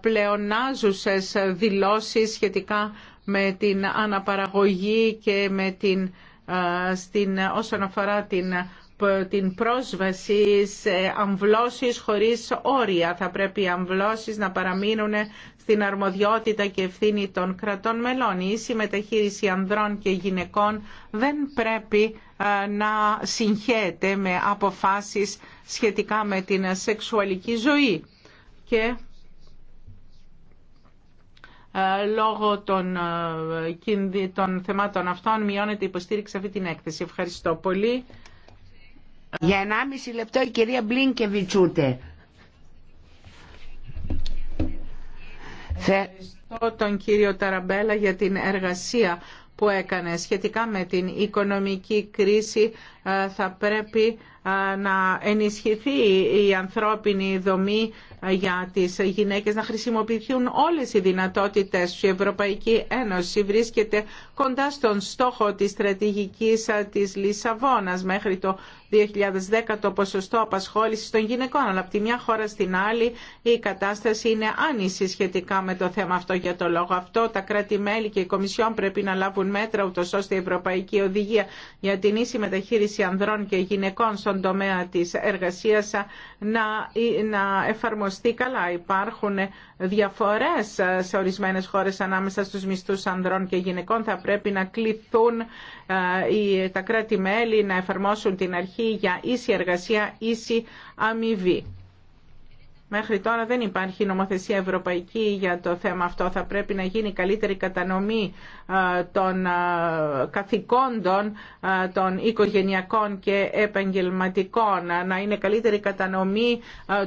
πλεονάζουσες δηλώσεις σχετικά με την αναπαραγωγή και με την, στην, όσον αφορά την ε, την πρόσβαση σε αμβλώσεις χωρίς όρια. Θα πρέπει οι αμβλώσεις να παραμείνουν στην αρμοδιότητα και ευθύνη των κρατών μελών. Η ίση ανδρών και γυναικών δεν πρέπει ε, να συγχέεται με αποφάσεις σχετικά με την σεξουαλική ζωή. Και ε, λόγω των, των θεμάτων αυτών μειώνεται η υποστήριξη αυτή την έκθεση. Ευχαριστώ πολύ. Για 1,5 λεπτό η κυρία Μπλίνκεβιτσούτε. Ευχαριστώ τον κύριο Ταραμπέλα για την εργασία που έκανε σχετικά με την οικονομική κρίση ε, θα πρέπει να ενισχυθεί η ανθρώπινη δομή για τις γυναίκες, να χρησιμοποιηθούν όλες οι δυνατότητες Η Ευρωπαϊκή Ένωση βρίσκεται κοντά στον στόχο της στρατηγικής της Λισαβόνας μέχρι το 2010 το ποσοστό απασχόλησης των γυναικών. Αλλά από τη μια χώρα στην άλλη η κατάσταση είναι άνηση σχετικά με το θέμα αυτό. Για το λόγο αυτό τα κράτη-μέλη και η Κομισιόν πρέπει να λάβουν μέτρα ούτως ώστε η Ευρωπαϊκή Οδηγία για την ίση μεταχείριση ανδρών και γυναικών στον τομέα της εργασίας να, να εφαρμοστεί καλά. Υπάρχουν διαφορές σε ορισμένες χώρες ανάμεσα στους μισθούς ανδρών και γυναικών. Θα πρέπει να κληθούν ε, τα κράτη-μέλη να εφαρμόσουν την αρχή για ίση εργασία, ίση αμοιβή. Μέχρι τώρα δεν υπάρχει νομοθεσία ευρωπαϊκή για το θέμα αυτό. Θα πρέπει να γίνει καλύτερη κατανομή των καθηκόντων των οικογενειακών και επαγγελματικών, να είναι καλύτερη κατανομή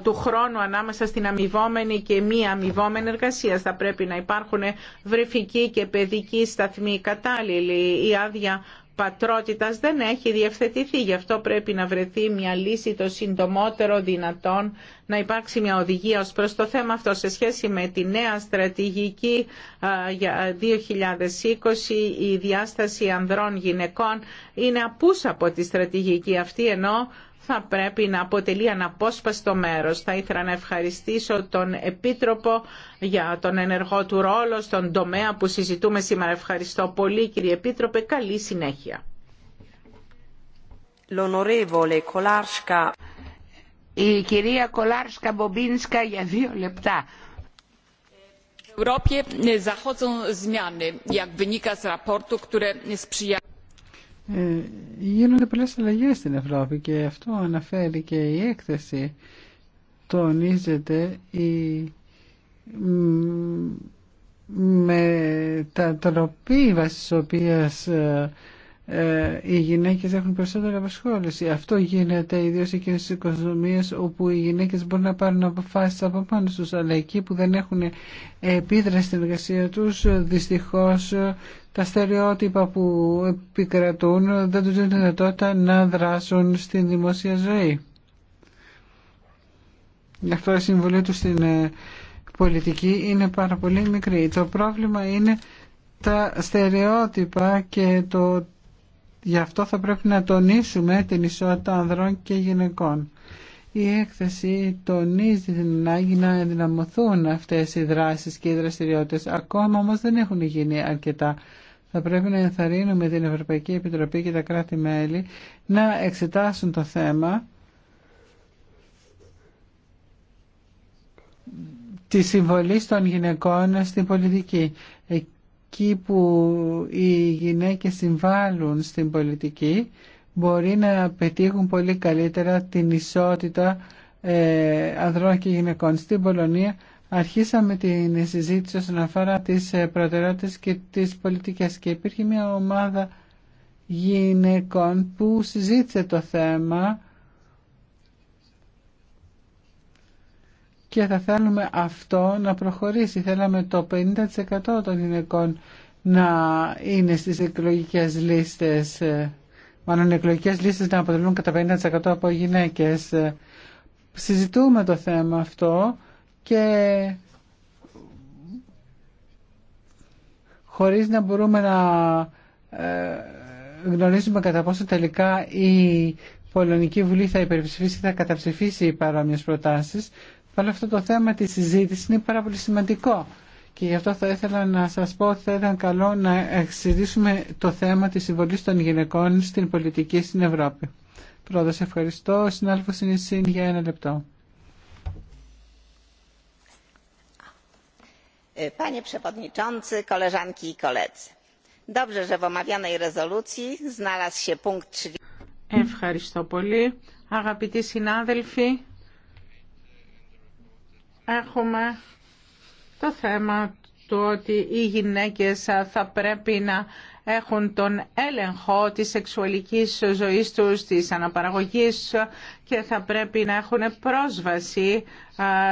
του χρόνου ανάμεσα στην αμοιβόμενη και μη αμοιβόμενη εργασία. Θα πρέπει να υπάρχουν βρεφικοί και παιδικοί σταθμοί κατάλληλοι. Η άδεια πατρότητας δεν έχει διευθετηθεί. Γι' αυτό πρέπει να βρεθεί μια λύση το συντομότερο δυνατόν να υπάρξει μια οδηγία ως προς το θέμα αυτό σε σχέση με τη νέα στρατηγική για 2020 η διάσταση ανδρών γυναικών είναι απούσα από τη στρατηγική αυτή ενώ θα πρέπει να αποτελεί αναπόσπαστο μέρος. Θα ήθελα να ευχαριστήσω τον Επίτροπο για τον ενεργό του ρόλο στον τομέα που συζητούμε σήμερα. Ευχαριστώ πολύ κύριε Επίτροπε. Καλή συνέχεια. Η κυρία Κολάρσκα Μπομπίνσκα για δύο λεπτά. Ευρώπη, zachodzą zmiany, jak wynika z raportu, które ε, γίνονται πολλές αλλαγές στην Ευρώπη και αυτό αναφέρει και η έκθεση. Τονίζεται η μετατροπή βασισοποίησης ε, οι γυναίκες έχουν περισσότερη απασχόληση. Αυτό γίνεται ιδίως εκείνες στις οικονομίες όπου οι γυναίκες μπορούν να πάρουν αποφάσεις από πάνω τους, αλλά εκεί που δεν έχουν επίδραση στην εργασία τους, δυστυχώς τα στερεότυπα που επικρατούν δεν τους δίνουν δυνατότητα να δράσουν στην δημόσια ζωή. Γι' αυτό η συμβολή του στην ε, πολιτική είναι πάρα πολύ μικρή. Το πρόβλημα είναι τα στερεότυπα και το Γι' αυτό θα πρέπει να τονίσουμε την ισότητα ανδρών και γυναικών. Η έκθεση τονίζει την ανάγκη να ενδυναμωθούν αυτές οι δράσεις και οι δραστηριότητες. Ακόμα όμως δεν έχουν γίνει αρκετά. Θα πρέπει να ενθαρρύνουμε την Ευρωπαϊκή Επιτροπή και τα κράτη-μέλη να εξετάσουν το θέμα τη συμβολή των γυναικών στην πολιτική εκεί που οι γυναίκες συμβάλλουν στην πολιτική μπορεί να πετύχουν πολύ καλύτερα την ισότητα ε, ανδρών και γυναικών. Στην Πολωνία αρχίσαμε την συζήτηση όσον αφορά τις ε, προτεραιότητες και τις πολιτικές και υπήρχε μια ομάδα γυναικών που συζήτησε το θέμα και θα θέλουμε αυτό να προχωρήσει. Θέλαμε το 50% των γυναικών να είναι στις εκλογικές λίστες, μάλλον οι εκλογικές λίστες να αποτελούν κατά 50% από γυναίκες. Συζητούμε το θέμα αυτό και χωρίς να μπορούμε να ε, γνωρίζουμε κατά πόσο τελικά η Πολωνική Βουλή θα υπερψηφίσει, θα καταψηφίσει οι παρόμοιες προτάσεις, Όλο αυτό το θέμα της συζήτησης είναι πάρα πολύ σημαντικό και γι' αυτό θα ήθελα να σας πω ότι θα ήταν καλό να συζητήσουμε το θέμα της συμβολής των γυναικών στην πολιτική στην Ευρώπη. Πρώτα, ευχαριστώ. είναι εσύ για ένα λεπτό. Panie Przewodniczący, koleżanki i koledzy. Ευχαριστώ πολύ. Αγαπητοί συνάδελφοι, έχουμε το θέμα του ότι οι γυναίκες θα πρέπει να έχουν τον έλεγχο της σεξουαλικής ζωής τους, της αναπαραγωγής και θα πρέπει να έχουν πρόσβαση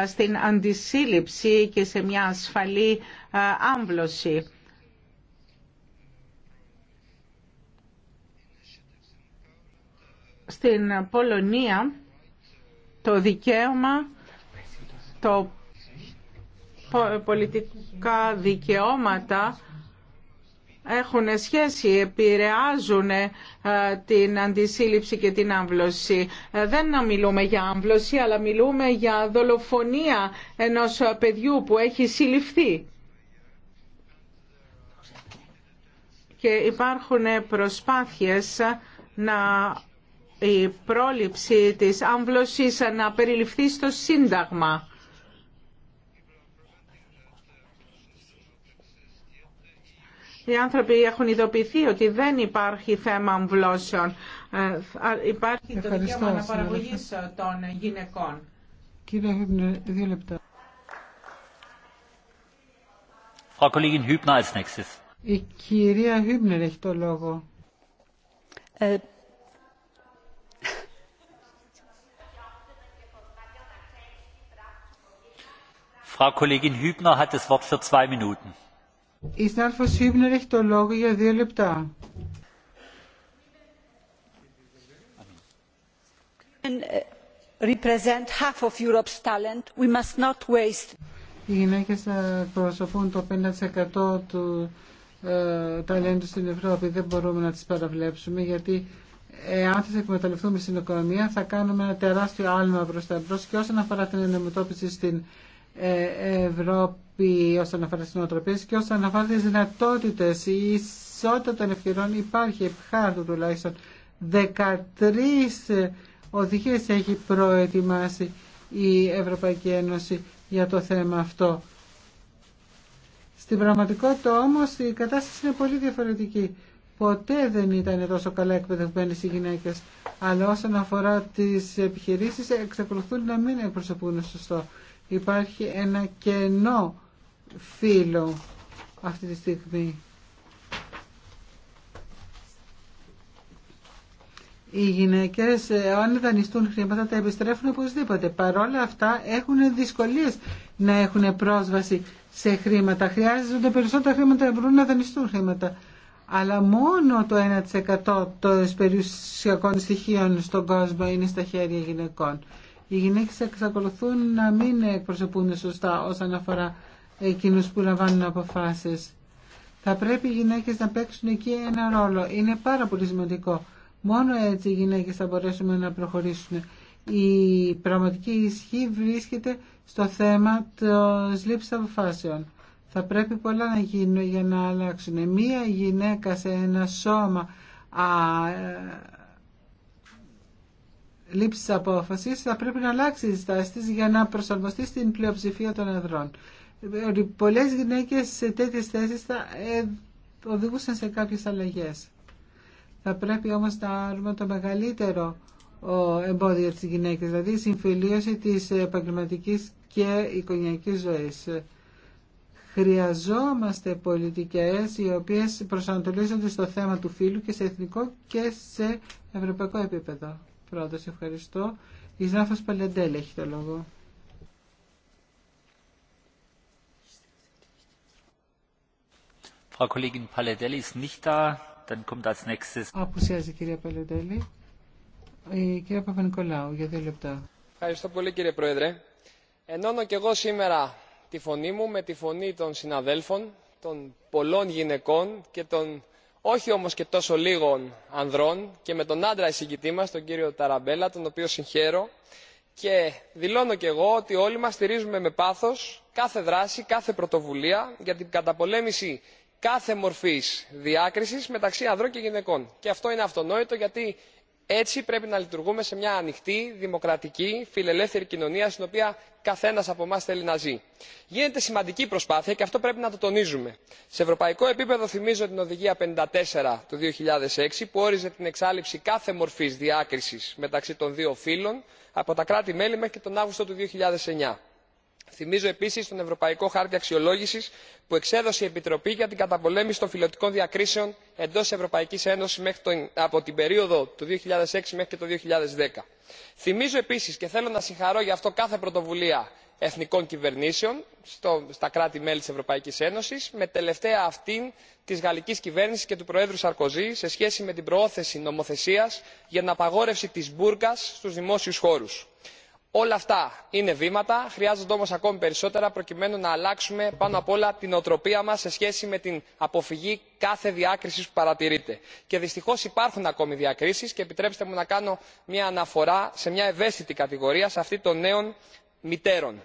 στην αντισύλληψη και σε μια ασφαλή άμβλωση. Στην Πολωνία το δικαίωμα το πολιτικά δικαιώματα έχουν σχέση, επηρεάζουν ε, την αντισύλληψη και την άμβλωση. Ε, δεν μιλούμε για άμβλωση, αλλά μιλούμε για δολοφονία ενός παιδιού που έχει συλληφθεί. Και υπάρχουν προσπάθειες να η πρόληψη της άμβλωσης να περιληφθεί στο Σύνταγμα. Οι άνθρωποι έχουν ειδοποιηθεί ότι δεν υπάρχει θέμα αμβλώσεων. Ε, υπάρχει Ευχαριστώ, το δικαίωμα αναπαραγωγή ε, των γυναικών. Κύριε Χύπνερ, δύο λεπτά. Η κυρία Χύπνερ έχει το λόγο. Ε, Frau Kollegin Hübner hat das Wort für zwei Minuten. Η συνάδελφος Χίμπνερ έχει το λόγο για δύο λεπτά. Uh, represent half of Οι γυναίκε προσωπούν το 5% του ε, ταλέντου στην Ευρώπη. Δεν μπορούμε να τις παραβλέψουμε γιατί εάν τις εκμεταλλευτούμε στην οικονομία θα κάνουμε ένα τεράστιο άλμα προς τα και όσον αφορά την ενεμετώπιση στην ε, Ευρώπη όσον αφορά τις νοοτροπίες και όσον αφορά τις δυνατότητες. Η ισότητα των ευκαιρών υπάρχει επί χάρτου τουλάχιστον. 13 οδηγίες έχει προετοιμάσει η Ευρωπαϊκή Ένωση για το θέμα αυτό. Στην πραγματικότητα όμως η κατάσταση είναι πολύ διαφορετική. Ποτέ δεν ήταν τόσο καλά εκπαιδευμένες οι γυναίκες, αλλά όσον αφορά τις επιχειρήσεις εξακολουθούν να μην εκπροσωπούν σωστό. Υπάρχει ένα κενό φύλλο αυτή τη στιγμή. Οι γυναίκες, ε, αν δανειστούν χρήματα, τα επιστρέφουν οπωσδήποτε. Παρόλα αυτά έχουν δυσκολίες να έχουν πρόσβαση σε χρήματα. Χρειάζονται περισσότερα χρήματα να μπορούν να δανειστούν χρήματα. Αλλά μόνο το 1% των περιουσιακών στοιχείων στον κόσμο είναι στα χέρια γυναικών οι γυναίκες εξακολουθούν να μην εκπροσωπούν σωστά όσον αφορά εκείνους που λαμβάνουν αποφάσεις. Θα πρέπει οι γυναίκες να παίξουν εκεί ένα ρόλο. Είναι πάρα πολύ σημαντικό. Μόνο έτσι οι γυναίκες θα μπορέσουμε να προχωρήσουν. Η πραγματική ισχύ βρίσκεται στο θέμα της λήψης αποφάσεων. Θα πρέπει πολλά να γίνουν για να αλλάξουν. Μία γυναίκα σε ένα σώμα λήψη απόφαση θα πρέπει να αλλάξει η στάση τη για να προσαρμοστεί στην πλειοψηφία των εδρών. Πολλέ γυναίκε σε τέτοιε θέσει θα ε, οδηγούσαν σε κάποιε αλλαγέ. Θα πρέπει όμω να άρουμε το μεγαλύτερο εμπόδιο τη γυναίκα, δηλαδή η συμφιλίωση τη επαγγελματική και οικογενειακή ζωή. Χρειαζόμαστε πολιτικέ, οι οποίε προσανατολίζονται στο θέμα του φύλου και σε εθνικό και σε ευρωπαϊκό επίπεδο. Πρόεδρος, ευχαριστώ. Η Ζάφος Παλεντέλ έχει το λόγο. Frau Kollegin Paledelli ist nicht da, dann kommt als nächstes. Απουσιάζει κυρία Παλεντέλη. Η κυρία Παπα-Νικολάου για δύο λεπτά. Ευχαριστώ πολύ κύριε Πρόεδρε. Ενώνω και εγώ σήμερα τη φωνή μου με τη φωνή των συναδέλφων, των πολλών γυναικών και των όχι όμως και τόσο λίγων ανδρών και με τον άντρα εισηγητή μα, τον κύριο Ταραμπέλα τον οποίο συγχαίρω και δηλώνω και εγώ ότι όλοι μας στηρίζουμε με πάθος κάθε δράση, κάθε πρωτοβουλία για την καταπολέμηση κάθε μορφής διάκριση μεταξύ ανδρών και γυναικών. Και αυτό είναι αυτονόητο γιατί έτσι πρέπει να λειτουργούμε σε μια ανοιχτή δημοκρατική φιλελεύθερη κοινωνία στην οποία καθένας από εμά θέλει να ζει. γίνεται σημαντική προσπάθεια και αυτό πρέπει να το τονίζουμε. σε ευρωπαϊκό επίπεδο θυμίζω την οδηγία 54 του 2006 που όριζε την εξάλληψη κάθε μορφής διάκρισης μεταξύ των δύο φύλων από τα κράτη μέλη μέχρι τον αύγουστο του 2009 θυμίζω επίσης τον ευρωπαϊκό χάρτη Αξιολόγησης που εξέδωσε η επιτροπή για την καταπολέμηση των φυλετικών διακρίσεων εντό ευρωπαϊκή ένωση από την περίοδο του 2006 μέχρι το. 2010. θυμίζω επίσης και θέλω να συγχαρώ γι' αυτό κάθε πρωτοβουλία εθνικών κυβερνήσεων στα κράτη μέλη της ευρωπαϊκής ένωσης με τελευταία αυτήν της γαλλικής κυβέρνησης και του προέδρου σαρκοζή σε σχέση με την προώθηση νομοθεσίας για την απαγόρευση της μπουρκας στους δημόσιους χώρους όλα αυτά είναι βήματα χρειάζονται όμως ακόμη περισσότερα προκειμένου να αλλάξουμε πάνω απ' όλα την οτροπία μας σε σχέση με την αποφυγή κάθε διάκρισης που παρατηρείται και δυστυχώς υπάρχουν ακόμη διακρίσεις και επιτρέψτε μου να κάνω μια αναφορά σε μια ευαίσθητη κατηγορία σε αυτή των νέων μητέρων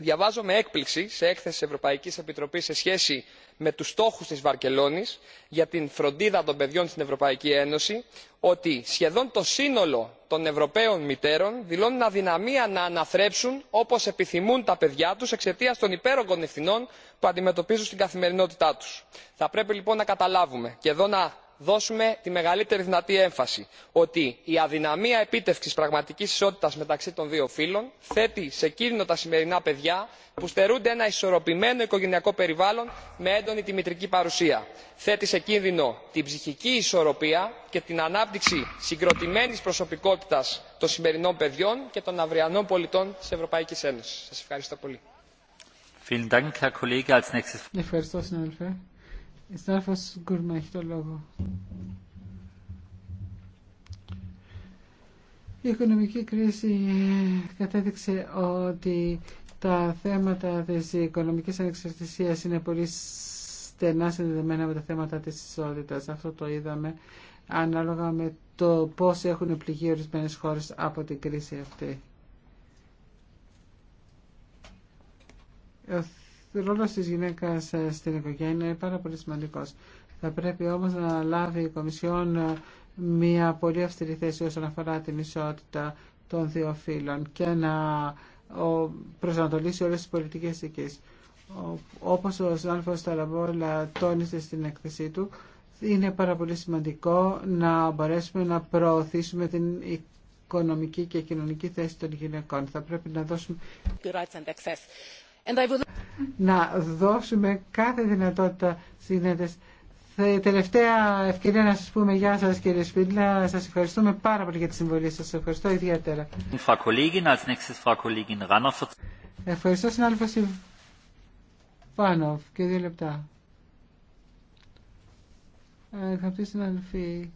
διαβάζω με έκπληξη σε έκθεση της ευρωπαϊκής επιτροπής σε σχέση με τους στόχους της βαρκελώνης για την φροντίδα των παιδιών στην ευρωπαϊκή ένωση ότι σχεδόν το σύνολο των ευρωπαίων μητέρων δηλώνουν αδυναμία να αναθρέψουν όπως επιθυμούν τα παιδιά τους εξαιτίας των υπέρογκων ευθυνών που αντιμετωπίζουν στην καθημερινότητά τους. θα πρέπει λοιπόν να καταλάβουμε και εδώ να δώσουμε τη μεγαλύτερη δυνατή έμφαση ότι η αδυναμία επίτευξης πραγματικής ισότητας μεταξύ των δύο φύλων θέτει σε κίνδυνο τα σημερινά παιδιά που στερούνται ένα ισορροπημένο οικογενειακό περιβάλλον με έντονη τη μητρική παρουσία. θέτει σε κίνδυνο την ψυχική ισορροπία και την ανάπτυξη συγκροτημένης προσωπικότητας των σημερινών παιδιών και των αυριανών πολιτών της ευρωπαϊκής ένωσης. σας ευχαριστώ πολύ. Γκούρμα το λόγο. Η οικονομική κρίση ε, κατέδειξε ότι τα θέματα της οικονομικής ανεξαρτησίας είναι πολύ στενά συνδεδεμένα με τα θέματα της ισότητας. Αυτό το είδαμε ανάλογα με το πώς έχουν πληγεί ορισμένες χώρες από την κρίση αυτή ρόλο τη γυναίκα ε, στην οικογένεια είναι πάρα πολύ σημαντικό. Θα πρέπει όμω να λάβει η Κομισιόν ε, μια πολύ αυστηρή θέση όσον αφορά την ισότητα των δύο φύλων και να προσανατολίσει όλε τι πολιτικέ εκεί. Όπω ο Σάνφος Ταραμπόλα τόνισε στην έκθεσή του, είναι πάρα πολύ σημαντικό να μπορέσουμε να προωθήσουμε την οικονομική και κοινωνική θέση των γυναικών. Θα πρέπει να δώσουμε να δώσουμε κάθε δυνατότητα συνέντες. Τελευταία ευκαιρία να σας πούμε γεια σας κύριε Σπίτλα. Σας ευχαριστούμε πάρα πολύ για τη συμβολή σας. Σας ευχαριστώ ιδιαίτερα. Ευχαριστώ συνάδελφο Πάνω και δύο λεπτά. Ε, αγαπητοί συνάδελφοι,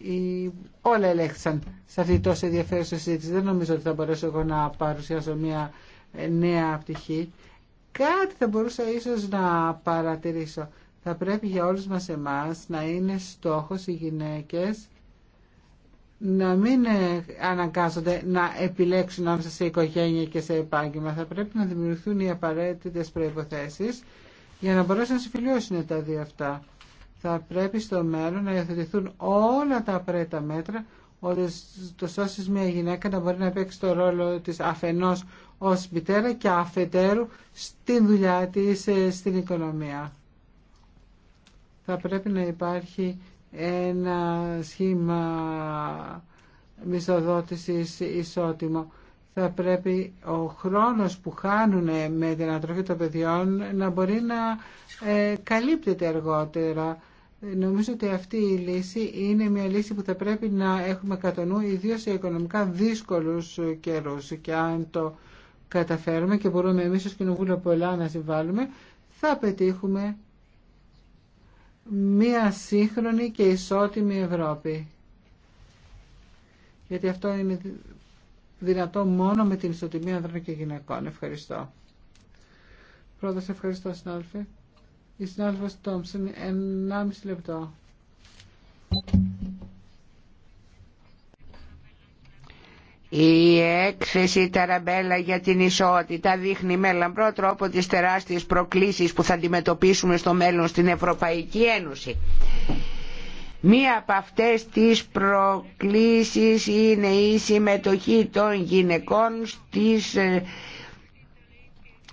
οι... όλα ελέγχθησαν σε αυτή τη τόσο ενδιαφέρουσα συζήτηση. Δεν νομίζω ότι θα μπορέσω εγώ να παρουσιάσω μια νέα πτυχή, κάτι θα μπορούσα ίσως να παρατηρήσω. Θα πρέπει για όλους μας εμάς να είναι στόχος οι γυναίκες να μην ε, αναγκάζονται να επιλέξουν άμεσα σε οικογένεια και σε επάγγελμα. Θα πρέπει να δημιουργηθούν οι απαραίτητες προϋποθέσεις για να μπορέσουν να συμφιλειώσουν τα δύο αυτά. Θα πρέπει στο μέλλον να υιοθετηθούν όλα τα απαραίτητα μέτρα ώστε το σώσει μια γυναίκα να μπορεί να παίξει το ρόλο της αφενός ως μητέρα και αφετέρου στην δουλειά της, ε, στην οικονομία. Θα πρέπει να υπάρχει ένα σχήμα μισοδότησης ισότιμο. Θα πρέπει ο χρόνος που χάνουν με την ανατροφή των παιδιών να μπορεί να ε, καλύπτεται αργότερα. Νομίζω ότι αυτή η λύση είναι μια λύση που θα πρέπει να έχουμε κατά νου, ιδίως σε οικονομικά δύσκολους καιρούς. Και αν καταφέρουμε και μπορούμε εμείς ως Κοινοβούλιο πολλά να συμβάλλουμε, θα πετύχουμε μία σύγχρονη και ισότιμη Ευρώπη. Γιατί αυτό είναι δυνατό μόνο με την ισοτιμία ανδρών και γυναικών. Ευχαριστώ. Πρώτα σε ευχαριστώ συνάδελφε. Η συνάδελφος Τόμψεν, 1,5 λεπτό. Η έκθεση Ταραμπέλα για την ισότητα δείχνει με λαμπρό τρόπο τις τεράστιες προκλήσεις που θα αντιμετωπίσουμε στο μέλλον στην Ευρωπαϊκή Ένωση. Μία από αυτές τις προκλήσεις είναι η συμμετοχή των γυναικών στις, ε,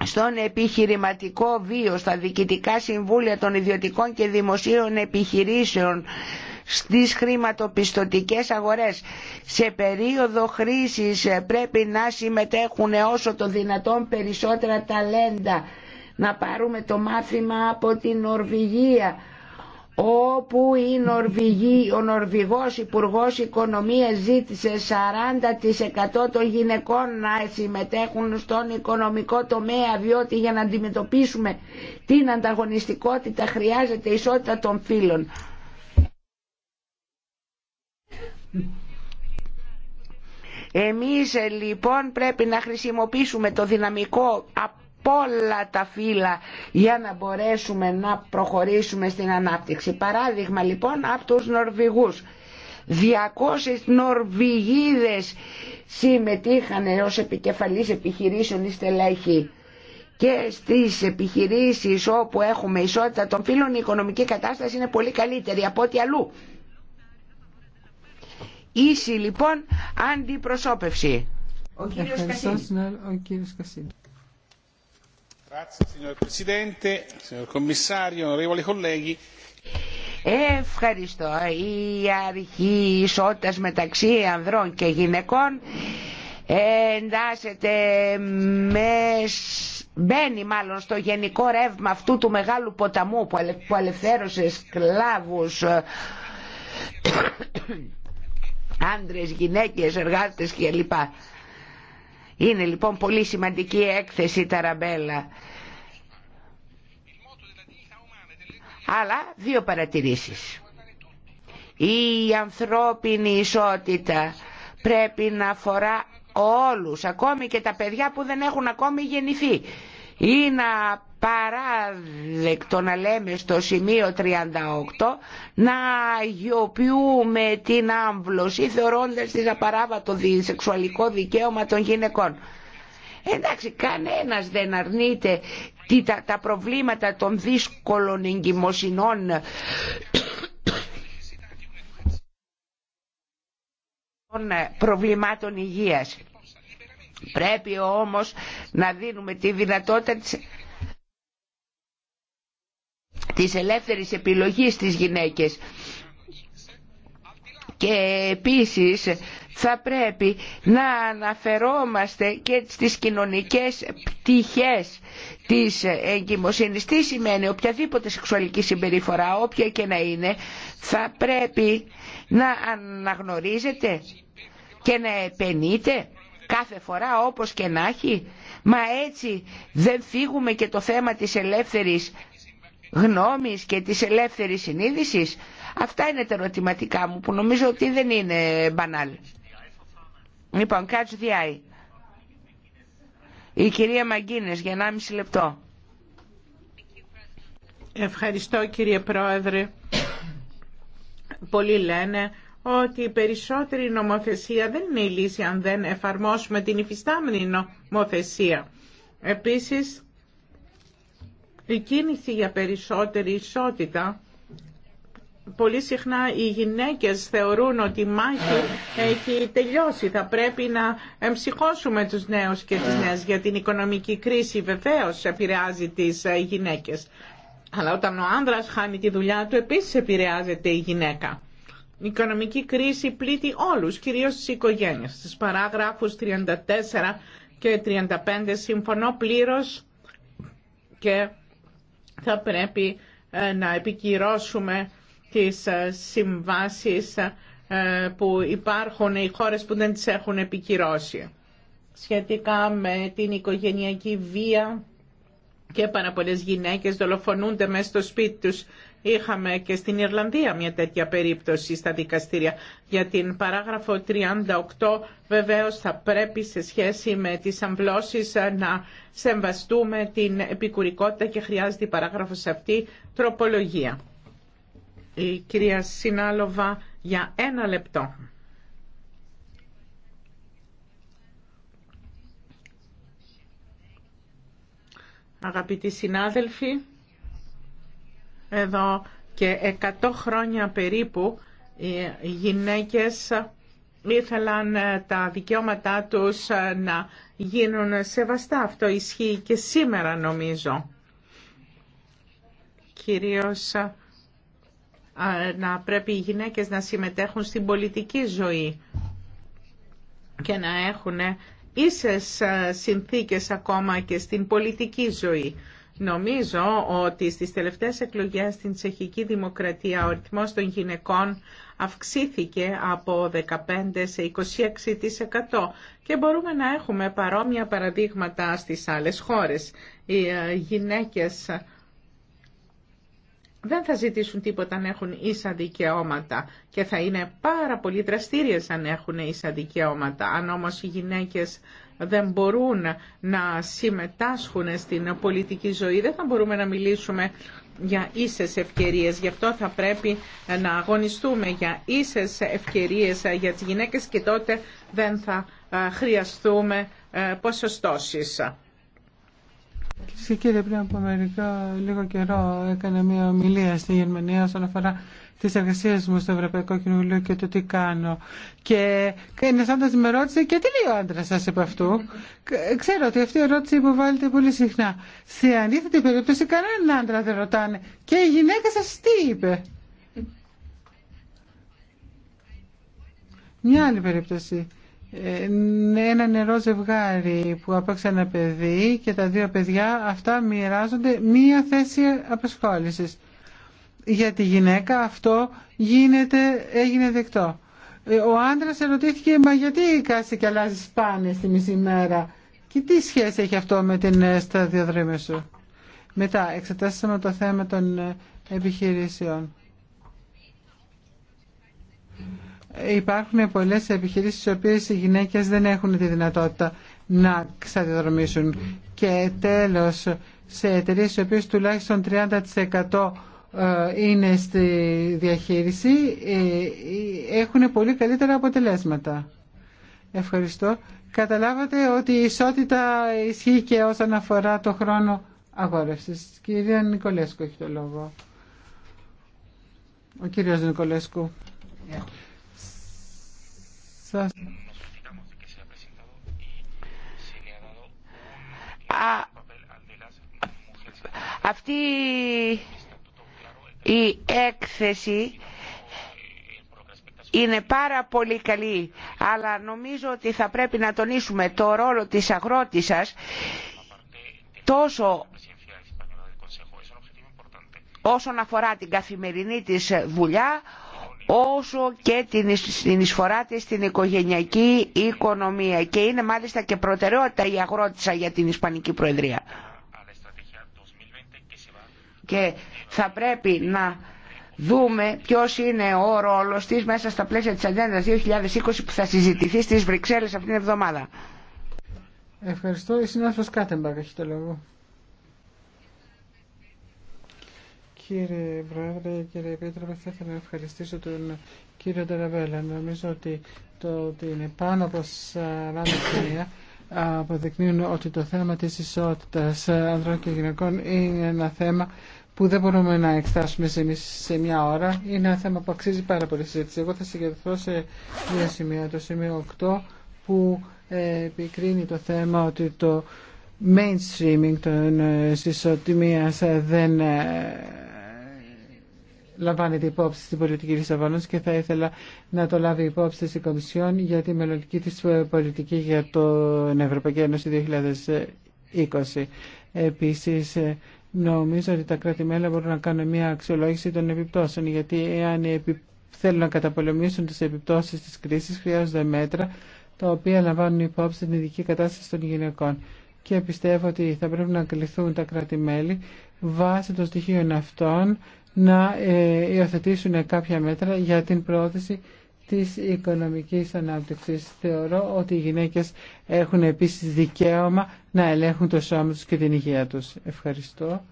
στον επιχειρηματικό βίο, στα διοικητικά συμβούλια των ιδιωτικών και δημοσίων επιχειρήσεων στις χρηματοπιστωτικές αγορές. Σε περίοδο χρήσης πρέπει να συμμετέχουν όσο το δυνατόν περισσότερα ταλέντα. Να πάρουμε το μάθημα από την Νορβηγία όπου η Νορβηγή, ο Νορβηγός Υπουργός Οικονομίας ζήτησε 40% των γυναικών να συμμετέχουν στον οικονομικό τομέα διότι για να αντιμετωπίσουμε την ανταγωνιστικότητα χρειάζεται ισότητα των φύλων. Εμείς ε, λοιπόν πρέπει να χρησιμοποιήσουμε το δυναμικό από όλα τα φύλλα για να μπορέσουμε να προχωρήσουμε στην ανάπτυξη. Παράδειγμα λοιπόν από τους Νορβηγούς. 200 Νορβηγίδες συμμετείχαν ως επικεφαλής επιχειρήσεων ή στελέχη και στις επιχειρήσεις όπου έχουμε ισότητα των φύλων η οικονομική κατάσταση είναι πολύ καλύτερη από ό,τι αλλού ίση λοιπόν αντιπροσώπευση. Ο κύριος Κασίνη. Ευχαριστώ. Η αρχή ισότητας μεταξύ ανδρών και γυναικών εντάσσεται με... μπαίνει μάλλον στο γενικό ρεύμα αυτού του μεγάλου ποταμού που αλευθέρωσε σκλάβους άντρες, γυναίκες, εργάτες κλπ. Είναι λοιπόν πολύ σημαντική έκθεση τα Ταραμπέλα. Αλλά δύο παρατηρήσεις. Η ανθρώπινη ισότητα πρέπει να αφορά όλους, ακόμη και τα παιδιά που δεν έχουν ακόμη γεννηθεί. Είναι παράδεκτο να λέμε στο σημείο 38 να αγιοποιούμε την άμβλωση θεωρώντας τις απαράβατο σεξουαλικό δικαίωμα των γυναικών. Εντάξει, κανένας δεν αρνείται τα προβλήματα των δύσκολων εγκυμοσυνών των ε, προβλημάτων υγείας. Πρέπει όμως να δίνουμε τη δυνατότητα της, της ελεύθερης επιλογής στις γυναίκες. Και επίσης θα πρέπει να αναφερόμαστε και στις κοινωνικές πτυχές της εγκυμοσύνης. Τι σημαίνει οποιαδήποτε σεξουαλική συμπεριφορά, όποια και να είναι, θα πρέπει να αναγνωρίζεται και να επενείται κάθε φορά όπως και να έχει. Μα έτσι δεν φύγουμε και το θέμα της ελεύθερης γνώμης και της ελεύθερης συνείδησης. Αυτά είναι τα ερωτηματικά μου που νομίζω ότι δεν είναι μπανάλ. Λοιπόν, catch the eye. Η κυρία Μαγκίνες για 1,5 λεπτό. Ευχαριστώ κύριε Πρόεδρε. Πολλοί λένε ότι η περισσότερη νομοθεσία δεν είναι η λύση αν δεν εφαρμόσουμε την υφιστάμενη νομοθεσία. Επίσης, η κίνηση για περισσότερη ισότητα πολύ συχνά οι γυναίκες θεωρούν ότι η μάχη έχει τελειώσει. Θα πρέπει να εμψυχώσουμε τους νέους και τις νέες για την οικονομική κρίση βεβαίως επηρεάζει τις ε, γυναίκες. Αλλά όταν ο άνδρας χάνει τη δουλειά του επίσης επηρεάζεται η γυναίκα. Η οικονομική κρίση πλήττει όλους, κυρίως τις οικογένειες. Στις παράγραφους 34 και 35 συμφωνώ πλήρως και θα πρέπει ε, να επικυρώσουμε τις ε, συμβάσεις ε, που υπάρχουν οι χώρες που δεν τις έχουν επικυρώσει. Σχετικά με την οικογενειακή βία και πάρα πολλές γυναίκες δολοφονούνται μέσα στο σπίτι τους Είχαμε και στην Ιρλανδία μια τέτοια περίπτωση στα δικαστήρια. Για την παράγραφο 38 βεβαίως θα πρέπει σε σχέση με τις αμβλώσεις να σεμβαστούμε την επικουρικότητα και χρειάζεται η παράγραφος αυτή τροπολογία. Η κυρία Σινάλοβα για ένα λεπτό. Αγαπητοί συνάδελφοι, εδώ και 100 χρόνια περίπου οι γυναίκες ήθελαν ε, τα δικαιώματά τους ε, να γίνουν σεβαστά. Αυτό ισχύει και σήμερα νομίζω. Κυρίως ε, να πρέπει οι γυναίκες να συμμετέχουν στην πολιτική ζωή και να έχουν ίσες συνθήκες ακόμα και στην πολιτική ζωή. Νομίζω ότι στις τελευταίες εκλογές στην Τσεχική Δημοκρατία ο ρυθμός των γυναικών αυξήθηκε από 15% σε 26% και μπορούμε να έχουμε παρόμοια παραδείγματα στις άλλες χώρες. Οι ε, γυναίκες δεν θα ζητήσουν τίποτα αν έχουν ίσα δικαιώματα και θα είναι πάρα πολύ δραστήριες αν έχουν ίσα δικαιώματα. Αν οι γυναίκες δεν μπορούν να συμμετάσχουν στην πολιτική ζωή, δεν θα μπορούμε να μιλήσουμε για ίσες ευκαιρίες. Γι' αυτό θα πρέπει να αγωνιστούμε για ίσες ευκαιρίες για τις γυναίκες και τότε δεν θα ε, χρειαστούμε ε, ποσοστώσεις. Κύριε, πριν από μερικά λίγο καιρό έκανα μια ομιλία στη Γερμανία όσον αφορά τις εργασίες μου στο Ευρωπαϊκό Κοινοβουλίο και το τι κάνω. Και ένα άντρα με ρώτησε και τι λέει ο άντρας σας επ' αυτού. Ξέρω ότι αυτή η ερώτηση υποβάλλεται πολύ συχνά. Σε αντίθετη περίπτωση κανέναν άντρα δεν ρωτάνε. Και η γυναίκα σας τι είπε. Μια άλλη περίπτωση. Ε, ναι, ένα νερό ζευγάρι που απέξε ένα παιδί και τα δύο παιδιά αυτά μοιράζονται μία θέση απασχόλησης για τη γυναίκα αυτό γίνεται, έγινε δεκτό. Ε, ο άντρα ερωτήθηκε, μα γιατί κάθε και αλλάζει πάνε στη μισή μέρα. Και τι σχέση έχει αυτό με την ε, σταδιοδρύμη σου. Μετά εξετάσαμε το θέμα των ε, επιχειρήσεων. Υπάρχουν πολλές επιχειρήσεις στις οποίες οι γυναίκες δεν έχουν τη δυνατότητα να ξαδιοδρομήσουν. Και τέλος, σε εταιρείες στις οποίες τουλάχιστον 30% ε, είναι στη διαχείριση ε, έχουν πολύ καλύτερα αποτελέσματα. Ευχαριστώ. Καταλάβατε ότι η ισότητα ισχύει και όσον αφορά το χρόνο αγόρευσης. Κυρία Νικολέσκου έχει το λόγο. Ο κύριος Νικολέσκου. Αυτή η έκθεση είναι πάρα πολύ καλή, αλλά νομίζω ότι θα πρέπει να τονίσουμε το ρόλο της αγρότησας τόσο όσον αφορά την καθημερινή της δουλειά, όσο και την εισφορά της στην οικογενειακή οικονομία. Και είναι μάλιστα και προτεραιότητα η αγρότησα για την Ισπανική Προεδρία. Και θα πρέπει να δούμε ποιος είναι ο ρόλος της μέσα στα πλαίσια της Ατζέντας 2020 που θα συζητηθεί στις Βρυξέλλες αυτήν την εβδομάδα. Ευχαριστώ. Η συνάδελφος Κάτεμπακ έχει το λόγο. Κύριε Πρόεδρε, κύριε Επίτροπε, θα ήθελα να ευχαριστήσω τον κύριο Τεραβέλα. Νομίζω ότι το ότι είναι πάνω από 40 χρόνια αποδεικνύουν ότι το θέμα της ισότητας ανδρών και γυναικών είναι ένα θέμα που δεν μπορούμε να εξετάσουμε σε, μια ώρα. Είναι ένα θέμα που αξίζει πάρα πολύ συζήτηση. Εγώ θα συγκεντρωθώ σε δύο σημεία. Το σημείο 8 που ε, επικρίνει το θέμα ότι το mainstreaming των ισοτιμίας ε, ε, δεν λαμβάνεται υπόψη στην πολιτική της και θα ήθελα να το λάβει υπόψη της Κομισιόν για τη μελλοντική της πολιτική για την Ευρωπαϊκή Ένωση 2020. Επίσης, Νομίζω ότι τα κρατη μελη μπορούν να κάνουν μια αξιολόγηση των επιπτώσεων, γιατί εάν θέλουν να καταπολεμήσουν τις επιπτώσεις της κρίσης, χρειάζονται μέτρα τα οποία λαμβάνουν υπόψη την ειδική κατάσταση των γυναικών. Και πιστεύω ότι θα πρέπει να κληθούν τα κράτη-μέλη βάσει των στοιχείων αυτών να ε, υιοθετήσουν κάποια μέτρα για την πρόθεση της οικονομικής ανάπτυξης. Θεωρώ ότι οι γυναίκες έχουν επίσης δικαίωμα να ελέγχουν το σώμα τους και την υγεία τους. Ευχαριστώ.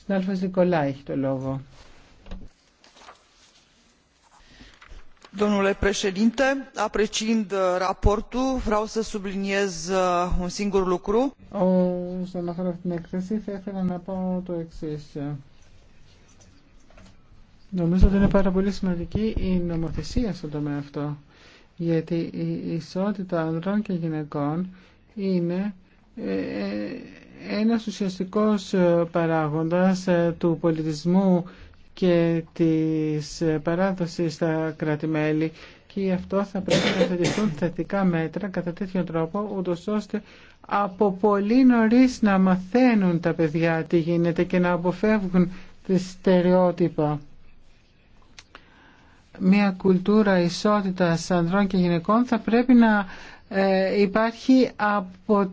Στην Αλφας Νικολά έχει το λόγο. Domnule președinte, apreciind raportul, vreau să subliniez την έκθεση, θα ήθελα να πω το εξή. Νομίζω ότι είναι πάρα πολύ σημαντική η νομοθεσία στον τομέα αυτό, γιατί η ισότητα ανδρών και γυναικών είναι ε, ε, ένας ουσιαστικός ε, παράγοντας του πολιτισμού και της παράδοσης στα κράτη-μέλη και γι' αυτό θα πρέπει να θετηθούν θετικά μέτρα κατά τέτοιο τρόπο ούτω ώστε από πολύ νωρίς να μαθαίνουν τα παιδιά τι γίνεται και να αποφεύγουν τη στερεότυπα μια κουλτούρα ισότητας ανδρών και γυναικών θα πρέπει να ε, υπάρχει από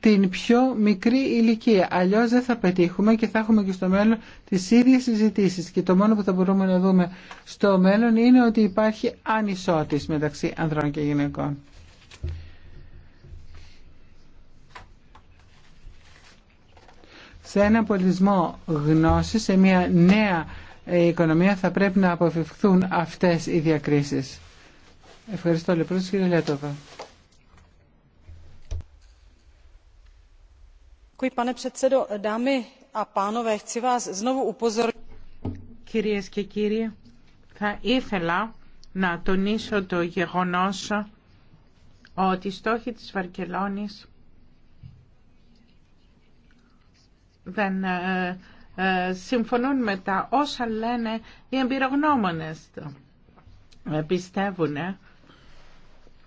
την πιο μικρή ηλικία. Αλλιώς δεν θα πετύχουμε και θα έχουμε και στο μέλλον τις ίδιες συζητήσεις. Και το μόνο που θα μπορούμε να δούμε στο μέλλον είναι ότι υπάρχει ανισότης μεταξύ ανδρών και γυναικών. Σε ένα πολιτισμό γνώσης, σε μια νέα η οικονομία θα πρέπει να αποφευχθούν αυτές οι διακρίσεις. Ευχαριστώ λοιπόν κύριε Λέτοβα. Κυρίες και κύριοι, θα ήθελα να τονίσω το γεγονός ότι οι στόχοι της Βαρκελόνης δεν ε, ε, συμφωνούν με τα όσα λένε οι εμπειρογνώμονες. Ε, Πιστεύουν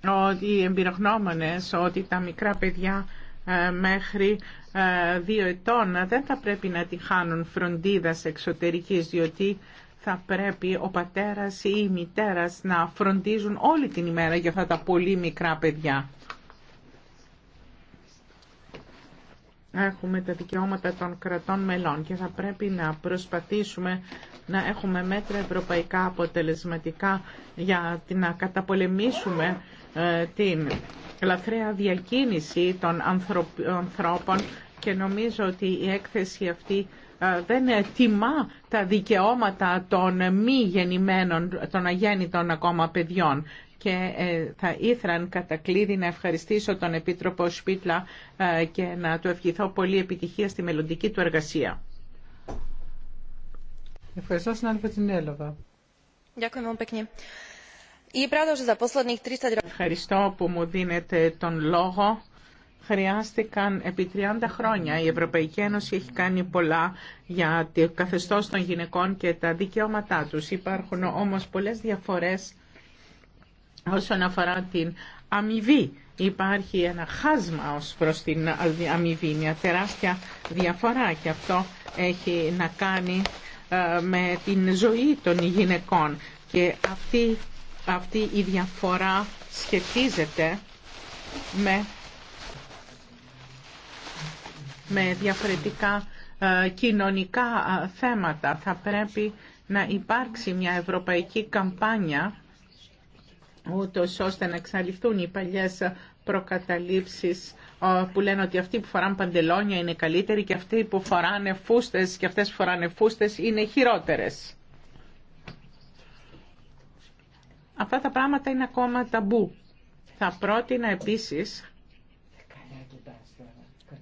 ότι οι εμπειρογνώμονες, ότι τα μικρά παιδιά ε, μέχρι δύο ετών δεν θα πρέπει να τη χάνουν φροντίδας εξωτερικής διότι θα πρέπει ο πατέρας ή η μητέρας να φροντίζουν όλη την ημέρα για αυτά τα πολύ μικρά παιδιά. έχουμε τα δικαιώματα των κρατών μελών και θα πρέπει να προσπαθήσουμε να έχουμε μέτρα ευρωπαϊκά αποτελεσματικά για να καταπολεμήσουμε ε, την λαθρέα διακίνηση των ανθρώπων και νομίζω ότι η έκθεση αυτή ε, δεν τιμά τα δικαιώματα των μη γεννημένων, των αγέννητων ακόμα παιδιών και ε, θα ήθελα κατά κλείδι να ευχαριστήσω τον Επίτροπο Σπίτλα ε, και να του ευχηθώ πολύ επιτυχία στη μελλοντική του εργασία. Ευχαριστώ συνάδελφε την Έλαβα. Ευχαριστώ που μου δίνετε τον λόγο. Χρειάστηκαν επί 30 χρόνια. Η Ευρωπαϊκή Ένωση έχει κάνει πολλά για το καθεστώς των γυναικών και τα δικαιώματά τους. Υπάρχουν όμως πολλές διαφορές όσον αφορά την αμοιβή. Υπάρχει ένα χάσμα ως προς την αμοιβή, μια τεράστια διαφορά και αυτό έχει να κάνει ε, με την ζωή των γυναικών και αυτή, αυτή η διαφορά σχετίζεται με, με διαφορετικά ε, κοινωνικά ε, θέματα. Θα πρέπει να υπάρξει μια ευρωπαϊκή καμπάνια ούτως ώστε να εξαλειφθούν οι παλιές προκαταλήψεις που λένε ότι αυτοί που φοράνε παντελόνια είναι καλύτεροι και αυτοί που φοράνε φούστες και αυτές που φοράνε φούστες είναι χειρότερες. Αυτά τα πράγματα είναι ακόμα ταμπού. Θα πρότεινα επίσης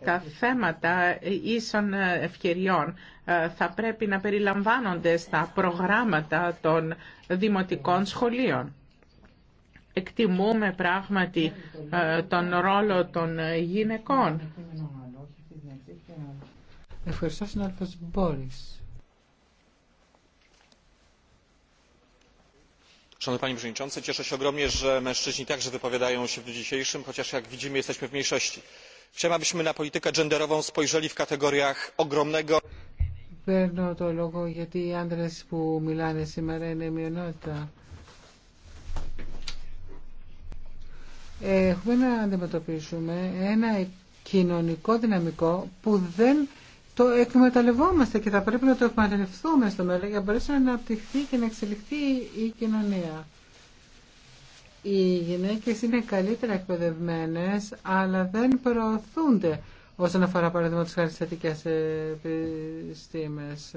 τα θέματα ίσων ευκαιριών θα πρέπει να περιλαμβάνονται στα προγράμματα των δημοτικών σχολείων εκτιμούμε πράγματι τον ρόλο των γυναικών. Ευχαριστώ συνάδελφος Μπόρις. Szanowny Panie Przewodniczący, cieszę się ogromnie, że mężczyźni także wypowiadają się w dniu dzisiejszym, chociaż jak widzimy jesteśmy w mniejszości. Chciałem, abyśmy na politykę genderową spojrzeli w kategoriach ogromnego... Παίρνω to logo, γιατί andres, άντρες που μιλάνε σήμερα έχουμε να αντιμετωπίσουμε ένα κοινωνικό δυναμικό που δεν το εκμεταλλευόμαστε και θα πρέπει να το εκμεταλλευτούμε στο μέλλον για να μπορέσει να αναπτυχθεί και να εξελιχθεί η κοινωνία. Οι γυναίκες είναι καλύτερα εκπαιδευμένες, αλλά δεν προωθούνται όσον αφορά παραδείγμα, τις χαριστατικές επιστήμες.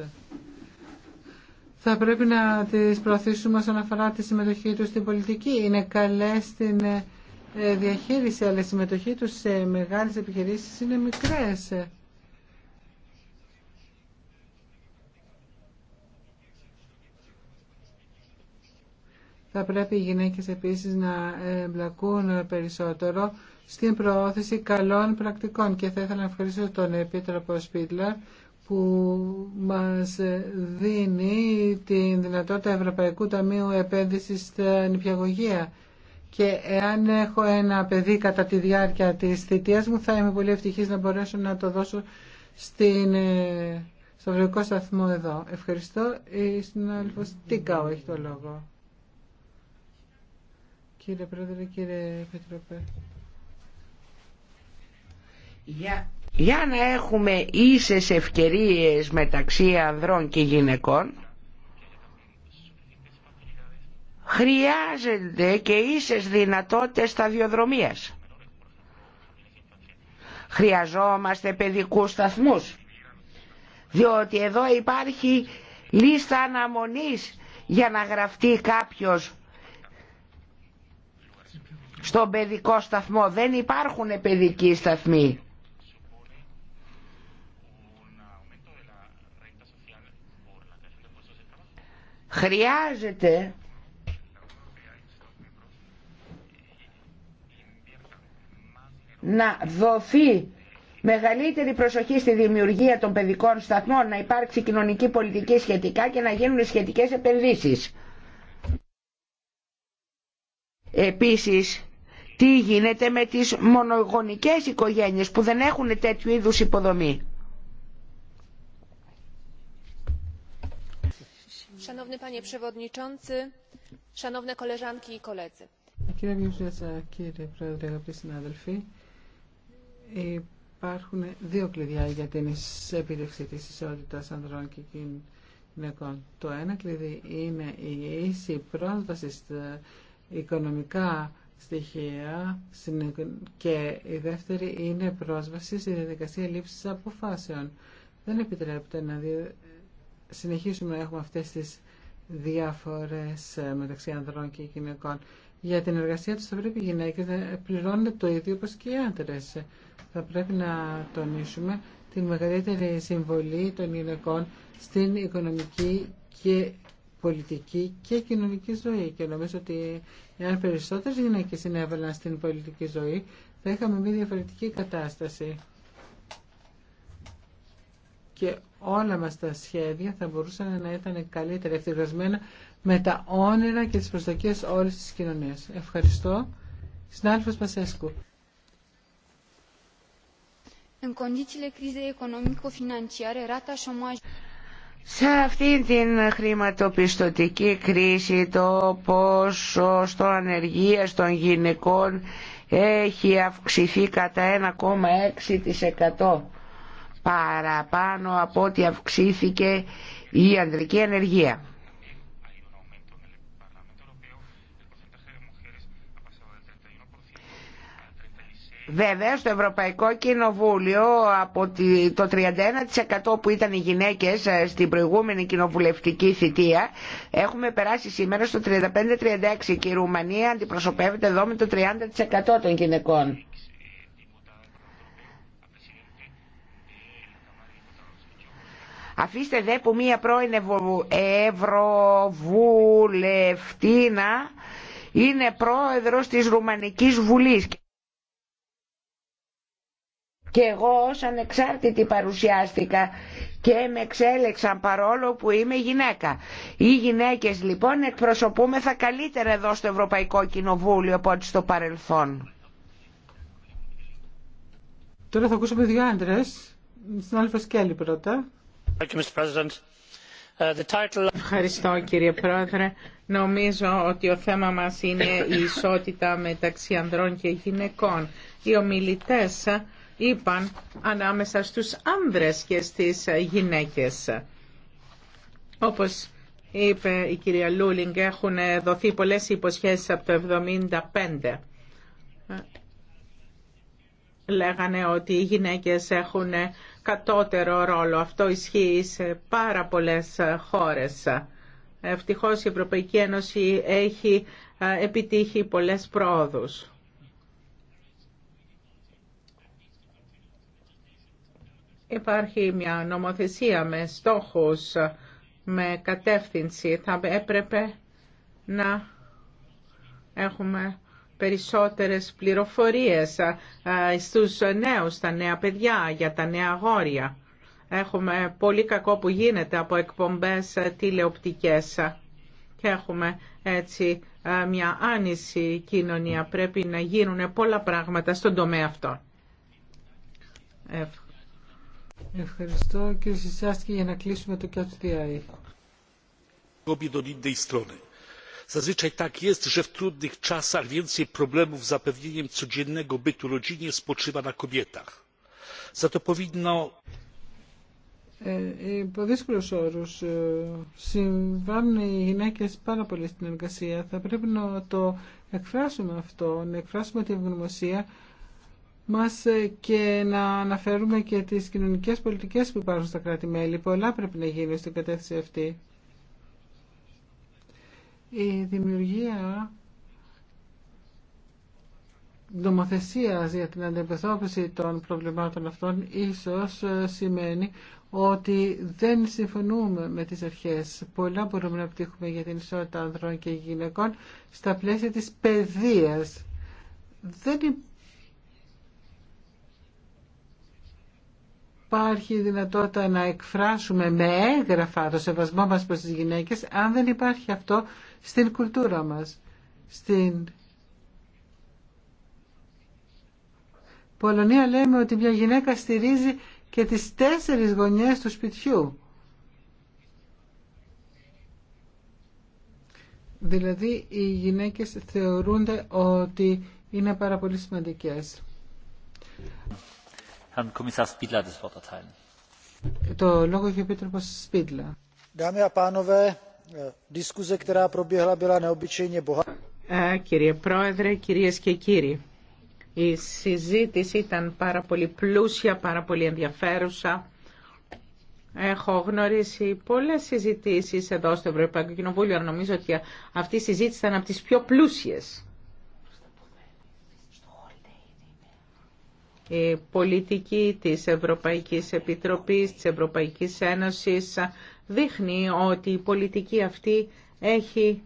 Θα πρέπει να τις προωθήσουμε όσον αφορά τη συμμετοχή τους στην πολιτική. Είναι καλές στην ε, διαχείριση, αλλά η συμμετοχή τους σε μεγάλες επιχειρήσεις είναι μικρές. Θα πρέπει οι γυναίκες επίσης να εμπλακούν περισσότερο στην προώθηση καλών πρακτικών και θα ήθελα να ευχαριστήσω τον Επίτροπο Σπίτλαρ που μας δίνει την δυνατότητα Ευρωπαϊκού Ταμείου Επένδυσης στην νηπιαγωγία και εάν έχω ένα παιδί κατά τη διάρκεια της θητείας μου θα είμαι πολύ ευτυχής να μπορέσω να το δώσω στην, ε, στο βρεωτικό σταθμό εδώ. Ευχαριστώ. Η συνάδελφος Τίκαο έχει το λόγο. Κύριε Πρόεδρε, κύριε Πετροπέ. Για, για να έχουμε ίσες ευκαιρίες μεταξύ ανδρών και γυναικών, χρειάζεται και ίσες δυνατότητες σταδιοδρομίας. Χρειαζόμαστε παιδικούς σταθμούς, διότι εδώ υπάρχει λίστα αναμονής για να γραφτεί κάποιος στον παιδικό σταθμό. Δεν υπάρχουν παιδικοί σταθμοί. Χρειάζεται να δοθεί μεγαλύτερη προσοχή στη δημιουργία των παιδικών σταθμών, να υπάρξει κοινωνική πολιτική σχετικά και να γίνουν σχετικές επενδύσεις. Επίσης, τι γίνεται με τις μονογονικές οικογένειες που δεν έχουν τέτοιου είδους υποδομή. Szanowny panie przewodniczący, szanowne koleżanki i koledzy. Υπάρχουν δύο κλειδιά για την επίδευση της ισότητας ανδρών και γυναικών. Το ένα κλειδί είναι η ίση πρόσβαση στα οικονομικά στοιχεία και η δεύτερη είναι πρόσβαση στη διαδικασία λήψης αποφάσεων. Δεν επιτρέπεται να συνεχίσουμε να έχουμε αυτές τις διάφορες ε, μεταξύ ανδρών και γυναικών για την εργασία τους θα πρέπει οι γυναίκες να πληρώνουν το ίδιο όπως και οι άντρες. Θα πρέπει να τονίσουμε την μεγαλύτερη συμβολή των γυναικών στην οικονομική και πολιτική και κοινωνική ζωή. Και νομίζω ότι εάν περισσότερες γυναίκες συνέβαλαν στην πολιτική ζωή θα είχαμε μια διαφορετική κατάσταση. Και όλα μας τα σχέδια θα μπορούσαν να ήταν καλύτερα ευθυγρασμένα με τα όνειρα και τις προσδοκίες όλες της κοινωνίας. Ευχαριστώ. Συνάδελφος Πασέσκου. Σε αυτήν την χρηματοπιστωτική κρίση το πόσο στο ανεργία των γυναικών έχει αυξηθεί κατά 1,6% παραπάνω από ό,τι αυξήθηκε η ανδρική ανεργία. Βέβαια στο Ευρωπαϊκό Κοινοβούλιο από το 31% που ήταν οι γυναίκες ε, στην προηγούμενη κοινοβουλευτική θητεία έχουμε περάσει σήμερα στο 35-36 και η Ρουμανία αντιπροσωπεύεται εδώ με το 30% των γυναικών. Αφήστε δε που μία πρώην Ευρωβουλευτήνα είναι πρόεδρος της Ρουμανικής Βουλής και εγώ ως ανεξάρτητη παρουσιάστηκα και με εξέλεξαν παρόλο που είμαι γυναίκα. Οι γυναίκες λοιπόν θα καλύτερα εδώ στο Ευρωπαϊκό Κοινοβούλιο από ό,τι στο παρελθόν. Τώρα θα ακούσουμε δύο άντρε. Στην Άλφα Σκέλη πρώτα. Uh, Ευχαριστώ κύριε Πρόεδρε. Νομίζω ότι ο θέμα μας είναι η ισότητα μεταξύ ανδρών και γυναικών. Οι ομιλητές είπαν ανάμεσα στους άνδρες και στις γυναίκες. Όπως είπε η κυρία Λούλινγκ, έχουν δοθεί πολλές υποσχέσεις από το 1975. Λέγανε ότι οι γυναίκες έχουν κατώτερο ρόλο. Αυτό ισχύει σε πάρα πολλές χώρες. Ευτυχώς η Ευρωπαϊκή Ένωση έχει επιτύχει πολλές πρόοδους. Υπάρχει μια νομοθεσία με στόχους, με κατεύθυνση. Θα έπρεπε να έχουμε περισσότερες πληροφορίες ε, στους νέους, στα νέα παιδιά, για τα νέα αγόρια. Έχουμε πολύ κακό που γίνεται από εκπομπές τηλεοπτικές και έχουμε έτσι ε, μια άνηση κοινωνία. Πρέπει να γίνουν πολλά πράγματα στον τομέα αυτό. Ευχαριστώ κύριε Σισάστηκε για να κλείσουμε το ΚΑΤΣΤΙΑΗ. Zazwyczaj tak jest, że w trudnych czasach więcej problemów z zapewnieniem codziennego bytu rodzinie spoczywa na kobietach. Za to powinno... Υπό δύσκολου όρου συμβάνουν οι γυναίκε πάρα πολύ στην εργασία. Θα πρέπει να το εκφράσουμε αυτό, να εκφράσουμε την ευγνωμοσία μας ε, και να αναφέρουμε και τις κοινωνικές πολιτικές που υπάρχουν στα κράτη-μέλη. Πολλά πρέπει να γίνουν στην κατεύθυνση αυτή. Η δημιουργία νομοθεσίας για την αντιμετώπιση των προβλημάτων αυτών ίσως ε, σημαίνει ότι δεν συμφωνούμε με τις αρχές. Πολλά μπορούμε να επιτύχουμε για την ισότητα ανδρών και γυναικών στα πλαίσια της παιδείας. Δεν υπάρχει δυνατότητα να εκφράσουμε με έγγραφα το σεβασμό μας προς τις γυναίκες αν δεν υπάρχει αυτό στην κουλτούρα μας, στην Πολωνία λέμε ότι μια γυναίκα στηρίζει και τις τέσσερις γωνιές του σπιτιού. Δηλαδή οι γυναίκες θεωρούνται ότι είναι πάρα πολύ σημαντικές. Το λόγο έχει ο Σπίτλα. Ε, κύριε Πρόεδρε, κυρίες και κύριοι, η συζήτηση ήταν πάρα πολύ πλούσια, πάρα πολύ ενδιαφέρουσα. Έχω γνωρίσει πολλές συζητήσεις εδώ στο Ευρωπαϊκό Κοινοβούλιο, αλλά νομίζω ότι αυτή η συζήτηση ήταν από τις πιο πλούσιες. η πολιτική της Ευρωπαϊκής Επιτροπής, της Ευρωπαϊκής Ένωσης δείχνει ότι η πολιτική αυτή έχει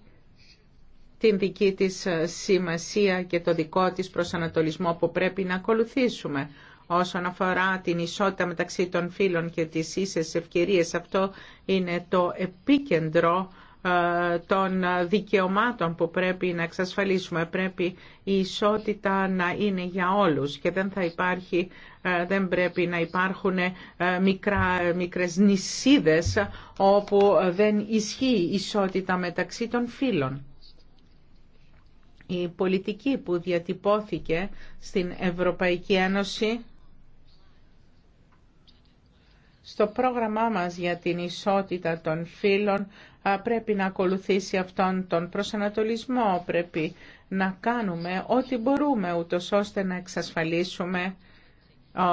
την δική της σημασία και το δικό της προσανατολισμό που πρέπει να ακολουθήσουμε. Όσον αφορά την ισότητα μεταξύ των φίλων και τις ίσες ευκαιρίες, αυτό είναι το επίκεντρο ε, των δικαιωμάτων που πρέπει να εξασφαλίσουμε. Πρέπει η ισότητα να είναι για όλους και δεν θα υπάρχει, ε, δεν πρέπει να υπάρχουν ε, μικρά, μικρές νησίδες όπου δεν ισχύει η ισότητα μεταξύ των φύλων. Η πολιτική που διατυπώθηκε στην Ευρωπαϊκή Ένωση στο πρόγραμμά μας για την ισότητα των φύλων πρέπει να ακολουθήσει αυτόν τον προσανατολισμό. Πρέπει να κάνουμε ό,τι μπορούμε ούτω ώστε να εξασφαλίσουμε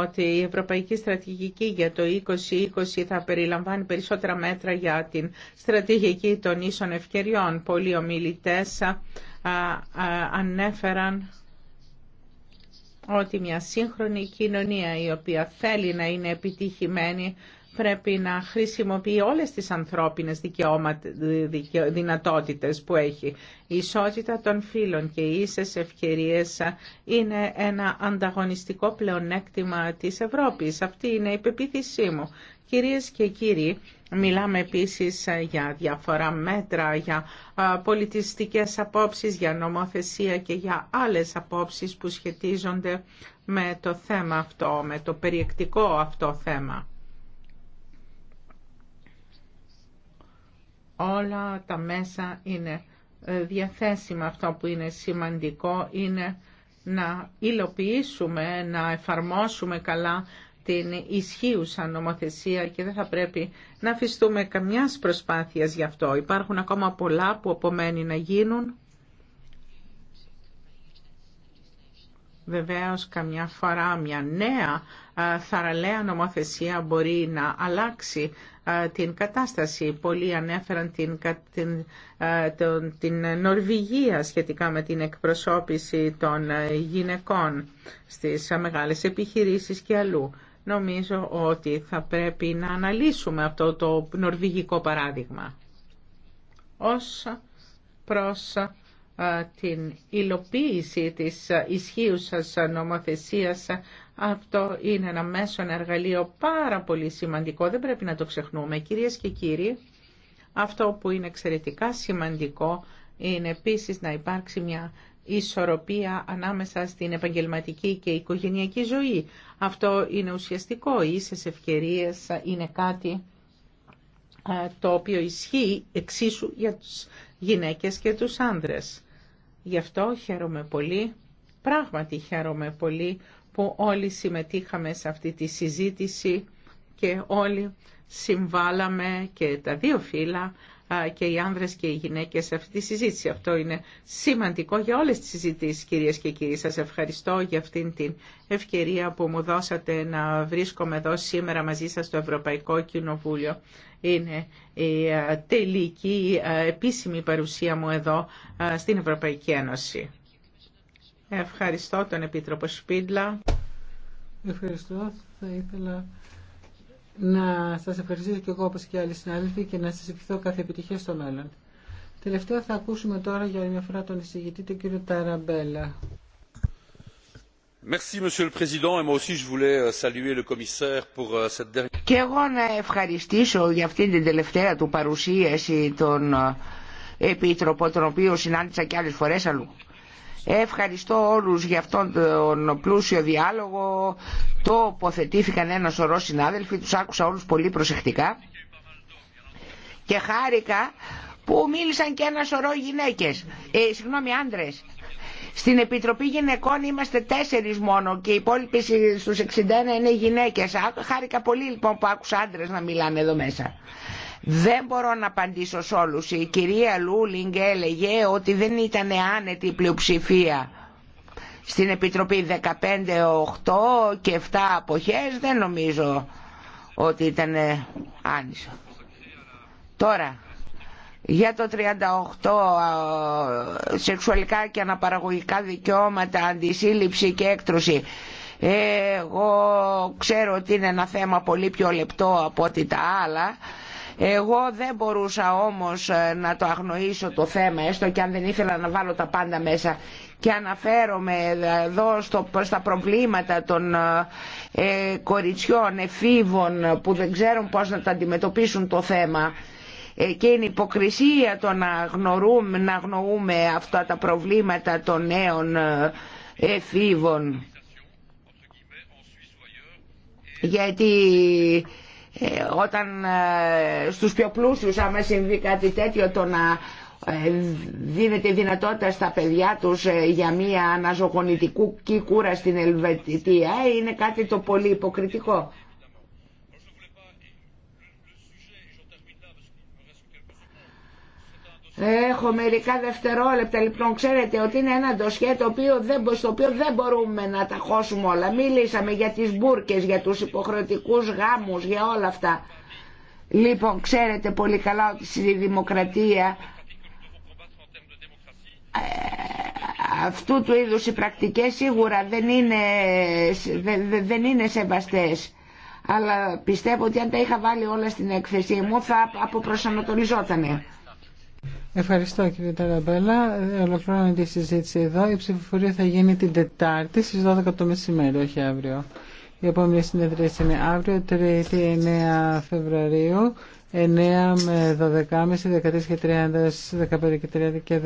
ότι η Ευρωπαϊκή Στρατηγική για το 2020 θα περιλαμβάνει περισσότερα μέτρα για την στρατηγική των ίσων ευκαιριών. Πολλοί ομιλητές ανέφεραν ότι μια σύγχρονη κοινωνία η οποία θέλει να είναι επιτυχημένη πρέπει να χρησιμοποιεί όλες τις ανθρώπινες δυνατότητες που έχει. Η ισότητα των φίλων και οι ίσες ευκαιρίες είναι ένα ανταγωνιστικό πλεονέκτημα της Ευρώπης. Αυτή είναι η πεποίθησή μου. Κυρίες και κύριοι, Μιλάμε επίσης ε, για διάφορα μέτρα, για ε, πολιτιστικές απόψεις, για νομοθεσία και για άλλες απόψεις που σχετίζονται με το θέμα αυτό, με το περιεκτικό αυτό θέμα. Όλα τα μέσα είναι ε, διαθέσιμα. Αυτό που είναι σημαντικό είναι να υλοποιήσουμε, να εφαρμόσουμε καλά την ισχύουσα νομοθεσία και δεν θα πρέπει να αφιστούμε καμιά προσπάθεια γι' αυτό. Υπάρχουν ακόμα πολλά που απομένει να γίνουν. Βεβαίως καμιά φορά μια νέα θαραλέα νομοθεσία μπορεί να αλλάξει την κατάσταση. Πολλοί ανέφεραν την, την, την Νορβηγία σχετικά με την εκπροσώπηση των ε, γυναικών στις μεγάλες επιχειρήσεις και αλλού. Νομίζω ότι θα πρέπει να αναλύσουμε αυτό το νορβηγικό παράδειγμα ως προς την υλοποίηση της ισχύουσας νομοθεσίας. Αυτό είναι ένα μέσο εργαλείο πάρα πολύ σημαντικό, δεν πρέπει να το ξεχνούμε. Κυρίες και κύριοι, αυτό που είναι εξαιρετικά σημαντικό είναι επίσης να υπάρξει μια ισορροπία ανάμεσα στην επαγγελματική και οικογενειακή ζωή. Αυτό είναι ουσιαστικό. Οι ίσες ευκαιρίες είναι κάτι ε, το οποίο ισχύει εξίσου για τους γυναίκες και τους άνδρες. Γι' αυτό χαίρομαι πολύ, πράγματι χαίρομαι πολύ που όλοι συμμετείχαμε σε αυτή τη συζήτηση και όλοι συμβάλαμε και τα δύο φύλλα και οι άνδρες και οι γυναίκες σε αυτή τη συζήτηση. Αυτό είναι σημαντικό για όλες τις συζητήσεις κυρίες και κύριοι. Σας ευχαριστώ για αυτήν την ευκαιρία που μου δώσατε να βρίσκομαι εδώ σήμερα μαζί σας στο Ευρωπαϊκό Κοινοβούλιο. Είναι η τελική επίσημη παρουσία μου εδώ στην Ευρωπαϊκή Ένωση. Ευχαριστώ τον Επίτροπο Σπίτλα. Ευχαριστώ. Θα ήθελα να σας ευχαριστήσω και εγώ όπως και άλλοι συνάδελφοι και να σας ευχηθώ κάθε επιτυχία στο μέλλον. Τελευταία θα ακούσουμε τώρα για μια φορά τον εισηγητή, τον κύριο Ταραμπέλα. Και εγώ να ευχαριστήσω για αυτή την τελευταία του παρουσίαση τον ε, Επίτροπο, τον οποίο συνάντησα και άλλες φορές αλλού. Ευχαριστώ όλους για αυτόν τον πλούσιο διάλογο. Τοποθετήθηκαν ένα σωρό συνάδελφοι, τους άκουσα όλους πολύ προσεκτικά. Και χάρηκα που μίλησαν και ένα σωρό γυναίκες, ε, συγγνώμη άντρες. Στην Επιτροπή Γυναικών είμαστε τέσσερις μόνο και οι υπόλοιποι στους 61 είναι γυναίκες. Χάρηκα πολύ λοιπόν που άκουσα άντρες να μιλάνε εδώ μέσα. Δεν μπορώ να απαντήσω σε όλους. Η κυρία Λούλινγκ έλεγε ότι δεν ήταν άνετη η πλειοψηφία. Στην Επιτροπή 15-8 και 7 αποχές δεν νομίζω ότι ήταν άνισο. Τώρα, για το 38 σεξουαλικά και αναπαραγωγικά δικαιώματα, αντισύλληψη και έκτρωση. Εγώ ξέρω ότι είναι ένα θέμα πολύ πιο λεπτό από ό,τι τα άλλα εγώ δεν μπορούσα όμως ε, να το αγνοήσω το θέμα, έστω και αν δεν ήθελα να βάλω τα πάντα μέσα και αναφέρομαι ε, εδώ στο, στα προβλήματα των ε, κοριτσιών, εφήβων που δεν ξέρουν πώς να τα αντιμετωπίσουν το θέμα και είναι υποκρισία το να, γνωρούμε, να αυτά τα προβλήματα των νέων εφήβων γιατί ε, όταν ε, στους πιο πλούσιους άμα συμβεί κάτι τέτοιο το να ε, δίνεται δυνατότητα στα παιδιά τους για μια αναζωογονητική κούρα στην Ελβετία είναι κάτι το πολύ υποκριτικό. Έχω μερικά δευτερόλεπτα, λοιπόν ξέρετε ότι είναι ένα ντοσιέ το οποίο δεν, στο οποίο δεν μπορούμε να τα χώσουμε όλα. Μιλήσαμε για τις μπουρκες, για τους υποχρεωτικούς γάμους, για όλα αυτά. Λοιπόν, ξέρετε πολύ καλά ότι στη δημοκρατία ε, αυτού του είδους οι πρακτικές σίγουρα δεν είναι, δεν είναι σεβαστές. Αλλά πιστεύω ότι αν τα είχα βάλει όλα στην έκθεσή μου θα αποπροσανατολιζότανε. Ευχαριστώ κύριε Ταραμπέλα. Ολοκληρώνω τη συζήτηση εδώ. Η ψηφοφορία θα γίνει την Τετάρτη στις 12 το μεσημέρι, όχι αύριο. Η επόμενη συνεδρία είναι αύριο, 3η 9 Φεβρουαρίου, 9 με 12.30, 13 και 30, 15 και 30 και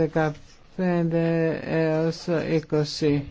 15 έως 20.